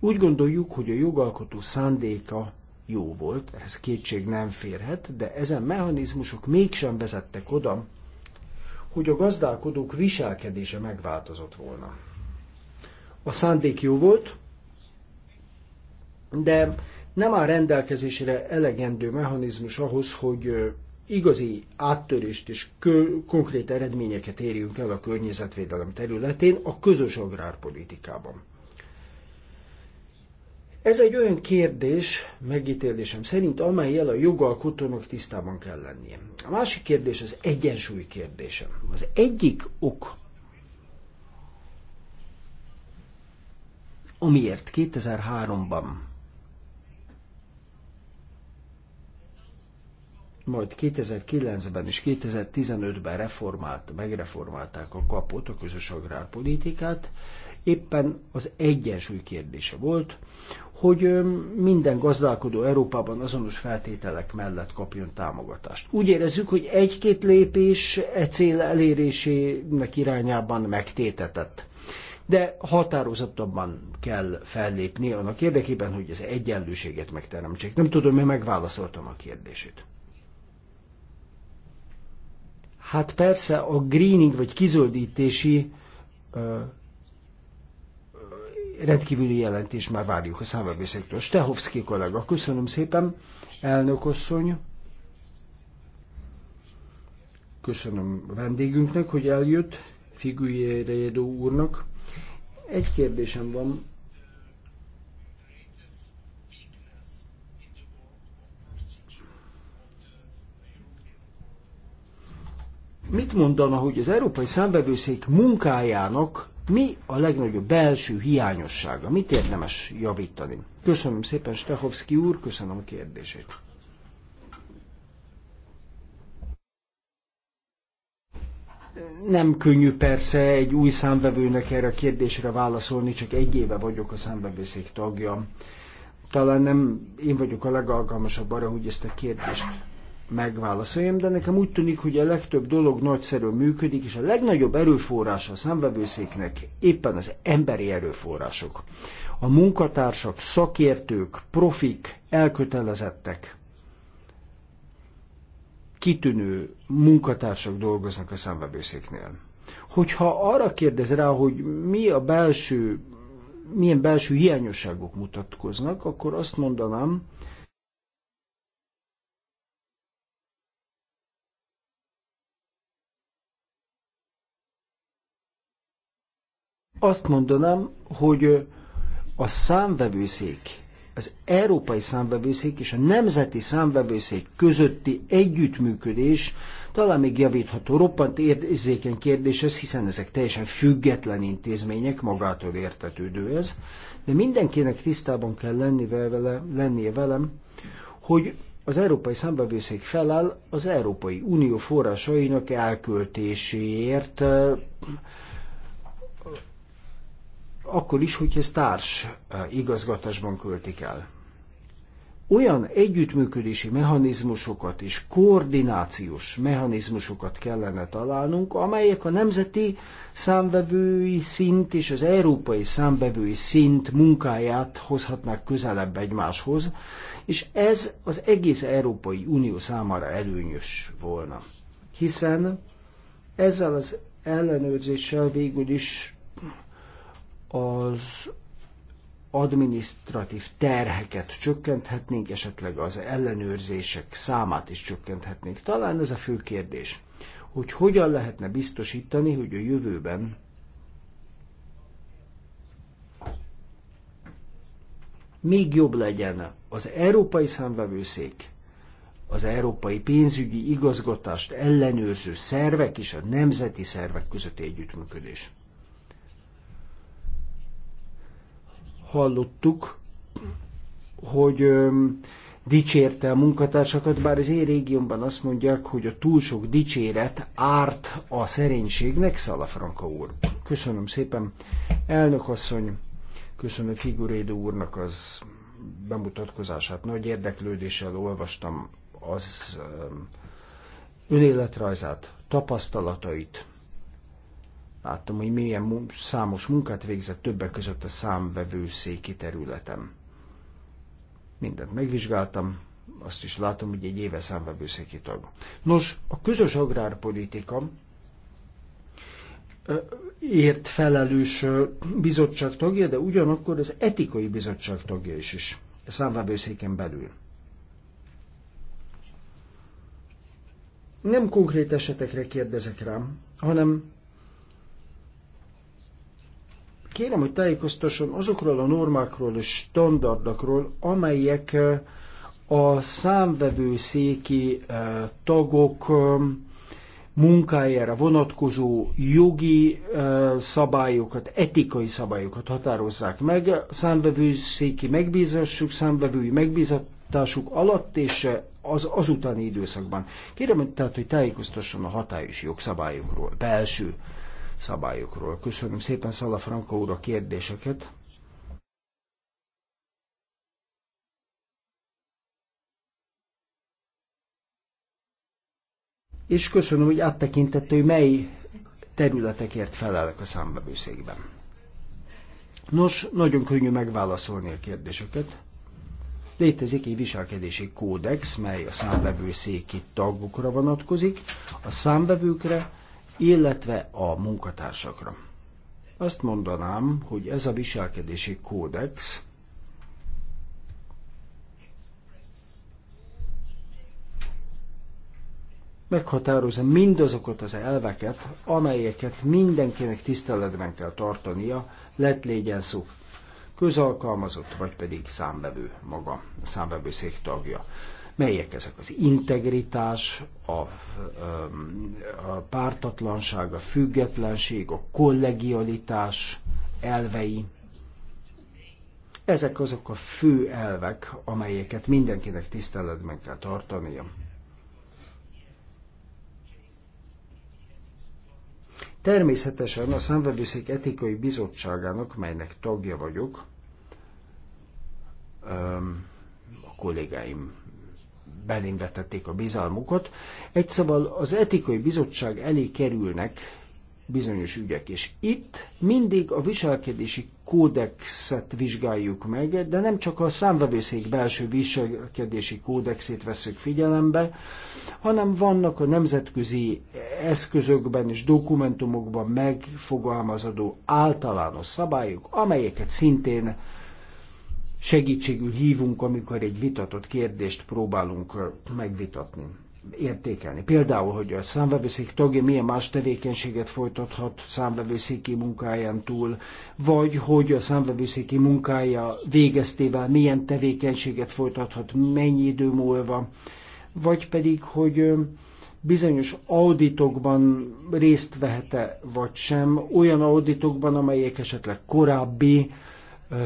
Úgy gondoljuk, hogy a jogalkotó szándéka jó volt, ehhez kétség nem férhet, de ezen mechanizmusok mégsem vezettek oda, hogy a gazdálkodók viselkedése megváltozott volna. A szándék jó volt, de nem áll rendelkezésre elegendő mechanizmus ahhoz, hogy igazi áttörést és konkrét eredményeket érjünk el a környezetvédelem területén a közös agrárpolitikában. Ez egy olyan kérdés, megítélésem szerint, amelyel a jogalkotónak tisztában kell lennie. A másik kérdés az egyensúly kérdése. Az egyik ok, amiért 2003-ban majd 2009-ben és 2015-ben reformált, megreformálták a kapot, a közös agrárpolitikát, éppen az egyensúly kérdése volt, hogy minden gazdálkodó Európában azonos feltételek mellett kapjon támogatást. Úgy érezzük, hogy egy-két lépés e cél elérésének irányában megtétetett. De határozottabban kell fellépni annak érdekében, hogy az egyenlőséget megteremtsék. Nem tudom, mi megválaszoltam a kérdését. Hát persze a greening vagy kizöldítési ö, rendkívüli jelentés már várjuk a számvevőszéktől. Stehovszki kollega, köszönöm szépen, elnök asszony. Köszönöm a vendégünknek, hogy eljött, Figuieredo úrnak. Egy kérdésem van, mit mondana, hogy az Európai Számbevőszék munkájának mi a legnagyobb belső hiányossága? Mit érdemes javítani? Köszönöm szépen, Stehovski úr, köszönöm a kérdését. Nem könnyű persze egy új számvevőnek erre a kérdésre válaszolni, csak egy éve vagyok a számvevőszék tagja. Talán nem én vagyok a legalkalmasabb arra, hogy ezt a kérdést megválaszoljam, de nekem úgy tűnik, hogy a legtöbb dolog nagyszerűen működik, és a legnagyobb erőforrás a számvevőszéknek éppen az emberi erőforrások. A munkatársak, szakértők, profik, elkötelezettek, kitűnő munkatársak dolgoznak a számvevőszéknél. Hogyha arra kérdez rá, hogy mi a belső, milyen belső hiányosságok mutatkoznak, akkor azt mondanám, azt mondanám, hogy a számvevőszék, az európai számvevőszék és a nemzeti számvevőszék közötti együttműködés talán még javítható. Roppant érzékeny kérdés ez, hiszen ezek teljesen független intézmények, magától értetődő ez. De mindenkinek tisztában kell lenni vele, lennie velem, hogy az Európai Számbevőszék feláll az Európai Unió forrásainak elköltéséért, akkor is, hogy ez társ eh, igazgatásban költik el. Olyan együttműködési mechanizmusokat és koordinációs mechanizmusokat kellene találnunk, amelyek a nemzeti számbevői szint és az európai számbevői szint munkáját hozhatnák közelebb egymáshoz, és ez az egész Európai Unió számára előnyös volna. Hiszen ezzel az ellenőrzéssel végül is az administratív terheket csökkenthetnénk, esetleg az ellenőrzések számát is csökkenthetnénk. Talán ez a fő kérdés, hogy hogyan lehetne biztosítani, hogy a jövőben még jobb legyen az európai számvevőszék, az európai pénzügyi igazgatást ellenőrző szervek és a nemzeti szervek közötti együttműködés. hallottuk, hogy dicsérte a munkatársakat, bár az én régiómban azt mondják, hogy a túl sok dicséret árt a szerénységnek, Franka úr. Köszönöm szépen, elnök asszony, köszönöm Figurédo úrnak az bemutatkozását. Nagy érdeklődéssel olvastam az önéletrajzát, tapasztalatait, Láttam, hogy milyen számos munkát végzett többek között a számvevőszéki területen. Mindent megvizsgáltam, azt is látom, hogy egy éve számvevőszéki tag. Nos, a közös agrárpolitika ért felelős bizottság tagja, de ugyanakkor az etikai bizottság tagja is is, a számvevőszéken belül. Nem konkrét esetekre kérdezek rám, hanem kérem, hogy tájékoztasson azokról a normákról és standardokról, amelyek a számvevőszéki tagok munkájára vonatkozó jogi szabályokat, etikai szabályokat határozzák meg. Számvevőszéki megbízásuk, számvevői megbízatásuk alatt és az azutáni időszakban. Kérem tehát, hogy tájékoztasson a hatályos jogszabályokról, belső szabályokról. Köszönöm szépen Szala Franka úr a kérdéseket. És köszönöm, hogy áttekintette, hogy mely területekért felelek a számbevőszékben. Nos, nagyon könnyű megválaszolni a kérdéseket. Létezik egy viselkedési kódex, mely a számbevőszéki tagokra vonatkozik, a számbevőkre illetve a munkatársakra. Azt mondanám, hogy ez a viselkedési kódex meghatározza mindazokat az elveket, amelyeket mindenkinek tiszteletben kell tartania, lett légyen szó közalkalmazott, vagy pedig számbevő maga, számbevő tagja. Melyek ezek? Az integritás, a, a pártatlanság, a függetlenség, a kollegialitás elvei. Ezek azok a fő elvek, amelyeket mindenkinek tiszteletben kell tartania. Természetesen a Szenvedőszék etikai bizottságának, melynek tagja vagyok, a kollégáim belém vetették a bizalmukat. Egy szóval az etikai bizottság elé kerülnek bizonyos ügyek, és itt mindig a viselkedési kódexet vizsgáljuk meg, de nem csak a számvevőszék belső viselkedési kódexét veszük figyelembe, hanem vannak a nemzetközi eszközökben és dokumentumokban megfogalmazódó általános szabályok, amelyeket szintén segítségül hívunk, amikor egy vitatott kérdést próbálunk megvitatni, értékelni. Például, hogy a számvevőszék tagja milyen más tevékenységet folytathat számvevőszéki munkáján túl, vagy hogy a számvevőszéki munkája végeztével milyen tevékenységet folytathat, mennyi idő múlva, vagy pedig, hogy bizonyos auditokban részt vehet-e vagy sem, olyan auditokban, amelyek esetleg korábbi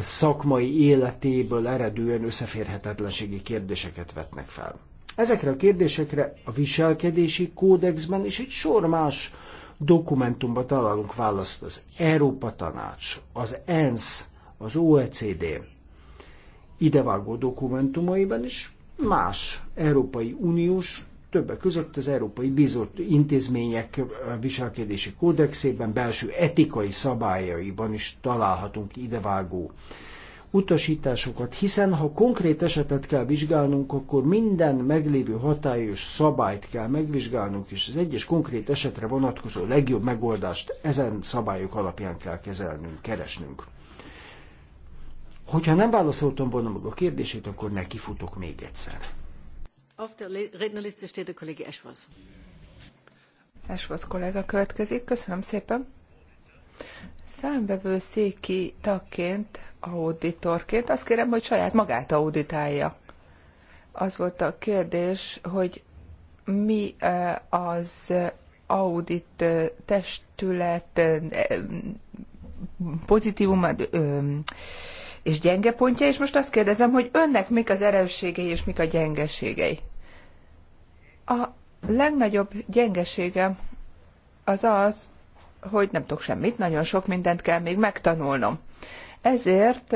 szakmai életéből eredően összeférhetetlenségi kérdéseket vetnek fel. Ezekre a kérdésekre a viselkedési kódexben és egy sor más dokumentumban találunk választ az Európa Tanács, az ENSZ, az OECD idevágó dokumentumaiban is, más Európai Uniós többek között az Európai Bizott intézmények viselkedési kódexében, belső etikai szabályaiban is találhatunk idevágó utasításokat, hiszen ha konkrét esetet kell vizsgálnunk, akkor minden meglévő hatályos szabályt kell megvizsgálnunk, és az egyes konkrét esetre vonatkozó legjobb megoldást ezen szabályok alapján kell kezelnünk, keresnünk. Hogyha nem válaszoltam volna meg a kérdését, akkor nekifutok még egyszer. Auf der Rednerliste steht der Kollege Eschwas. Eschwas kollega következik. Köszönöm szépen. Számbevő széki tagként, auditorként azt kérem, hogy saját magát auditálja. Az volt a kérdés, hogy mi eh, az audit eh, testület eh, pozitívum, és gyenge pontja, és most azt kérdezem, hogy önnek mik az erősségei és mik a gyengeségei. A legnagyobb gyengeségem az az, hogy nem tudok semmit, nagyon sok mindent kell még megtanulnom. Ezért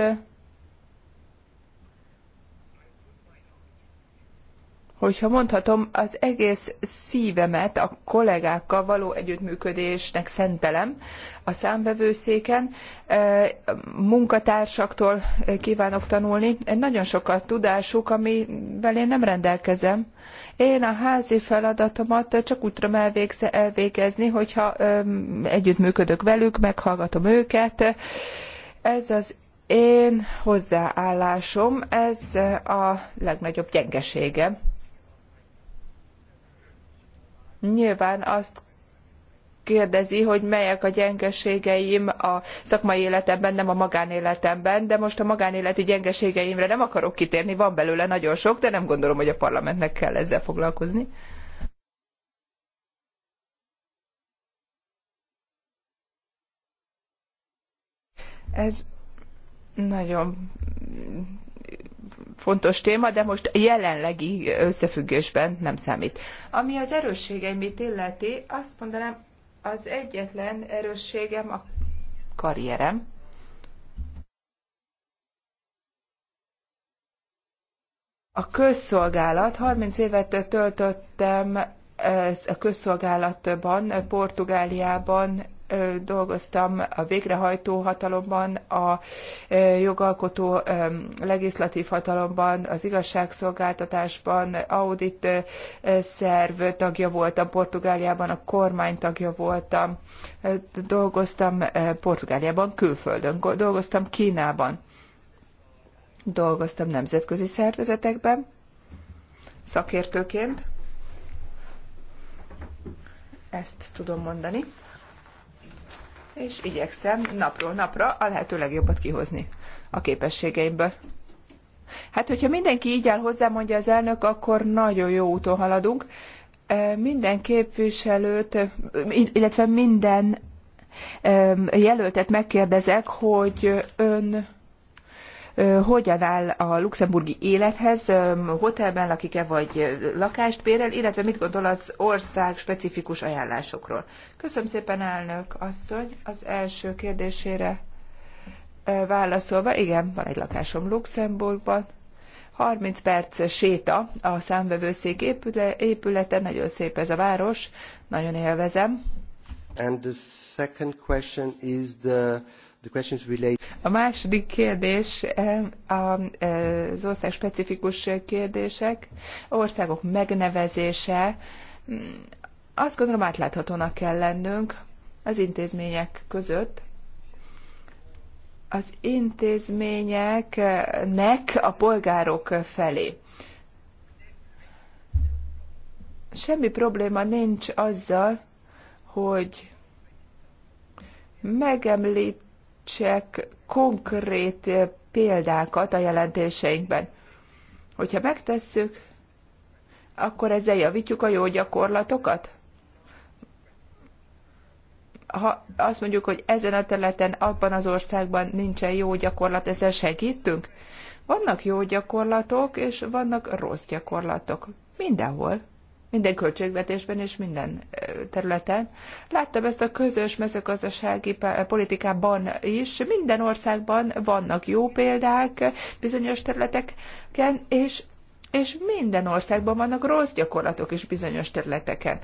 hogyha mondhatom, az egész szívemet a kollégákkal való együttműködésnek szentelem a számvevőszéken. Munkatársaktól kívánok tanulni. Nagyon sokat tudásuk, amivel én nem rendelkezem. Én a házi feladatomat csak úgy tudom elvégezni, hogyha együttműködök velük, meghallgatom őket. Ez az én hozzáállásom, ez a legnagyobb gyengeségem nyilván azt kérdezi, hogy melyek a gyengeségeim a szakmai életemben, nem a magánéletemben, de most a magánéleti gyengeségeimre nem akarok kitérni, van belőle nagyon sok, de nem gondolom, hogy a parlamentnek kell ezzel foglalkozni. Ez nagyon fontos téma, de most jelenlegi összefüggésben nem számít. Ami az erősségeimit illeti, azt mondanám, az egyetlen erősségem a karrierem. A közszolgálat, 30 évet töltöttem eh, a közszolgálatban, Portugáliában, dolgoztam a végrehajtó hatalomban, a jogalkotó legislatív hatalomban, az igazságszolgáltatásban, audit szerv tagja voltam Portugáliában, a kormány tagja voltam, dolgoztam Portugáliában, külföldön, dolgoztam Kínában, dolgoztam nemzetközi szervezetekben, szakértőként. Ezt tudom mondani és igyekszem napról napra a lehető legjobbat kihozni a képességeimből. Hát, hogyha mindenki így áll hozzá, mondja az elnök, akkor nagyon jó úton haladunk. Minden képviselőt, illetve minden jelöltet megkérdezek, hogy ön hogyan áll a luxemburgi élethez, hotelben lakik-e, vagy lakást bérel, illetve mit gondol az ország specifikus ajánlásokról. Köszönöm szépen, elnök asszony, az első kérdésére válaszolva, igen, van egy lakásom Luxemburgban, 30 perc séta a számvevőszék épülete, nagyon szép ez a város, nagyon élvezem. And the second question is the a második kérdés eh, eh, az ország specifikus kérdések, országok megnevezése. Hmm, azt gondolom átláthatónak kell lennünk az intézmények között, az intézményeknek a polgárok felé. Semmi probléma nincs azzal, hogy megemlít említsek konkrét példákat a jelentéseinkben. Hogyha megtesszük, akkor ezzel javítjuk a jó gyakorlatokat? Ha azt mondjuk, hogy ezen a területen, abban az országban nincsen jó gyakorlat, ezzel segítünk? Vannak jó gyakorlatok, és vannak rossz gyakorlatok. Mindenhol minden költségvetésben és minden területen. Láttam ezt a közös mezőgazdasági politikában is. Minden országban vannak jó példák bizonyos területeken, és, és minden országban vannak rossz gyakorlatok is bizonyos területeken.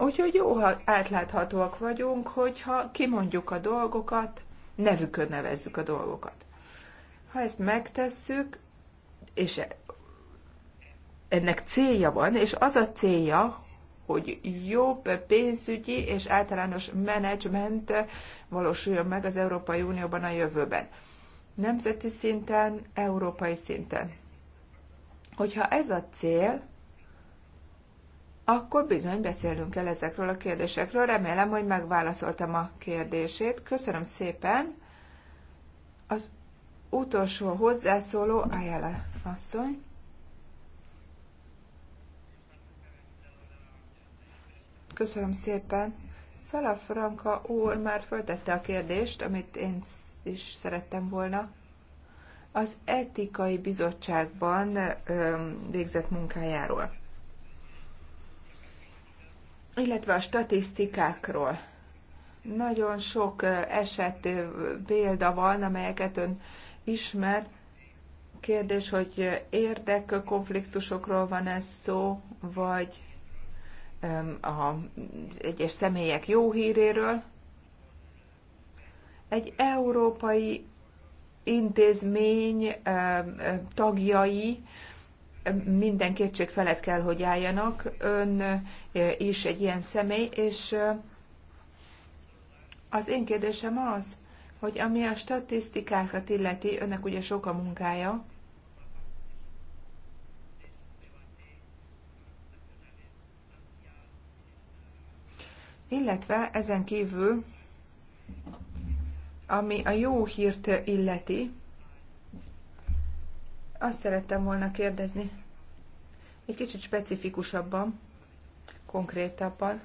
Úgyhogy jó, ha átláthatóak vagyunk, hogyha kimondjuk a dolgokat, nevükön nevezzük a dolgokat. Ha ezt megtesszük, és ennek célja van, és az a célja, hogy jobb pénzügyi és általános menedzsment valósuljon meg az Európai Unióban a jövőben. Nemzeti szinten, európai szinten. Hogyha ez a cél, akkor bizony beszélnünk kell ezekről a kérdésekről. Remélem, hogy megválaszoltam a kérdését. Köszönöm szépen. Az utolsó hozzászóló Ayala asszony. Köszönöm szépen. Szala Franka úr már föltette a kérdést, amit én is szerettem volna. Az etikai bizottságban végzett munkájáról, illetve a statisztikákról. Nagyon sok eset, példa van, amelyeket ön ismer, kérdés, hogy érdek konfliktusokról van ez szó, vagy a egyes személyek jó híréről. Egy európai intézmény tagjai minden kétség felett kell, hogy álljanak. Ön e, is egy ilyen személy, és e, az én kérdésem az, hogy ami a statisztikákat illeti, önnek ugye sok a munkája, Illetve ezen kívül, ami a jó hírt illeti, azt szerettem volna kérdezni, egy kicsit specifikusabban, konkrétabban,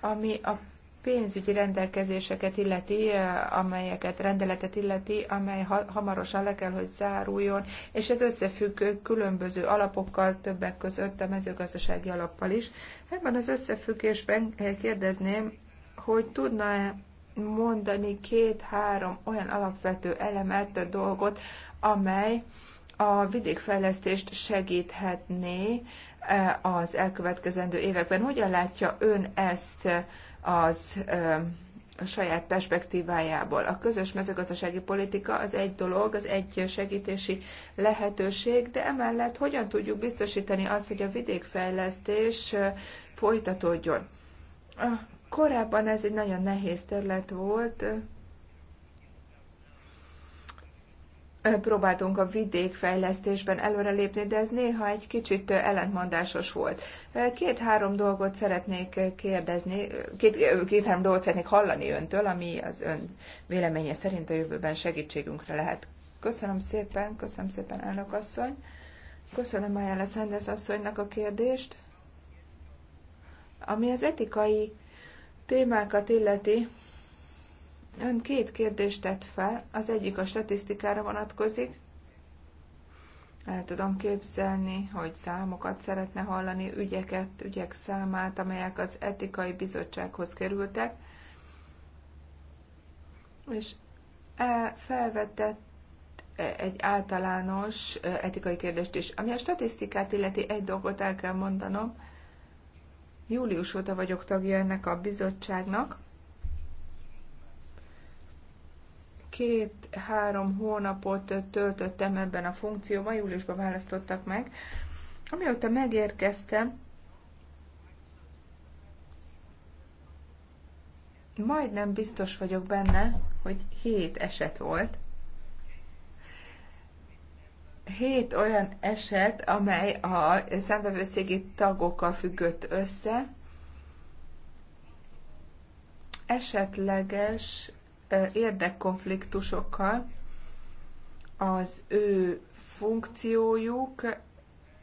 ami a pénzügyi rendelkezéseket illeti, amelyeket rendeletet illeti, amely hamarosan le kell, hogy záruljon, és ez összefügg különböző alapokkal, többek között a mezőgazdasági alappal is. Ebben az összefüggésben kérdezném, hogy tudna-e mondani két-három olyan alapvető elemet, dolgot, amely a vidékfejlesztést segíthetné eh, az elkövetkezendő években. Hogyan látja ön ezt? az a saját perspektívájából. A közös mezőgazdasági politika az egy dolog, az egy segítési lehetőség, de emellett hogyan tudjuk biztosítani azt, hogy a vidékfejlesztés folytatódjon. Korábban ez egy nagyon nehéz terület volt, próbáltunk a vidékfejlesztésben előrelépni, de ez néha egy kicsit ellentmondásos volt. Két-három dolgot szeretnék kérdezni, két-három két, dolgot szeretnék hallani öntől, ami az ön véleménye szerint a jövőben segítségünkre lehet. Köszönöm szépen, köszönöm szépen, elnök asszony. Köszönöm a Sanders asszonynak a kérdést. Ami az etikai témákat illeti, Ön két kérdést tett fel, az egyik a statisztikára vonatkozik. El tudom képzelni, hogy számokat szeretne hallani, ügyeket, ügyek számát, amelyek az etikai bizottsághoz kerültek. És e, felvetett e, egy általános e, etikai kérdést is. Ami a statisztikát illeti, egy dolgot el kell mondanom. Július óta vagyok tagja ennek a bizottságnak, két-három hónapot töltöttem ebben a funkcióban, júliusban választottak meg. Amióta megérkeztem, majdnem biztos vagyok benne, hogy hét eset volt. Hét olyan eset, amely a szembevőszégi tagokkal függött össze, esetleges érdekkonfliktusokkal, az ő funkciójuk,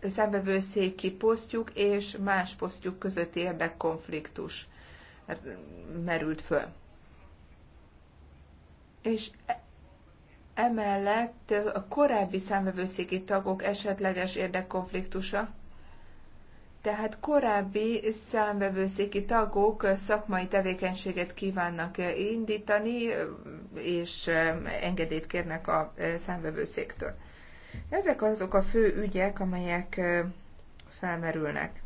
szembevőszéki posztjuk és más posztjuk közötti érdekkonfliktus hát, merült föl. És e- emellett a korábbi szembevőszéki tagok esetleges érdekkonfliktusa, tehát korábbi számvevőszéki tagok szakmai tevékenységet kívánnak indítani, és engedélyt kérnek a számvevőszéktől. Ezek azok a fő ügyek, amelyek felmerülnek.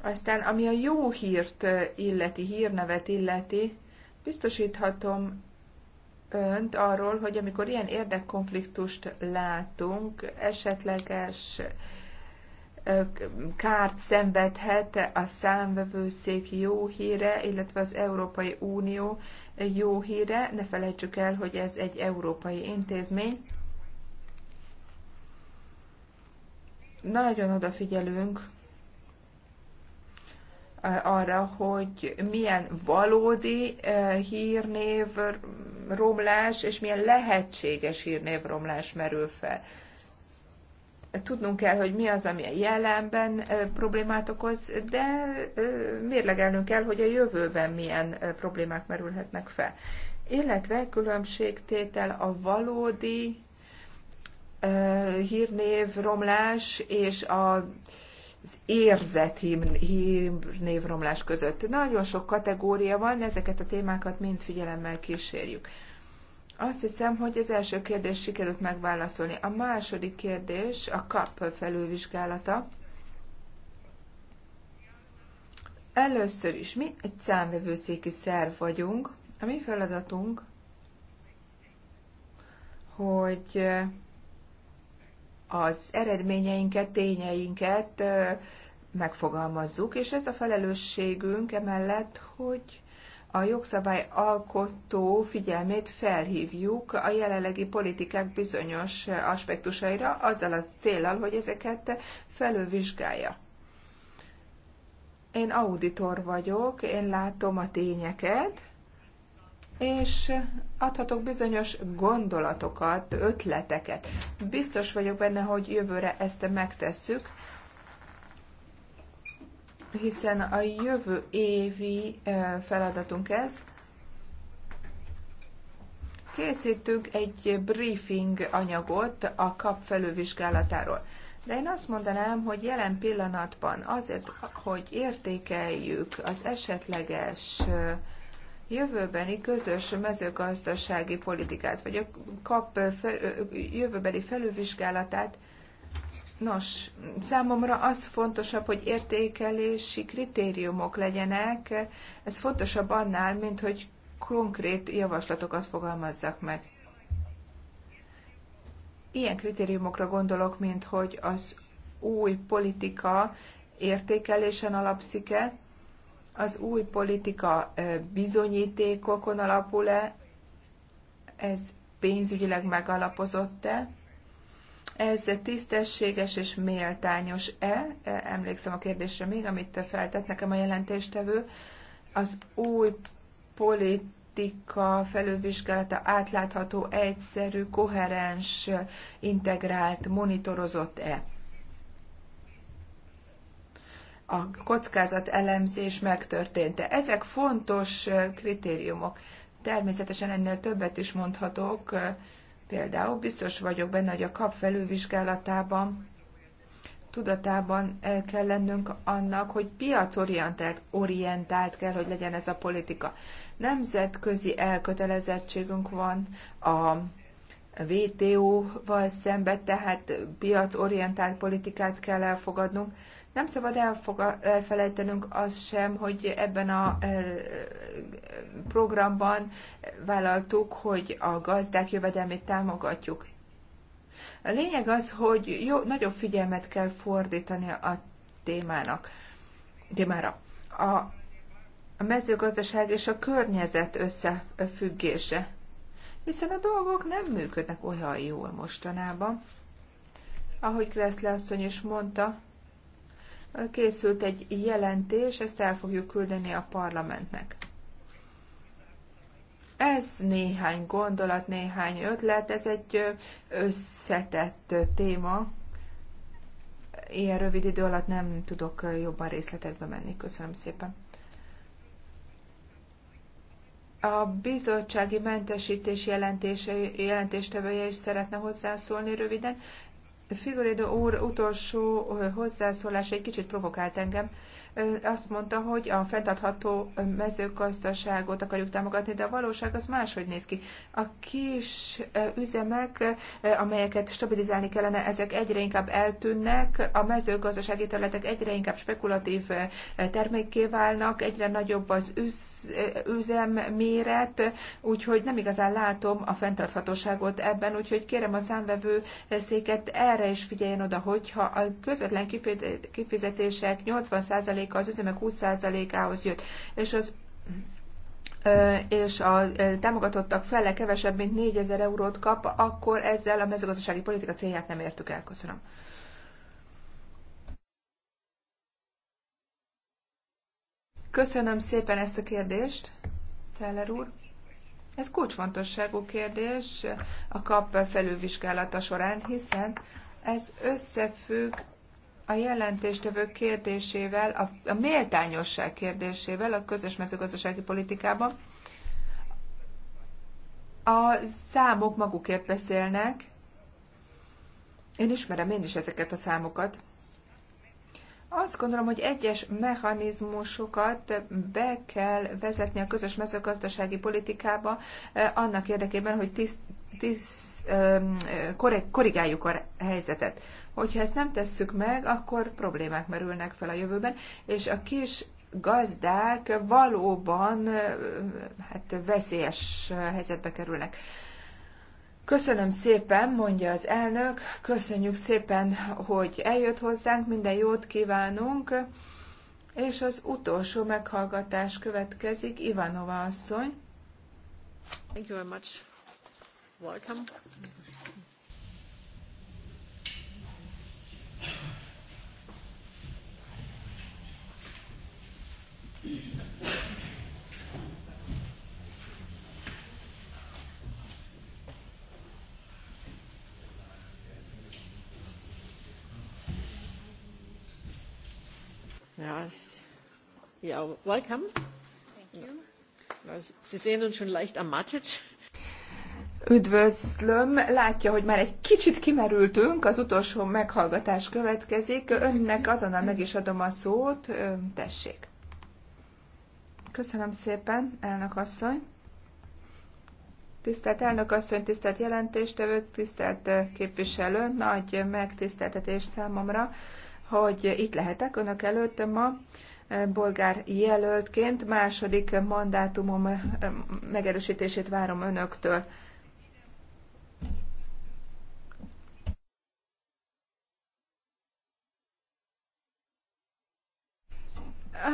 Aztán, ami a jó hírt illeti, hírnevet illeti, biztosíthatom önt arról, hogy amikor ilyen érdekkonfliktust látunk, esetleges kárt szenvedhet a számvevőszék jó híre, illetve az Európai Unió jó híre. Ne felejtsük el, hogy ez egy európai intézmény. Nagyon odafigyelünk arra, hogy milyen valódi hírnév romlás, és milyen lehetséges hírnévromlás merül fel. Tudnunk kell, hogy mi az, ami a jelenben problémát okoz, de mérlegelnünk kell, hogy a jövőben milyen problémák merülhetnek fel. Illetve különbségtétel a valódi hírnévromlás és a az hím névromlás között. Nagyon sok kategória van, ezeket a témákat mind figyelemmel kísérjük. Azt hiszem, hogy az első kérdés sikerült megválaszolni. A második kérdés a KAP felülvizsgálata. Először is mi egy számvevőszéki szerv vagyunk. A mi feladatunk, hogy az eredményeinket, tényeinket megfogalmazzuk, és ez a felelősségünk emellett, hogy a jogszabály alkotó figyelmét felhívjuk a jelenlegi politikák bizonyos aspektusaira, azzal a célral, hogy ezeket felülvizsgálja. Én auditor vagyok, én látom a tényeket, és adhatok bizonyos gondolatokat, ötleteket. Biztos vagyok benne, hogy jövőre ezt megtesszük, hiszen a jövő évi eh, feladatunk ez. Készítünk egy briefing anyagot a kap felülvizsgálatáról. De én azt mondanám, hogy jelen pillanatban azért, hogy értékeljük az esetleges uh, jövőbeni közös mezőgazdasági politikát, vagy a kap jövőbeli felülvizsgálatát. Nos, számomra az fontosabb, hogy értékelési kritériumok legyenek, ez fontosabb annál, mint hogy konkrét javaslatokat fogalmazzak meg. Ilyen kritériumokra gondolok, mint hogy az új politika értékelésen alapszik-e, az új politika bizonyítékokon alapul-e? Ez pénzügyileg megalapozott-e? Ez tisztességes és méltányos-e? Emlékszem a kérdésre még, amit feltett nekem a jelentéstevő. Az új politika felülvizsgálata átlátható, egyszerű, koherens, integrált, monitorozott-e? a kockázat elemzés megtörtént. De ezek fontos kritériumok. Természetesen ennél többet is mondhatok. Például biztos vagyok benne, hogy a kap felülvizsgálatában tudatában kell lennünk annak, hogy piacorientált orientált kell, hogy legyen ez a politika. Nemzetközi elkötelezettségünk van a WTO-val szemben, tehát piacorientált politikát kell elfogadnunk, nem szabad elfelejtenünk azt sem, hogy ebben a programban vállaltuk, hogy a gazdák jövedelmét támogatjuk. A lényeg az, hogy jó, nagyobb figyelmet kell fordítani a témának, témára. A, a mezőgazdaság és a környezet összefüggése. Hiszen a dolgok nem működnek olyan jól mostanában. Ahogy Kresszle asszony is mondta, készült egy jelentés, ezt el fogjuk küldeni a parlamentnek. Ez néhány gondolat, néhány ötlet, ez egy összetett téma. Ilyen rövid idő alatt nem tudok jobban részletekbe menni. Köszönöm szépen. A bizottsági mentesítés jelentése, jelentéstevője is szeretne hozzászólni röviden. Figurédo úr utolsó hozzászólása egy kicsit provokált engem azt mondta, hogy a fenntartható mezőgazdaságot akarjuk támogatni, de a valóság az máshogy néz ki. A kis üzemek, amelyeket stabilizálni kellene, ezek egyre inkább eltűnnek, a mezőgazdasági területek egyre inkább spekulatív termékké válnak, egyre nagyobb az üzem méret, úgyhogy nem igazán látom a fenntarthatóságot ebben, úgyhogy kérem a számvevő széket erre is figyeljen oda, hogyha a közvetlen kifizetések 80 20%-a az üzemek 20%-ához jött, és az és a támogatottak fele kevesebb, mint 4000 eurót kap, akkor ezzel a mezőgazdasági politika célját nem értük el. Köszönöm. Köszönöm szépen ezt a kérdést, Teller úr. Ez kulcsfontosságú kérdés a kap felülvizsgálata során, hiszen ez összefügg a jelentéstevő kérdésével, a, a méltányosság kérdésével a közös mezőgazdasági politikában. A számok magukért beszélnek. Én ismerem én is ezeket a számokat. Azt gondolom, hogy egyes mechanizmusokat be kell vezetni a közös mezőgazdasági politikába eh, annak érdekében, hogy tiszt, tiszt, eh, korrigáljuk a helyzetet. Hogyha ezt nem tesszük meg, akkor problémák merülnek fel a jövőben, és a kis gazdák valóban hát veszélyes helyzetbe kerülnek. Köszönöm szépen, mondja az elnök, köszönjük szépen, hogy eljött hozzánk, minden jót kívánunk, és az utolsó meghallgatás következik, Ivanova asszony. Thank you very much. Welcome. Ja, ja, welcome. Thank you. Sie sehen uns schon leicht ermattet. Üdvözlöm, látja, hogy már egy kicsit kimerültünk, az utolsó meghallgatás következik. Önnek azonnal meg is adom a szót, tessék. Köszönöm szépen, elnök asszony. Tisztelt elnök asszony, tisztelt jelentéstevők, tisztelt képviselő, nagy megtiszteltetés számomra, hogy itt lehetek önök előtt ma bolgár jelöltként. Második mandátumom megerősítését várom önöktől.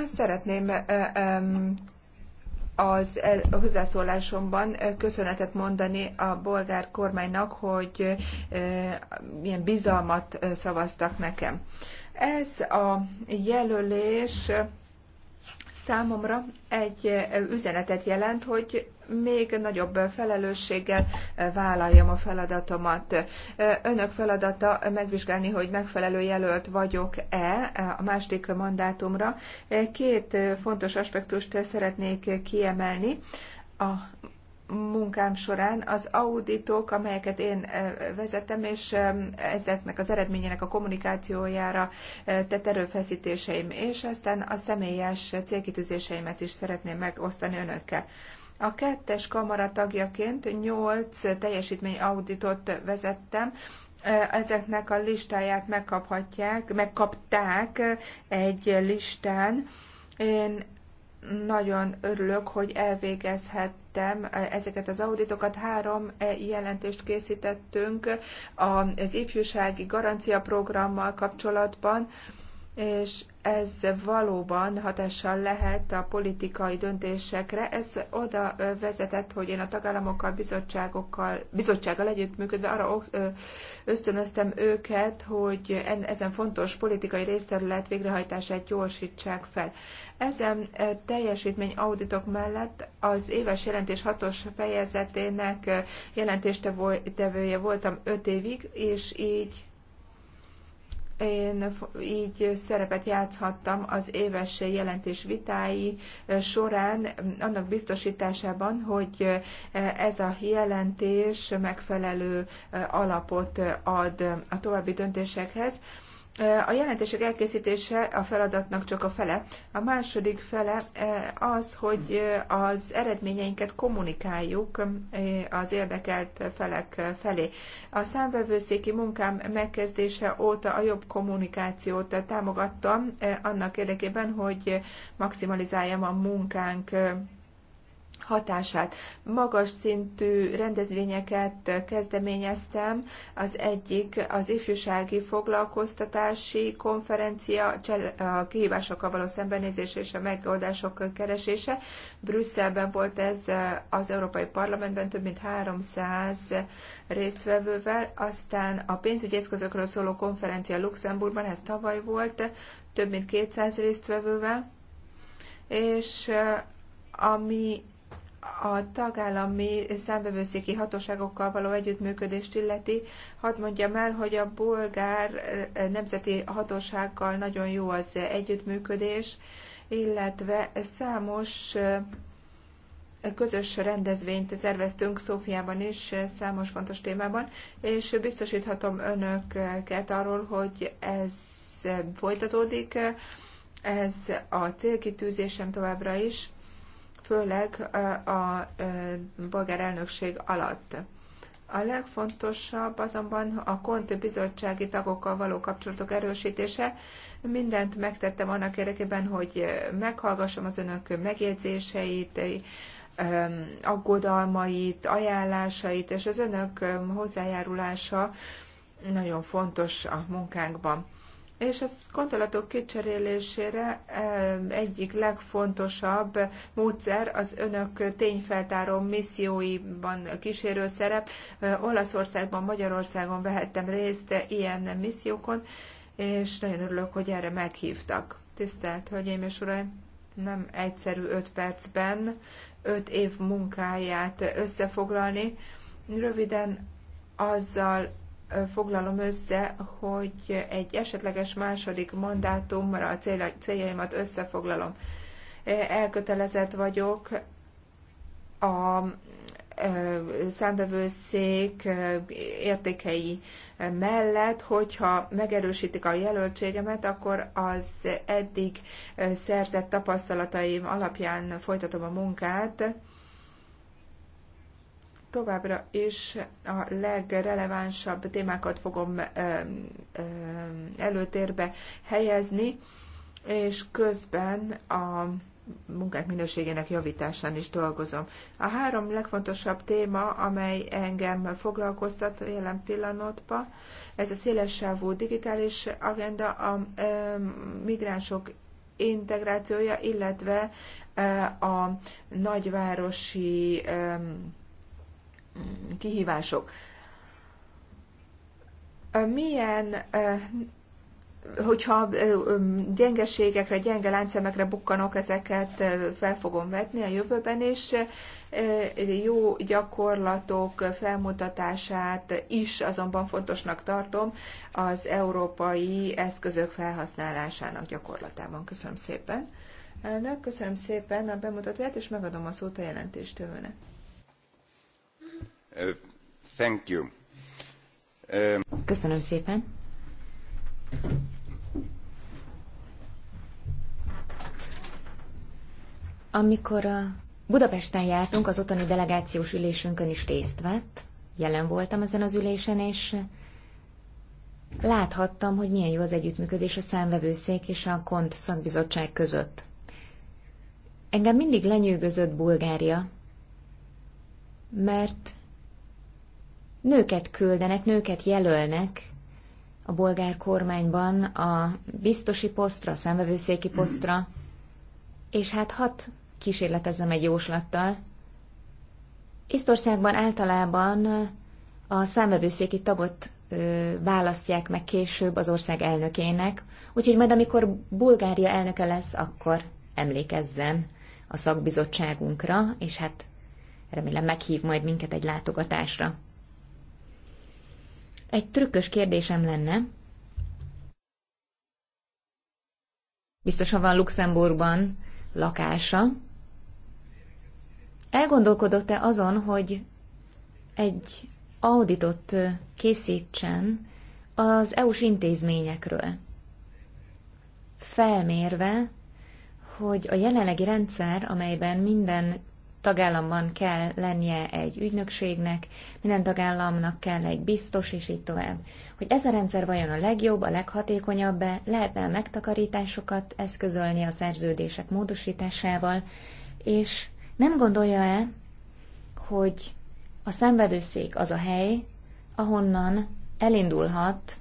Szeretném az a hozzászólásomban köszönetet mondani a bolgár kormánynak, hogy milyen bizalmat szavaztak nekem. Ez a jelölés számomra egy üzenetet jelent, hogy még nagyobb felelősséggel eh, vállaljam a feladatomat. Eh, önök feladata megvizsgálni, hogy megfelelő jelölt vagyok-e eh, a második mandátumra. Két fontos aspektust szeretnék kiemelni. A munkám során az auditok, amelyeket én vezetem, és ezeknek az eredményének a kommunikációjára tett erőfeszítéseim, és aztán a személyes célkitűzéseimet is szeretném megosztani önökkel. A kettes kamara tagjaként nyolc teljesítményauditot vezettem, ezeknek a listáját megkaphatják, megkapták egy listán. Én nagyon örülök, hogy elvégezhettem ezeket az auditokat. Három jelentést készítettünk az ifjúsági garancia programmal kapcsolatban, és ez valóban hatással lehet a politikai döntésekre. Ez oda vezetett, hogy én a tagállamokkal, bizottságokkal, bizottsággal együttműködve arra ösztönöztem őket, hogy ezen fontos politikai részterület végrehajtását gyorsítsák fel. Ezen teljesítmény auditok mellett az éves jelentés hatos fejezetének jelentéstevője voltam öt évig, és így én így szerepet játszhattam az éves jelentés vitái eh, során mm, annak biztosításában, hogy eh, ez a jelentés megfelelő eh, alapot ad a további döntésekhez. A jelentések elkészítése a feladatnak csak a fele. A második fele az, hogy az eredményeinket kommunikáljuk az érdekelt felek felé. A számvevőszéki munkám megkezdése óta a jobb kommunikációt támogattam annak érdekében, hogy maximalizáljam a munkánk hatását. Magas szintű rendezvényeket kezdeményeztem, az egyik az ifjúsági foglalkoztatási konferencia, a kihívásokkal való szembenézés és a megoldások keresése. Brüsszelben volt ez az Európai Parlamentben több mint 300 résztvevővel, aztán a pénzügyi eszközökről szóló konferencia Luxemburgban, ez tavaly volt, több mint 200 résztvevővel, és ami a tagállami számbevőszéki hatóságokkal való együttműködést illeti, hadd mondjam el, hogy a bolgár eh, nemzeti hatósággal nagyon jó az együttműködés, illetve számos eh, közös rendezvényt szerveztünk Szófiában is eh, számos fontos témában, és biztosíthatom önöket arról, hogy ez folytatódik, ez a célkitűzésem továbbra is főleg a bolgár elnökség alatt. A legfontosabb azonban a konti bizottsági tagokkal való kapcsolatok erősítése. Mindent megtettem annak érdekében, hogy meghallgassam az önök megjegyzéseit, aggodalmait, ajánlásait, és az önök hozzájárulása nagyon fontos a munkánkban és az gondolatok kicserélésére egyik legfontosabb módszer az önök tényfeltáró misszióiban kísérő szerep. Olaszországban, Magyarországon vehettem részt ilyen missziókon, és nagyon örülök, hogy erre meghívtak. Tisztelt Hölgyeim és Uraim! Nem egyszerű öt percben öt év munkáját összefoglalni. Röviden azzal foglalom össze, hogy egy esetleges második mandátumra a céljaimat összefoglalom. Elkötelezett vagyok a szembevőszék értékei mellett, hogyha megerősítik a jelöltségemet, akkor az eddig szerzett tapasztalataim alapján folytatom a munkát, továbbra is a legrelevánsabb témákat fogom előtérbe helyezni, és közben a munkák minőségének javításán is dolgozom. A három legfontosabb téma, amely engem foglalkoztat jelen pillanatban, ez a szélessávú digitális agenda, a migránsok integrációja, illetve a nagyvárosi kihívások. Milyen, hogyha gyengeségekre, gyenge láncemekre bukkanok, ezeket fel fogom vetni a jövőben, és jó gyakorlatok felmutatását is azonban fontosnak tartom az európai eszközök felhasználásának gyakorlatában. Köszönöm szépen. Elnök, köszönöm szépen a bemutatóját, és megadom a szót a jelentéstőnek. Uh, thank you. Um, Köszönöm szépen. Amikor a Budapesten jártunk, az otthoni delegációs ülésünkön is részt vett, jelen voltam ezen az ülésen, és láthattam, hogy milyen jó az együttműködés a számvevőszék és a KONT szakbizottság között. Engem mindig lenyűgözött Bulgária, mert nőket küldenek, nőket jelölnek a bolgár kormányban a biztosi posztra, a szemvevőszéki posztra, és hát hat kísérletezzem egy jóslattal. Isztországban általában a számvevőszéki tagot ö, választják meg később az ország elnökének, úgyhogy majd amikor Bulgária elnöke lesz, akkor emlékezzen a szakbizottságunkra, és hát remélem meghív majd minket egy látogatásra. Egy trükkös kérdésem lenne. Biztos, ha van Luxemburgban lakása. Elgondolkodott-e azon, hogy egy auditot készítsen az EU-s intézményekről? Felmérve, hogy a jelenlegi rendszer, amelyben minden tagállamban kell lennie egy ügynökségnek, minden tagállamnak kell egy biztos, és így tovább. Hogy ez a rendszer vajon a legjobb, a leghatékonyabb-e, lehetne megtakarításokat eszközölni a szerződések módosításával, és nem gondolja-e, hogy a szenvedőszék az a hely, ahonnan elindulhat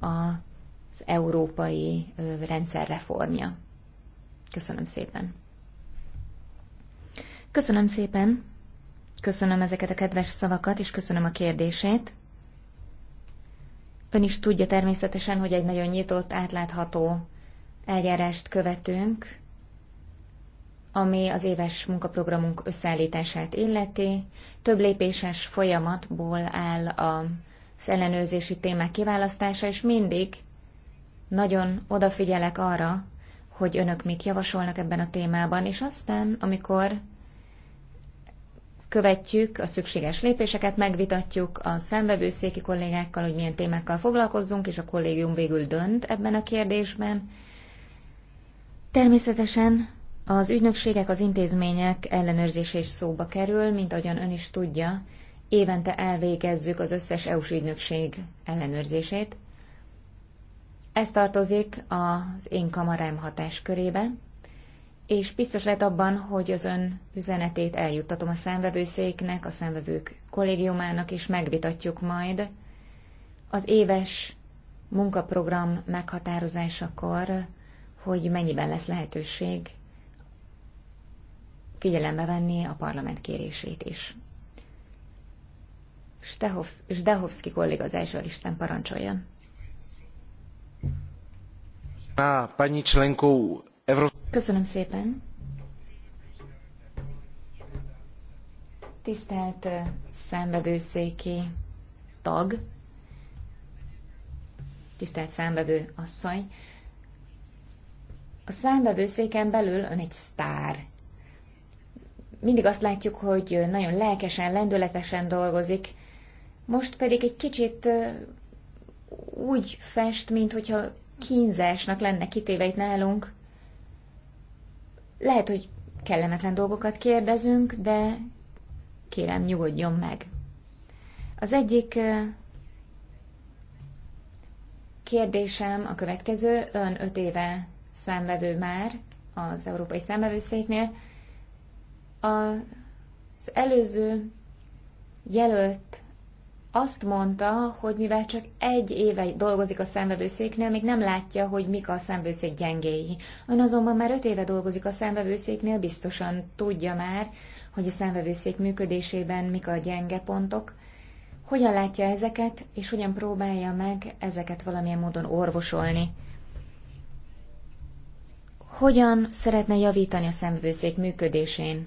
az európai rendszerreformja. Köszönöm szépen! Köszönöm szépen, köszönöm ezeket a kedves szavakat, és köszönöm a kérdését. Ön is tudja természetesen, hogy egy nagyon nyitott, átlátható eljárást követünk, ami az éves munkaprogramunk összeállítását illeti. Több lépéses folyamatból áll a ellenőrzési témák kiválasztása, és mindig nagyon odafigyelek arra, hogy önök mit javasolnak ebben a témában, és aztán, amikor követjük a szükséges lépéseket, megvitatjuk a széki kollégákkal, hogy milyen témákkal foglalkozzunk, és a kollégium végül dönt ebben a kérdésben. Természetesen az ügynökségek, az intézmények ellenőrzése is szóba kerül, mint ahogyan ön is tudja, évente elvégezzük az összes EU-s ügynökség ellenőrzését. Ez tartozik az én kamarám hatáskörébe, és biztos lehet abban, hogy az ön üzenetét eljuttatom a számvevőszéknek, a számvevők kollégiumának, és megvitatjuk majd az éves munkaprogram meghatározásakor, hogy mennyiben lesz lehetőség figyelembe venni a parlament kérését is. Zdehovszki kolléga az első listán parancsoljon. Paní členkou Köszönöm szépen. Tisztelt számbevőszéki tag, tisztelt számbevő asszony, a számbevőszéken belül ön egy sztár. Mindig azt látjuk, hogy nagyon lelkesen, lendületesen dolgozik, most pedig egy kicsit úgy fest, mint hogyha kínzásnak lenne kitéve itt nálunk. Lehet, hogy kellemetlen dolgokat kérdezünk, de kérem, nyugodjon meg. Az egyik kérdésem a következő. Ön öt éve számvevő már az Európai Számvevőszéknél. Az előző jelölt azt mondta, hogy mivel csak egy éve dolgozik a szemvevőszéknél, még nem látja, hogy mik a szemvevőszék gyengéi. Ön azonban már öt éve dolgozik a szemvevőszéknél, biztosan tudja már, hogy a szemvevőszék működésében mik a gyenge pontok. Hogyan látja ezeket, és hogyan próbálja meg ezeket valamilyen módon orvosolni? Hogyan szeretne javítani a szemvevőszék működésén?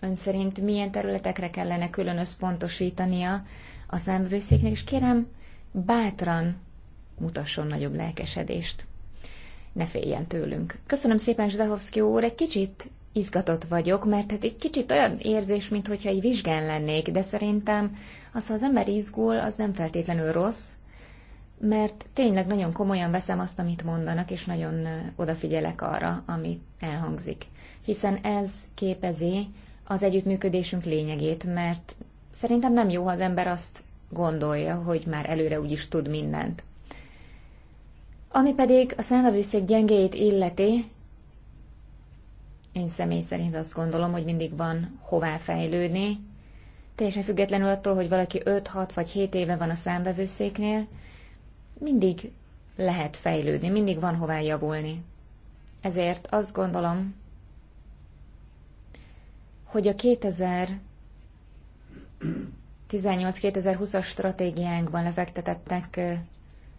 Ön szerint milyen területekre kellene külön összpontosítania, a számvevőszéknek, és kérem, bátran mutasson nagyobb lelkesedést. Ne féljen tőlünk. Köszönöm szépen, Zdahovszki úr, egy kicsit izgatott vagyok, mert hát egy kicsit olyan érzés, mintha egy vizsgán lennék, de szerintem az, ha az ember izgul, az nem feltétlenül rossz, mert tényleg nagyon komolyan veszem azt, amit mondanak, és nagyon odafigyelek arra, amit elhangzik. Hiszen ez képezi az együttműködésünk lényegét, mert Szerintem nem jó, ha az ember azt gondolja, hogy már előre úgyis tud mindent. Ami pedig a számvevőszék gyengéjét illeti, én személy szerint azt gondolom, hogy mindig van hová fejlődni, teljesen függetlenül attól, hogy valaki 5-6 vagy 7 éve van a számvevőszéknél, mindig lehet fejlődni, mindig van hová javulni. Ezért azt gondolom, hogy a 2000 18 2020 as stratégiánkban lefektetettek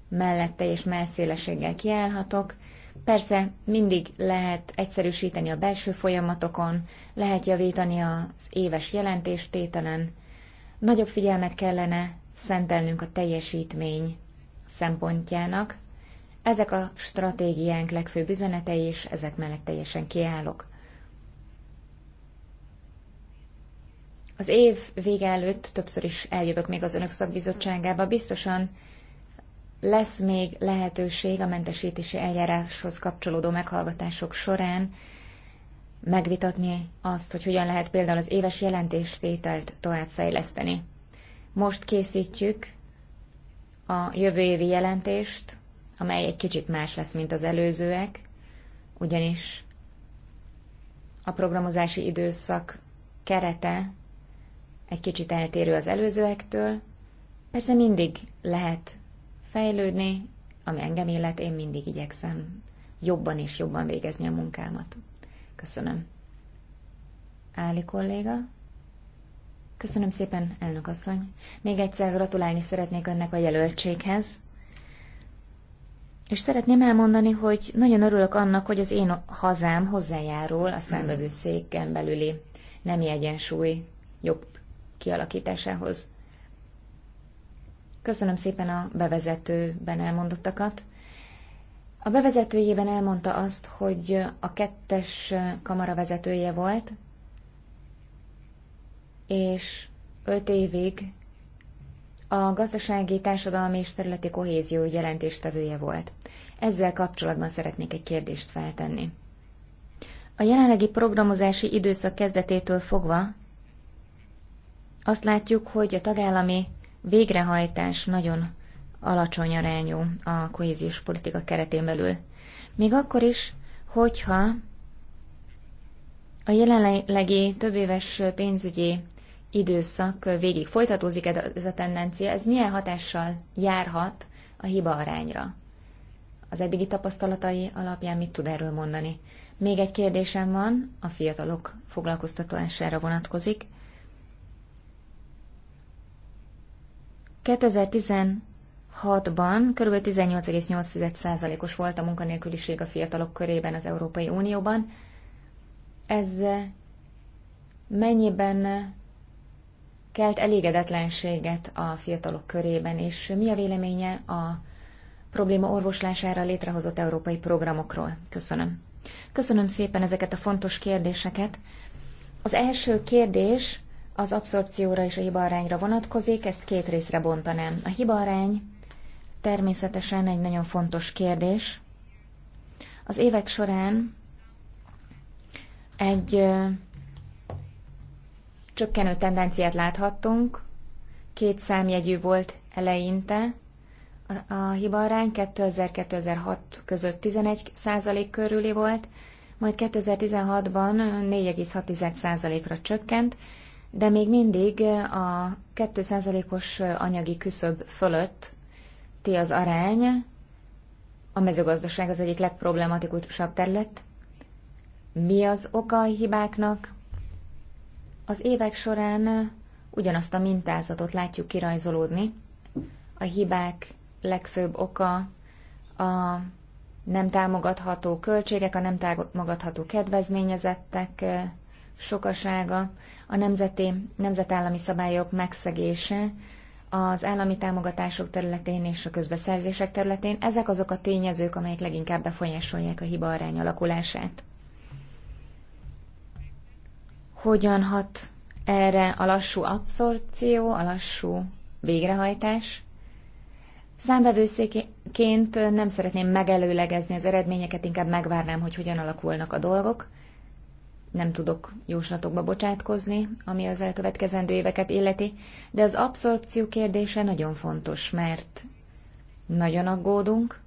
mellette és melszélességgel kiállhatok. Persze mindig lehet egyszerűsíteni a belső folyamatokon, lehet javítani az éves jelentéstételen, nagyobb figyelmet kellene szentelnünk a teljesítmény szempontjának. Ezek a stratégiánk legfőbb üzenetei, és ezek mellett teljesen kiállok. Az év vége előtt többször is eljövök még az önök szakbizottságába. Biztosan lesz még lehetőség a mentesítési eljáráshoz kapcsolódó meghallgatások során megvitatni azt, hogy hogyan lehet például az éves jelentésvételt továbbfejleszteni. Most készítjük a jövő évi jelentést, amely egy kicsit más lesz, mint az előzőek, ugyanis a programozási időszak kerete egy kicsit eltérő az előzőektől. Persze mindig lehet fejlődni, ami engem illet, én mindig igyekszem jobban és jobban végezni a munkámat. Köszönöm. Áli kolléga? Köszönöm szépen, elnök asszony. Még egyszer gratulálni szeretnék önnek a jelöltséghez. És szeretném elmondani, hogy nagyon örülök annak, hogy az én hazám hozzájárul a széken belüli nemi egyensúly jobb kialakításához. Köszönöm szépen a bevezetőben elmondottakat. A bevezetőjében elmondta azt, hogy a kettes kamara vezetője volt, és öt évig a gazdasági, társadalmi és területi kohézió jelentéstevője volt. Ezzel kapcsolatban szeretnék egy kérdést feltenni. A jelenlegi programozási időszak kezdetétől fogva azt látjuk, hogy a tagállami végrehajtás nagyon alacsony arányú a kohéziós politika keretén belül. Még akkor is, hogyha a jelenlegi éves pénzügyi időszak végig folytatózik ez a tendencia, ez milyen hatással járhat a hiba arányra? Az eddigi tapasztalatai alapján mit tud erről mondani? Még egy kérdésem van, a fiatalok foglalkoztatására vonatkozik. 2016-ban kb. 18,8%-os volt a munkanélküliség a fiatalok körében az Európai Unióban. Ez eh, mennyiben eh, kelt elégedetlenséget a fiatalok körében, és mi a véleménye a probléma orvoslására létrehozott európai programokról? Köszönöm. Köszönöm szépen ezeket a fontos kérdéseket. Az első kérdés az abszorpcióra és a hibaarányra vonatkozik, ezt két részre bontanám. A hibaarány természetesen egy nagyon fontos kérdés. Az évek során egy ö, csökkenő tendenciát láthattunk, két számjegyű volt eleinte, a, a hibaarány 2000-2006 között 11 százalék körüli volt, majd 2016-ban 4,6 ra csökkent, de még mindig a 2%-os anyagi küszöb fölött ti az arány, a mezőgazdaság az egyik legproblematikusabb terület. Mi az oka a hibáknak? Az évek során ugyanazt a mintázatot látjuk kirajzolódni. A hibák legfőbb oka a nem támogatható költségek, a nem támogatható kedvezményezettek sokasága, a nemzeti, nemzetállami szabályok megszegése, az állami támogatások területén és a közbeszerzések területén, ezek azok a tényezők, amelyek leginkább befolyásolják a hiba arány alakulását. Hogyan hat erre a lassú abszorpció, a lassú végrehajtás? Számbevőszéként nem szeretném megelőlegezni az eredményeket, inkább megvárnám, hogy hogyan alakulnak a dolgok – nem tudok jóslatokba bocsátkozni, ami az elkövetkezendő éveket illeti, de az abszorpció kérdése nagyon fontos, mert nagyon aggódunk,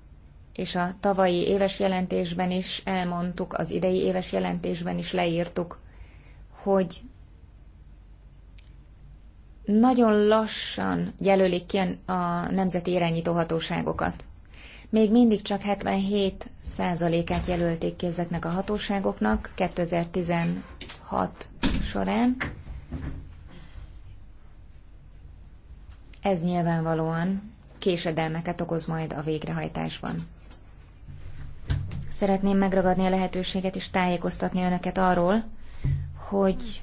és a tavalyi éves jelentésben is elmondtuk, az idei éves jelentésben is leírtuk, hogy nagyon lassan jelölik ki a nemzeti irányítóhatóságokat. hatóságokat még mindig csak 77 százalékát jelölték ki ezeknek a hatóságoknak 2016 során. Ez nyilvánvalóan késedelmeket okoz majd a végrehajtásban. Szeretném megragadni a lehetőséget és tájékoztatni önöket arról, hogy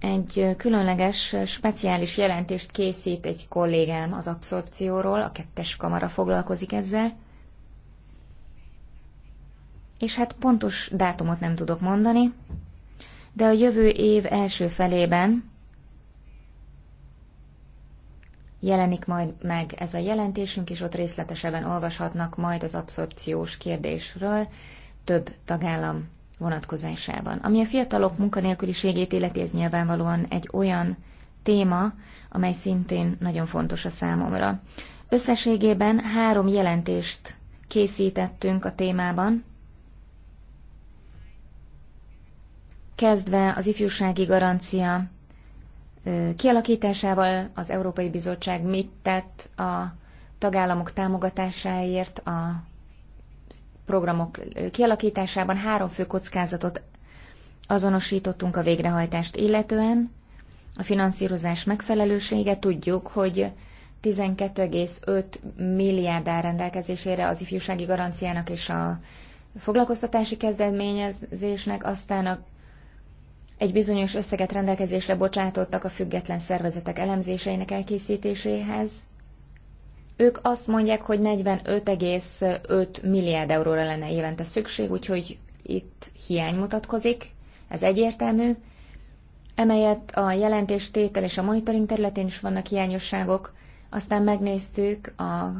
egy különleges, speciális jelentést készít egy kollégám az abszorpcióról, a kettes kamara foglalkozik ezzel, és hát pontos dátumot nem tudok mondani, de a jövő év első felében jelenik majd meg ez a jelentésünk, és ott részletesebben olvashatnak majd az abszorpciós kérdésről több tagállam vonatkozásában. Ami a fiatalok munkanélküliségét illeti, ez nyilvánvalóan egy olyan téma, amely szintén nagyon fontos a számomra. Összességében három jelentést készítettünk a témában, kezdve az ifjúsági garancia kialakításával az Európai Bizottság mit tett a tagállamok támogatásáért a programok kialakításában három fő kockázatot azonosítottunk a végrehajtást illetően. A finanszírozás megfelelősége, tudjuk, hogy 12,5 milliárd áll rendelkezésére az ifjúsági garanciának és a foglalkoztatási kezdeményezésnek, aztán a egy bizonyos összeget rendelkezésre bocsátottak a független szervezetek elemzéseinek elkészítéséhez, ők azt mondják, hogy 45,5 milliárd euróra lenne évente szükség, úgyhogy itt hiány mutatkozik, ez egyértelmű. Emellett a jelentéstétel és a monitoring területén is vannak hiányosságok. Aztán megnéztük a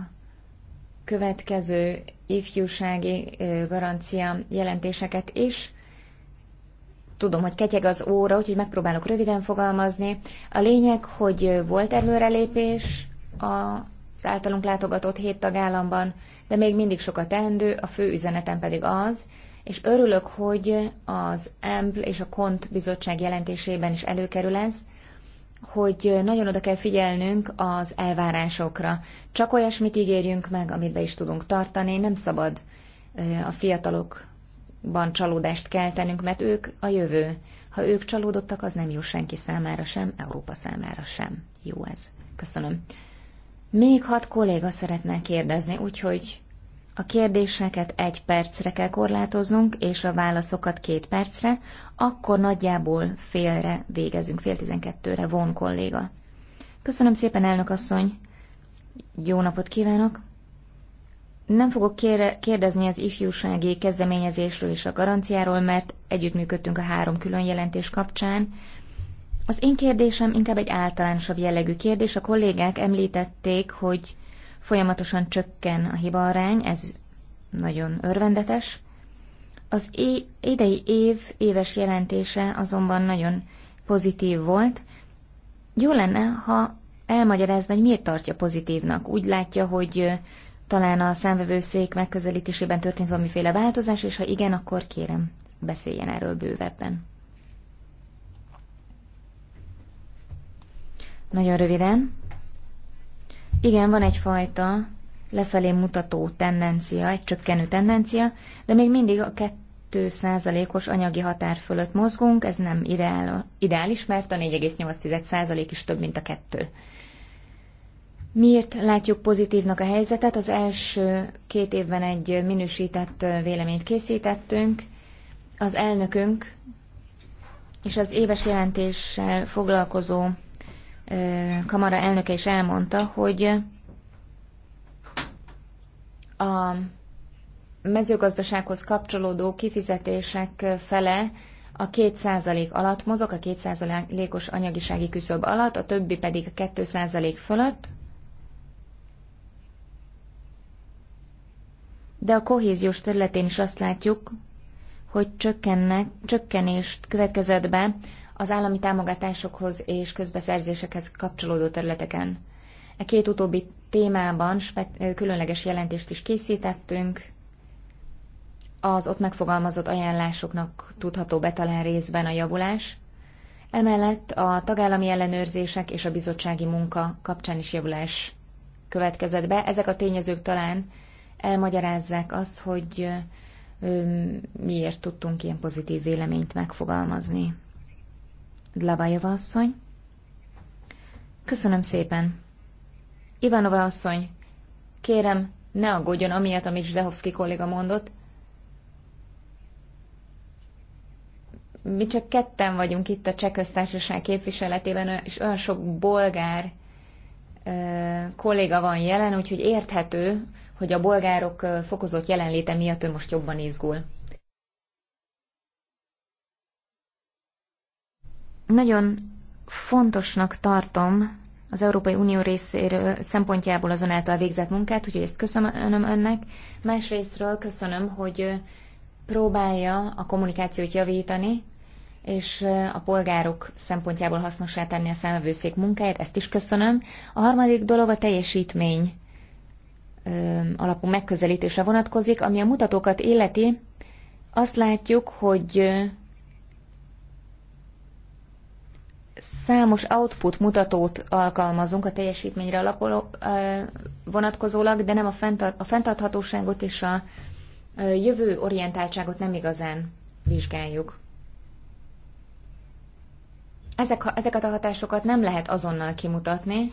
következő ifjúsági garancia jelentéseket is. Tudom, hogy ketyeg az óra, úgyhogy megpróbálok röviden fogalmazni. A lényeg, hogy volt előrelépés a az általunk látogatott hét tagállamban, de még mindig sok a teendő, a fő üzenetem pedig az, és örülök, hogy az EMPL és a KONT bizottság jelentésében is előkerül ez, hogy nagyon oda kell figyelnünk az elvárásokra. Csak olyasmit ígérjünk meg, amit be is tudunk tartani, nem szabad a fiatalokban csalódást keltenünk, mert ők a jövő. Ha ők csalódottak, az nem jó senki számára sem, Európa számára sem. Jó ez. Köszönöm. Még hat kolléga szeretne kérdezni, úgyhogy a kérdéseket egy percre kell korlátoznunk, és a válaszokat két percre, akkor nagyjából félre végezünk, fél tizenkettőre, von kolléga. Köszönöm szépen, elnök asszony! Jó napot kívánok! Nem fogok kérdezni az ifjúsági kezdeményezésről és a garanciáról, mert együttműködtünk a három külön jelentés kapcsán, az én kérdésem inkább egy általánosabb jellegű kérdés. A kollégák említették, hogy folyamatosan csökken a hibaarány, ez nagyon örvendetes. Az é- idei év éves jelentése azonban nagyon pozitív volt. Jó lenne, ha elmagyarázna, hogy miért tartja pozitívnak. Úgy látja, hogy talán a számvevőszék megközelítésében történt valamiféle változás, és ha igen, akkor kérem, beszéljen erről bővebben. Nagyon röviden. Igen, van egyfajta lefelé mutató tendencia, egy csökkenő tendencia, de még mindig a 2%-os anyagi határ fölött mozgunk, ez nem ideál, ideális, mert a 4,8% is több, mint a 2. Miért látjuk pozitívnak a helyzetet? Az első két évben egy minősített véleményt készítettünk. Az elnökünk és az éves jelentéssel foglalkozó kamara elnöke is elmondta, hogy a mezőgazdasághoz kapcsolódó kifizetések fele a 2% alatt mozog, a 2%-os anyagisági küszöb alatt, a többi pedig a 2% fölött. De a kohéziós területén is azt látjuk, hogy csökkennek, csökkenést következett be az állami támogatásokhoz és közbeszerzésekhez kapcsolódó területeken. E két utóbbi témában különleges jelentést is készítettünk. Az ott megfogalmazott ajánlásoknak tudható betalán részben a javulás. Emellett a tagállami ellenőrzések és a bizottsági munka kapcsán is javulás következett be. Ezek a tényezők talán elmagyarázzák azt, hogy miért tudtunk ilyen pozitív véleményt megfogalmazni. Glabajeva asszony. Köszönöm szépen. Ivanova asszony, kérem, ne aggódjon amiatt, amit Zsdehovszki kolléga mondott. Mi csak ketten vagyunk itt a Cseh Köztársaság képviseletében, és olyan sok bolgár ö, kolléga van jelen, úgyhogy érthető, hogy a bolgárok fokozott jelenléte miatt ő most jobban izgul. Nagyon fontosnak tartom az Európai Unió részéről szempontjából azon végzett munkát, úgyhogy ezt köszönöm önnek. Másrésztről köszönöm, hogy próbálja a kommunikációt javítani, és a polgárok szempontjából hasznosá tenni a számvevőszék munkáját, ezt is köszönöm. A harmadik dolog a teljesítmény alapú megközelítésre vonatkozik, ami a mutatókat életi. Azt látjuk, hogy számos output mutatót alkalmazunk a teljesítményre alapuló, vonatkozólag, de nem a, fenntar- a fenntarthatóságot és a jövő orientáltságot nem igazán vizsgáljuk. Ezek, ezeket a hatásokat nem lehet azonnal kimutatni.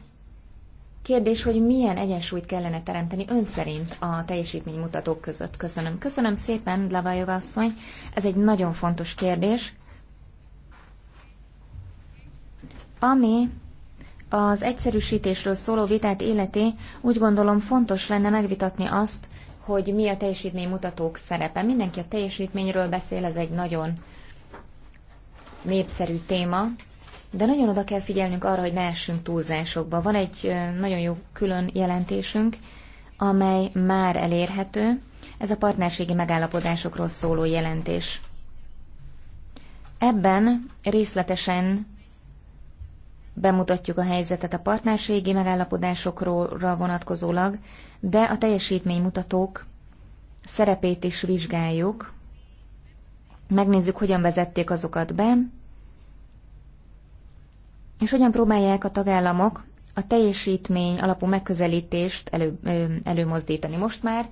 Kérdés, hogy milyen egyensúlyt kellene teremteni ön szerint a teljesítménymutatók között. Köszönöm. Köszönöm szépen, Dlavajova Ez egy nagyon fontos kérdés. Ami az egyszerűsítésről szóló vitát életé, úgy gondolom fontos lenne megvitatni azt, hogy mi a teljesítménymutatók szerepe. Mindenki a teljesítményről beszél, ez egy nagyon népszerű téma, de nagyon oda kell figyelnünk arra, hogy ne essünk túlzásokba. Van egy nagyon jó külön jelentésünk, amely már elérhető, ez a partnerségi megállapodásokról szóló jelentés. Ebben részletesen bemutatjuk a helyzetet a partnerségi megállapodásokra vonatkozólag, de a teljesítménymutatók szerepét is vizsgáljuk, megnézzük, hogyan vezették azokat be, és hogyan próbálják a tagállamok a teljesítmény alapú megközelítést elő, előmozdítani. Most már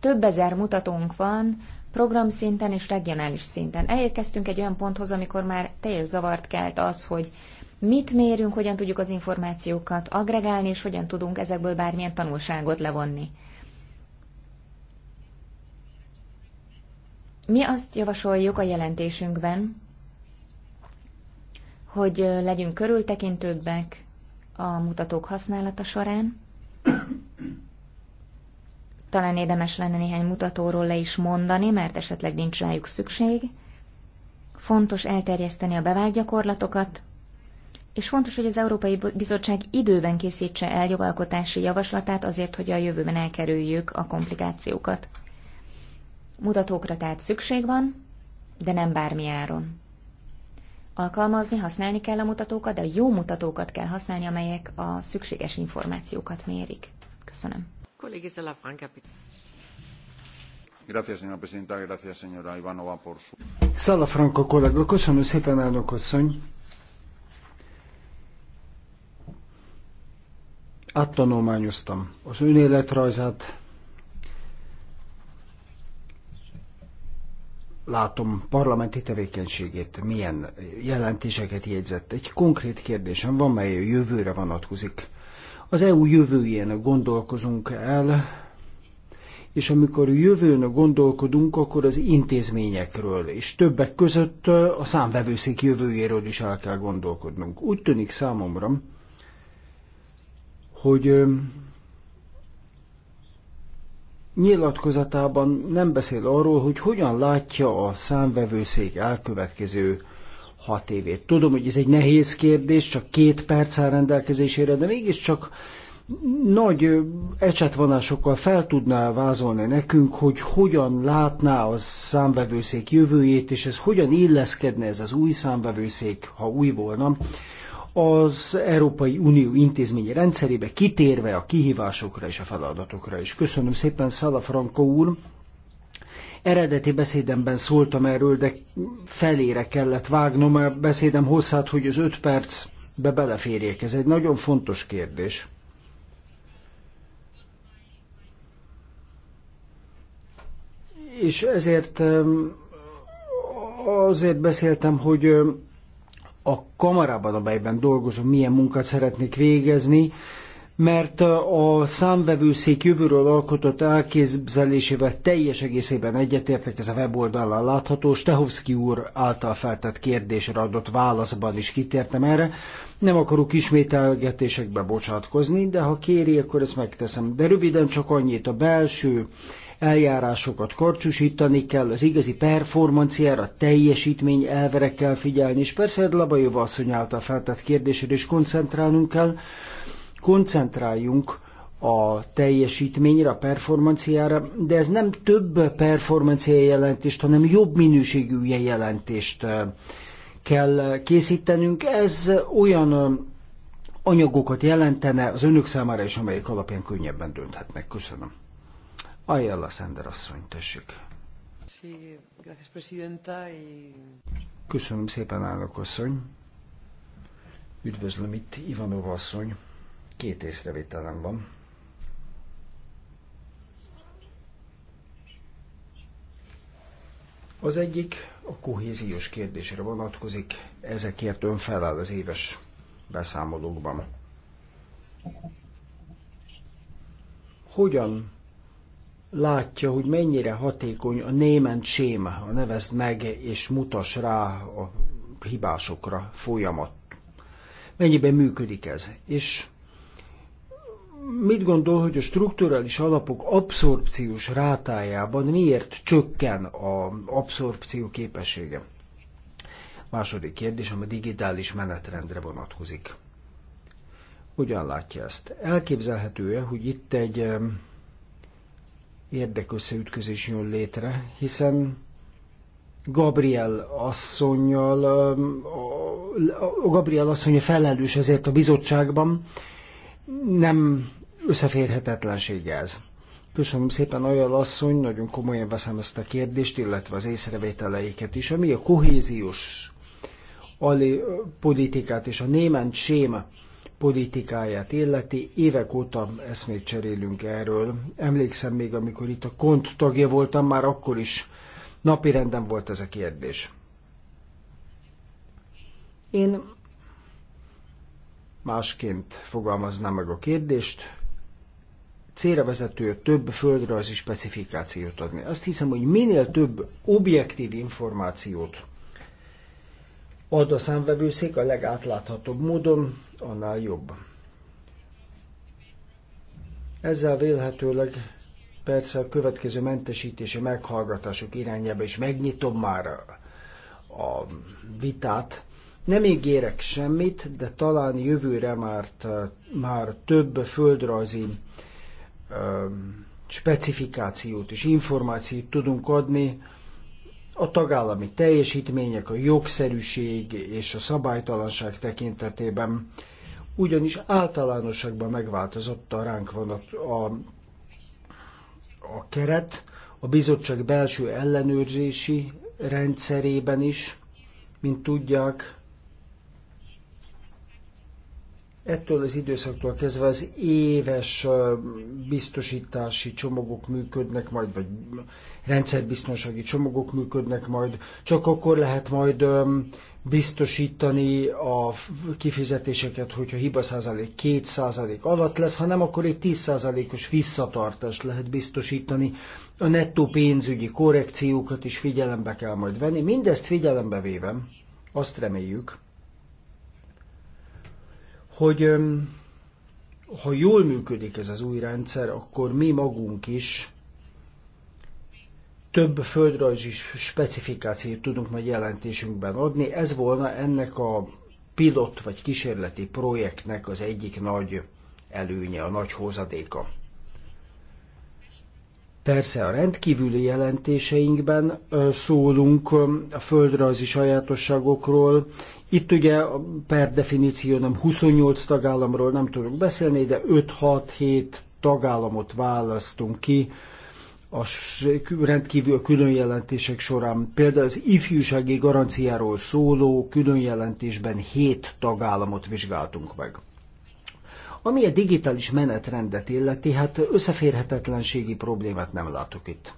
több ezer mutatónk van programszinten és regionális szinten. Elérkeztünk egy olyan ponthoz, amikor már teljes zavart kelt az, hogy mit mérjünk, hogyan tudjuk az információkat agregálni, és hogyan tudunk ezekből bármilyen tanulságot levonni. Mi azt javasoljuk a jelentésünkben, hogy legyünk körültekintőbbek a mutatók használata során. Talán érdemes lenne néhány mutatóról le is mondani, mert esetleg nincs rájuk szükség. Fontos elterjeszteni a bevált gyakorlatokat, és fontos, hogy az Európai Bizottság időben készítse el jogalkotási javaslatát azért, hogy a jövőben elkerüljük a komplikációkat. Mutatókra tehát szükség van, de nem bármi áron. Alkalmazni, használni kell a mutatókat, de jó mutatókat kell használni, amelyek a szükséges információkat mérik. Köszönöm. Szalafranka kollega, köszönöm szépen, elnök asszony! áttanulmányoztam az önéletrajzát, látom parlamenti tevékenységét, milyen jelentéseket jegyzett. Egy konkrét kérdésem van, mely a jövőre vonatkozik. Az EU jövőjén gondolkozunk el, és amikor jövőn gondolkodunk, akkor az intézményekről, és többek között a számvevőszék jövőjéről is el kell gondolkodnunk. Úgy tűnik számomra, hogy nyilatkozatában nem beszél arról, hogy hogyan látja a számvevőszék elkövetkező hat évét. Tudom, hogy ez egy nehéz kérdés, csak két perc áll rendelkezésére, de mégiscsak nagy ecsetvonásokkal fel tudná vázolni nekünk, hogy hogyan látná a számvevőszék jövőjét, és ez hogyan illeszkedne ez az új számvevőszék, ha új volna, az Európai Unió intézményi rendszerébe, kitérve a kihívásokra és a feladatokra is. Köszönöm szépen, Szala Franco úr! Eredeti beszédemben szóltam erről, de felére kellett vágnom a beszédem hosszát, hogy az öt percbe beleférjek. Ez egy nagyon fontos kérdés. És ezért azért beszéltem, hogy a kamarában, amelyben dolgozom, milyen munkát szeretnék végezni, mert a számvevőszék jövőről alkotott elképzelésével teljes egészében egyetértek, ez a weboldalán látható. Stehovski úr által feltett kérdésre adott válaszban is kitértem erre. Nem akarok ismételgetésekbe bocsátkozni, de ha kéri, akkor ezt megteszem. De röviden csak annyit a belső eljárásokat karcsúsítani kell, az igazi performanciára, teljesítmény elvere kell figyelni, és persze hát labajóval szonyálta a feltett kérdésre és koncentrálnunk kell, koncentráljunk a teljesítményre, a performanciára, de ez nem több performanciai jelentést, hanem jobb minőségű jelentést eh, kell készítenünk. Ez olyan eh, anyagokat jelentene az önök számára is, amelyek alapján könnyebben dönthetnek. Köszönöm. Ajala Szender asszony, tessék. Köszönöm szépen, állok asszony. Üdvözlöm itt Ivanova asszony. Két észrevételem van. Az egyik a kohéziós kérdésre vonatkozik, ezekért ön felel az éves beszámolókban. Hogyan látja, hogy mennyire hatékony a német sém, a nevezd meg és mutas rá a hibásokra folyamat. Mennyiben működik ez? És mit gondol, hogy a strukturális alapok abszorpciós rátájában miért csökken a abszorpció képessége? Második kérdés, ami digitális menetrendre vonatkozik. Hogyan látja ezt? Elképzelhető-e, hogy itt egy érdekösszeütközés jön létre, hiszen Gabriel asszonyjal, a Gabriel asszonya felelős ezért a bizottságban, nem összeférhetetlenség ez. Köszönöm szépen, Ajal asszony, nagyon komolyan veszem ezt a kérdést, illetve az észrevételeiket is, ami a kohéziós politikát és a német séma politikáját illeti. Évek óta eszmét cserélünk erről. Emlékszem még, amikor itt a KONT tagja voltam, már akkor is napirenden volt ez a kérdés. Én másként fogalmaznám meg a kérdést, célra vezető több földrajzi specifikációt adni. Azt hiszem, hogy minél több objektív információt ad a számvevőszék a legátláthatóbb módon, annál jobb. Ezzel vélhetőleg persze a következő mentesítési meghallgatások irányába is megnyitom már a vitát. Nem ígérek semmit, de talán jövőre már, már több földrajzi specifikációt és információt tudunk adni, a tagállami teljesítmények, a jogszerűség és a szabálytalanság tekintetében, ugyanis általánosságban megváltozott a ránk van a, a, a keret, a bizottság belső ellenőrzési rendszerében is, mint tudják, Ettől az időszaktól kezdve az éves biztosítási csomagok működnek majd, vagy rendszerbiztonsági csomagok működnek majd, csak akkor lehet majd biztosítani a kifizetéseket, hogyha hiba százalék 2 százalék alatt lesz, hanem akkor egy 10 százalékos visszatartást lehet biztosítani. A nettó pénzügyi korrekciókat is figyelembe kell majd venni. Mindezt figyelembe véve azt reméljük, hogy ha jól működik ez az új rendszer, akkor mi magunk is több földrajzi specifikációt tudunk majd jelentésünkben adni. Ez volna ennek a pilot vagy kísérleti projektnek az egyik nagy előnye, a nagy hozadéka. Persze a rendkívüli jelentéseinkben szólunk a földrajzi sajátosságokról, itt ugye per definíció nem 28 tagállamról nem tudunk beszélni, de 5-6-7 tagállamot választunk ki a rendkívül különjelentések során. Például az ifjúsági garanciáról szóló különjelentésben 7 tagállamot vizsgáltunk meg. Ami a digitális menetrendet illeti, hát összeférhetetlenségi problémát nem látok itt.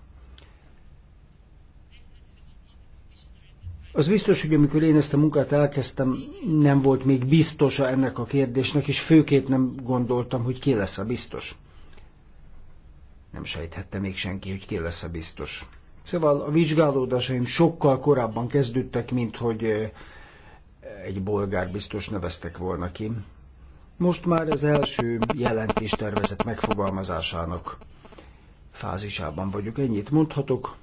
Az biztos, hogy amikor én ezt a munkát elkezdtem, nem volt még biztosa ennek a kérdésnek, és főként nem gondoltam, hogy ki lesz a biztos. Nem sejthette még senki, hogy ki lesz a biztos. Szóval a vizsgálódásaim sokkal korábban kezdődtek, mint hogy egy bolgár biztos neveztek volna ki. Most már az első jelentéstervezet megfogalmazásának fázisában vagyok. Ennyit mondhatok,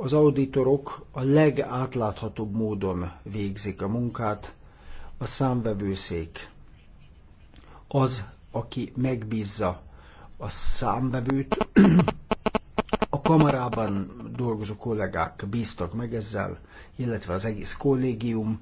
az auditorok a legátláthatóbb módon végzik a munkát, a számvevőszék az, aki megbízza a számvevőt, a kamarában dolgozó kollégák bíztak meg ezzel, illetve az egész kollégium,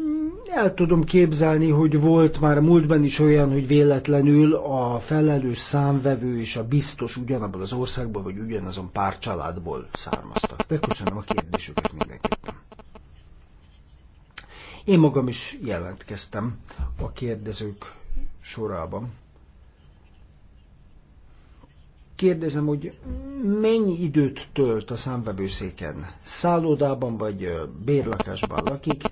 Mm, el tudom képzelni, hogy volt már a múltban is olyan, hogy véletlenül a felelős számvevő és a biztos ugyanabban az országban, vagy ugyanazon pár családból származtak. De köszönöm a kérdésüket mindenképpen. Én magam is jelentkeztem a kérdezők sorában. Kérdezem, hogy mennyi időt tölt a számvevőszéken? Szállodában vagy bérlakásban lakik?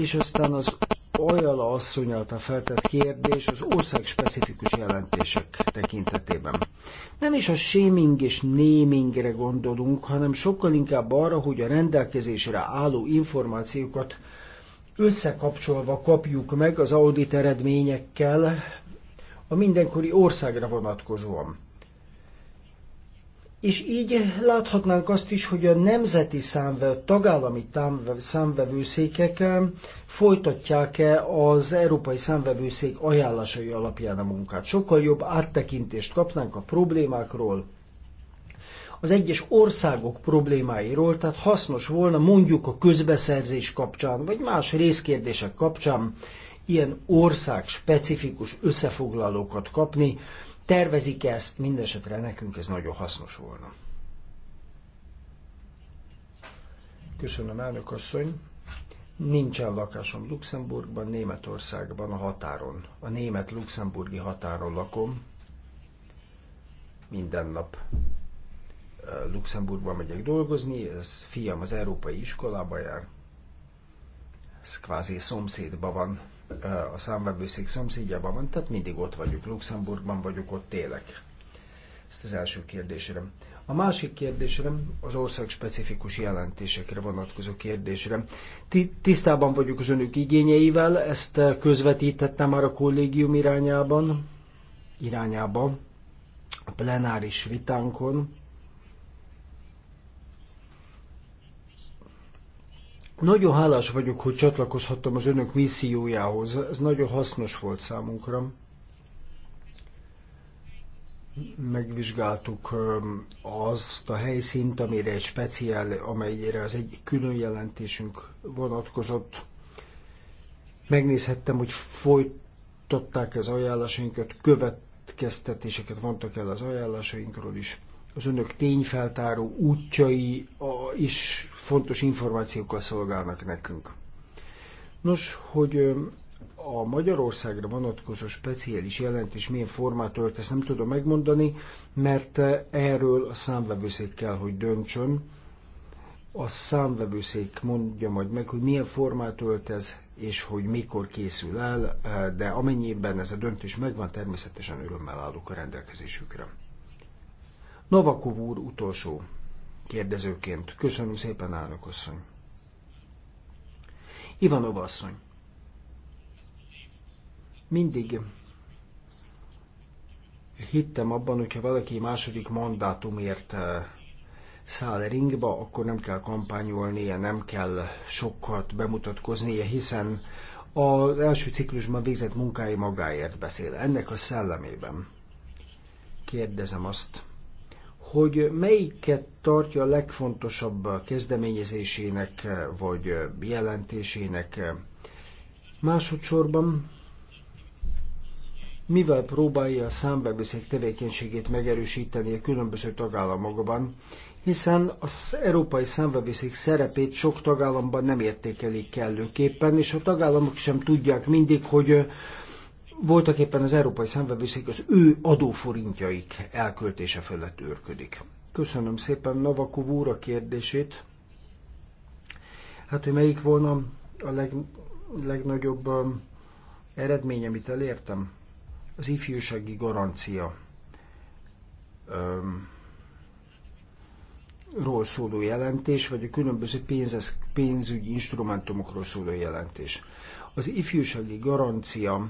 és aztán az Ajala asszony által feltett kérdés az ország specifikus jelentések tekintetében. Nem is a shaming és namingre gondolunk, hanem sokkal inkább arra, hogy a rendelkezésre álló információkat összekapcsolva kapjuk meg az audit eredményekkel a mindenkori országra vonatkozóan. És így láthatnánk azt is, hogy a nemzeti számvevő, tagállami számvevőszékek folytatják-e az európai számvevőszék ajánlásai alapján a munkát. Sokkal jobb áttekintést kapnánk a problémákról, az egyes országok problémáiról, tehát hasznos volna mondjuk a közbeszerzés kapcsán, vagy más részkérdések kapcsán ilyen ország specifikus összefoglalókat kapni, tervezik ezt, mindesetre nekünk ez nagyon hasznos volna. Köszönöm, elnök asszony. Nincsen lakásom Luxemburgban, Németországban, a határon. A német-luxemburgi határon lakom. Minden nap Luxemburgban megyek dolgozni, ez fiam az európai iskolába jár. Ez kvázi szomszédban van a számvevőszék szomszédjában van, tehát mindig ott vagyok, Luxemburgban vagyok, ott élek. Ezt az első kérdésre. A másik kérdésre az ország specifikus jelentésekre vonatkozó kérdésre. Tisztában vagyok az önök igényeivel, ezt közvetítettem már a kollégium irányában, irányában, a plenáris vitánkon, Nagyon hálás vagyok, hogy csatlakozhattam az önök missziójához. Ez nagyon hasznos volt számunkra. Megvizsgáltuk azt a helyszínt, amire egy speciál, amelyre az egy külön jelentésünk vonatkozott. Megnézhettem, hogy folytatták az ajánlásainkat, következtetéseket vontak el az ajánlásainkról is az önök tényfeltáró útjai is fontos információkkal szolgálnak nekünk. Nos, hogy a Magyarországra vonatkozó speciális jelentés milyen formát ölt, ezt nem tudom megmondani, mert erről a számvevőszék kell, hogy döntsön. A számvevőszék mondja majd meg, hogy milyen formát ölt ez, és hogy mikor készül el, de amennyiben ez a döntés megvan, természetesen örömmel állok a rendelkezésükre. Novakov úr utolsó kérdezőként. Köszönöm szépen, elnök asszony. Ivanov asszony. Mindig hittem abban, hogyha valaki második mandátumért eh, száll ringba, akkor nem kell kampányolnia, nem kell sokat bemutatkoznia, hiszen az első ciklusban végzett munkái magáért beszél. Ennek a szellemében kérdezem azt, hogy melyiket tartja a legfontosabb kezdeményezésének eh, vagy eh, jelentésének. Eh. Másodszorban, mivel próbálja a számbevőszék tevékenységét megerősíteni a különböző tagállamokban, hiszen az európai számvevőszék szerepét sok tagállamban nem értékelik kellőképpen, és a tagállamok sem tudják mindig, hogy voltak éppen az Európai Számvevőszék az ő adóforintjaik elköltése felett őrködik. Köszönöm szépen Navakov úr a kérdését. Hát, hogy melyik volna a leg, legnagyobb eredmény, amit elértem? Az ifjúsági garancia um, ról szóló jelentés, vagy a különböző pénzes, pénzügyi instrumentumokról szóló jelentés. Az ifjúsági garancia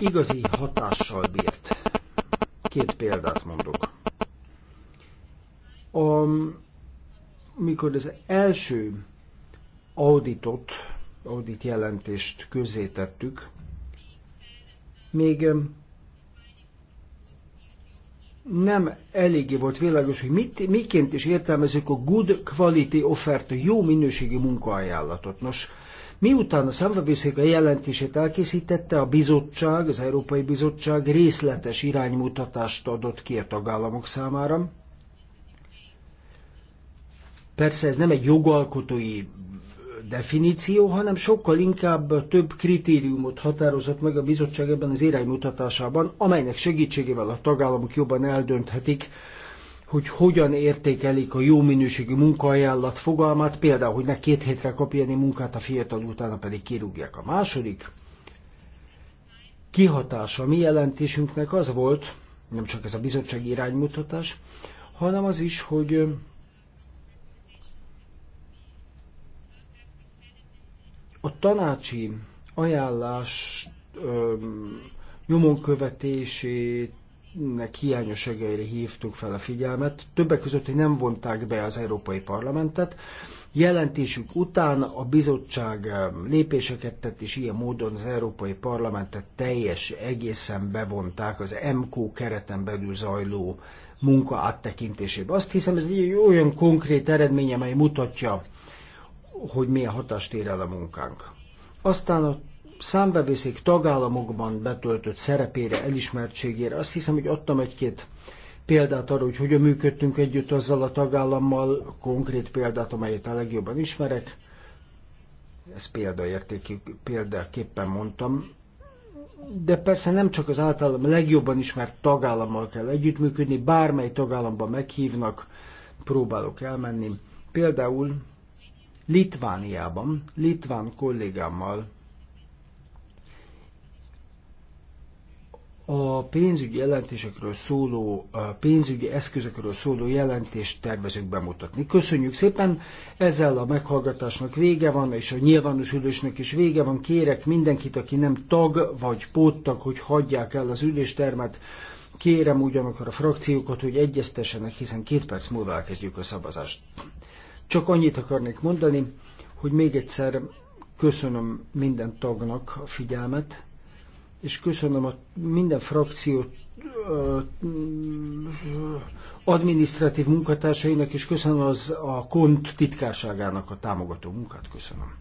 igazi hatással bírt. Két példát mondok. Amikor az első auditot, audit jelentést közzétettük, még nem eléggé volt világos, hogy mit, miként is értelmezik a good quality offert, a jó minőségi munkaajánlatot. Nos, Miután a számvevőszék a jelentését elkészítette, a bizottság, az Európai Bizottság részletes iránymutatást adott ki a tagállamok számára. Persze ez nem egy jogalkotói definíció, hanem sokkal inkább több kritériumot határozott meg a bizottság ebben az iránymutatásában, amelynek segítségével a tagállamok jobban eldönthetik, hogy hogyan értékelik a jó minőségű munkaajánlat fogalmát, például, hogy ne két hétre kapjon munkát a fiatal, utána pedig kirúgják. A második kihatása a mi jelentésünknek az volt, nem csak ez a bizottsági iránymutatás, hanem az is, hogy a tanácsi ajánlás nyomon követését nek hiányosságaira hívtuk fel a figyelmet, többek között, hogy nem vonták be az Európai Parlamentet. Jelentésük után a bizottság lépéseket tett, és ilyen módon az Európai Parlamentet teljes egészen bevonták az MKO kereten belül zajló munka áttekintésébe. Azt hiszem, ez egy olyan konkrét eredmény, amely mutatja, hogy milyen hatást ér el a munkánk. Aztán a számbevészék tagállamokban betöltött szerepére, elismertségére. Azt hiszem, hogy adtam egy-két példát arra, hogy hogyan működtünk együtt azzal a tagállammal, konkrét példát, amelyet a legjobban ismerek. Ezt példaértékű, példaképpen mondtam. De persze nem csak az általam legjobban ismert tagállammal kell együttműködni, bármely tagállamba meghívnak, próbálok elmenni. Például Litvániában, litván kollégámmal a pénzügyi jelentésekről szóló, pénzügyi eszközökről szóló jelentést tervezünk bemutatni. Köszönjük szépen, ezzel a meghallgatásnak vége van, és a nyilvános ülésnek is vége van. Kérek mindenkit, aki nem tag vagy póttag, hogy hagyják el az üléstermet. Kérem ugyanakkor a frakciókat, hogy egyeztessenek, hiszen két perc múlva elkezdjük a szavazást. Csak annyit akarnék mondani, hogy még egyszer köszönöm minden tagnak a figyelmet, és köszönöm a minden frakció adminisztratív munkatársainak, és köszönöm az a KONT titkárságának a támogató munkát. Köszönöm.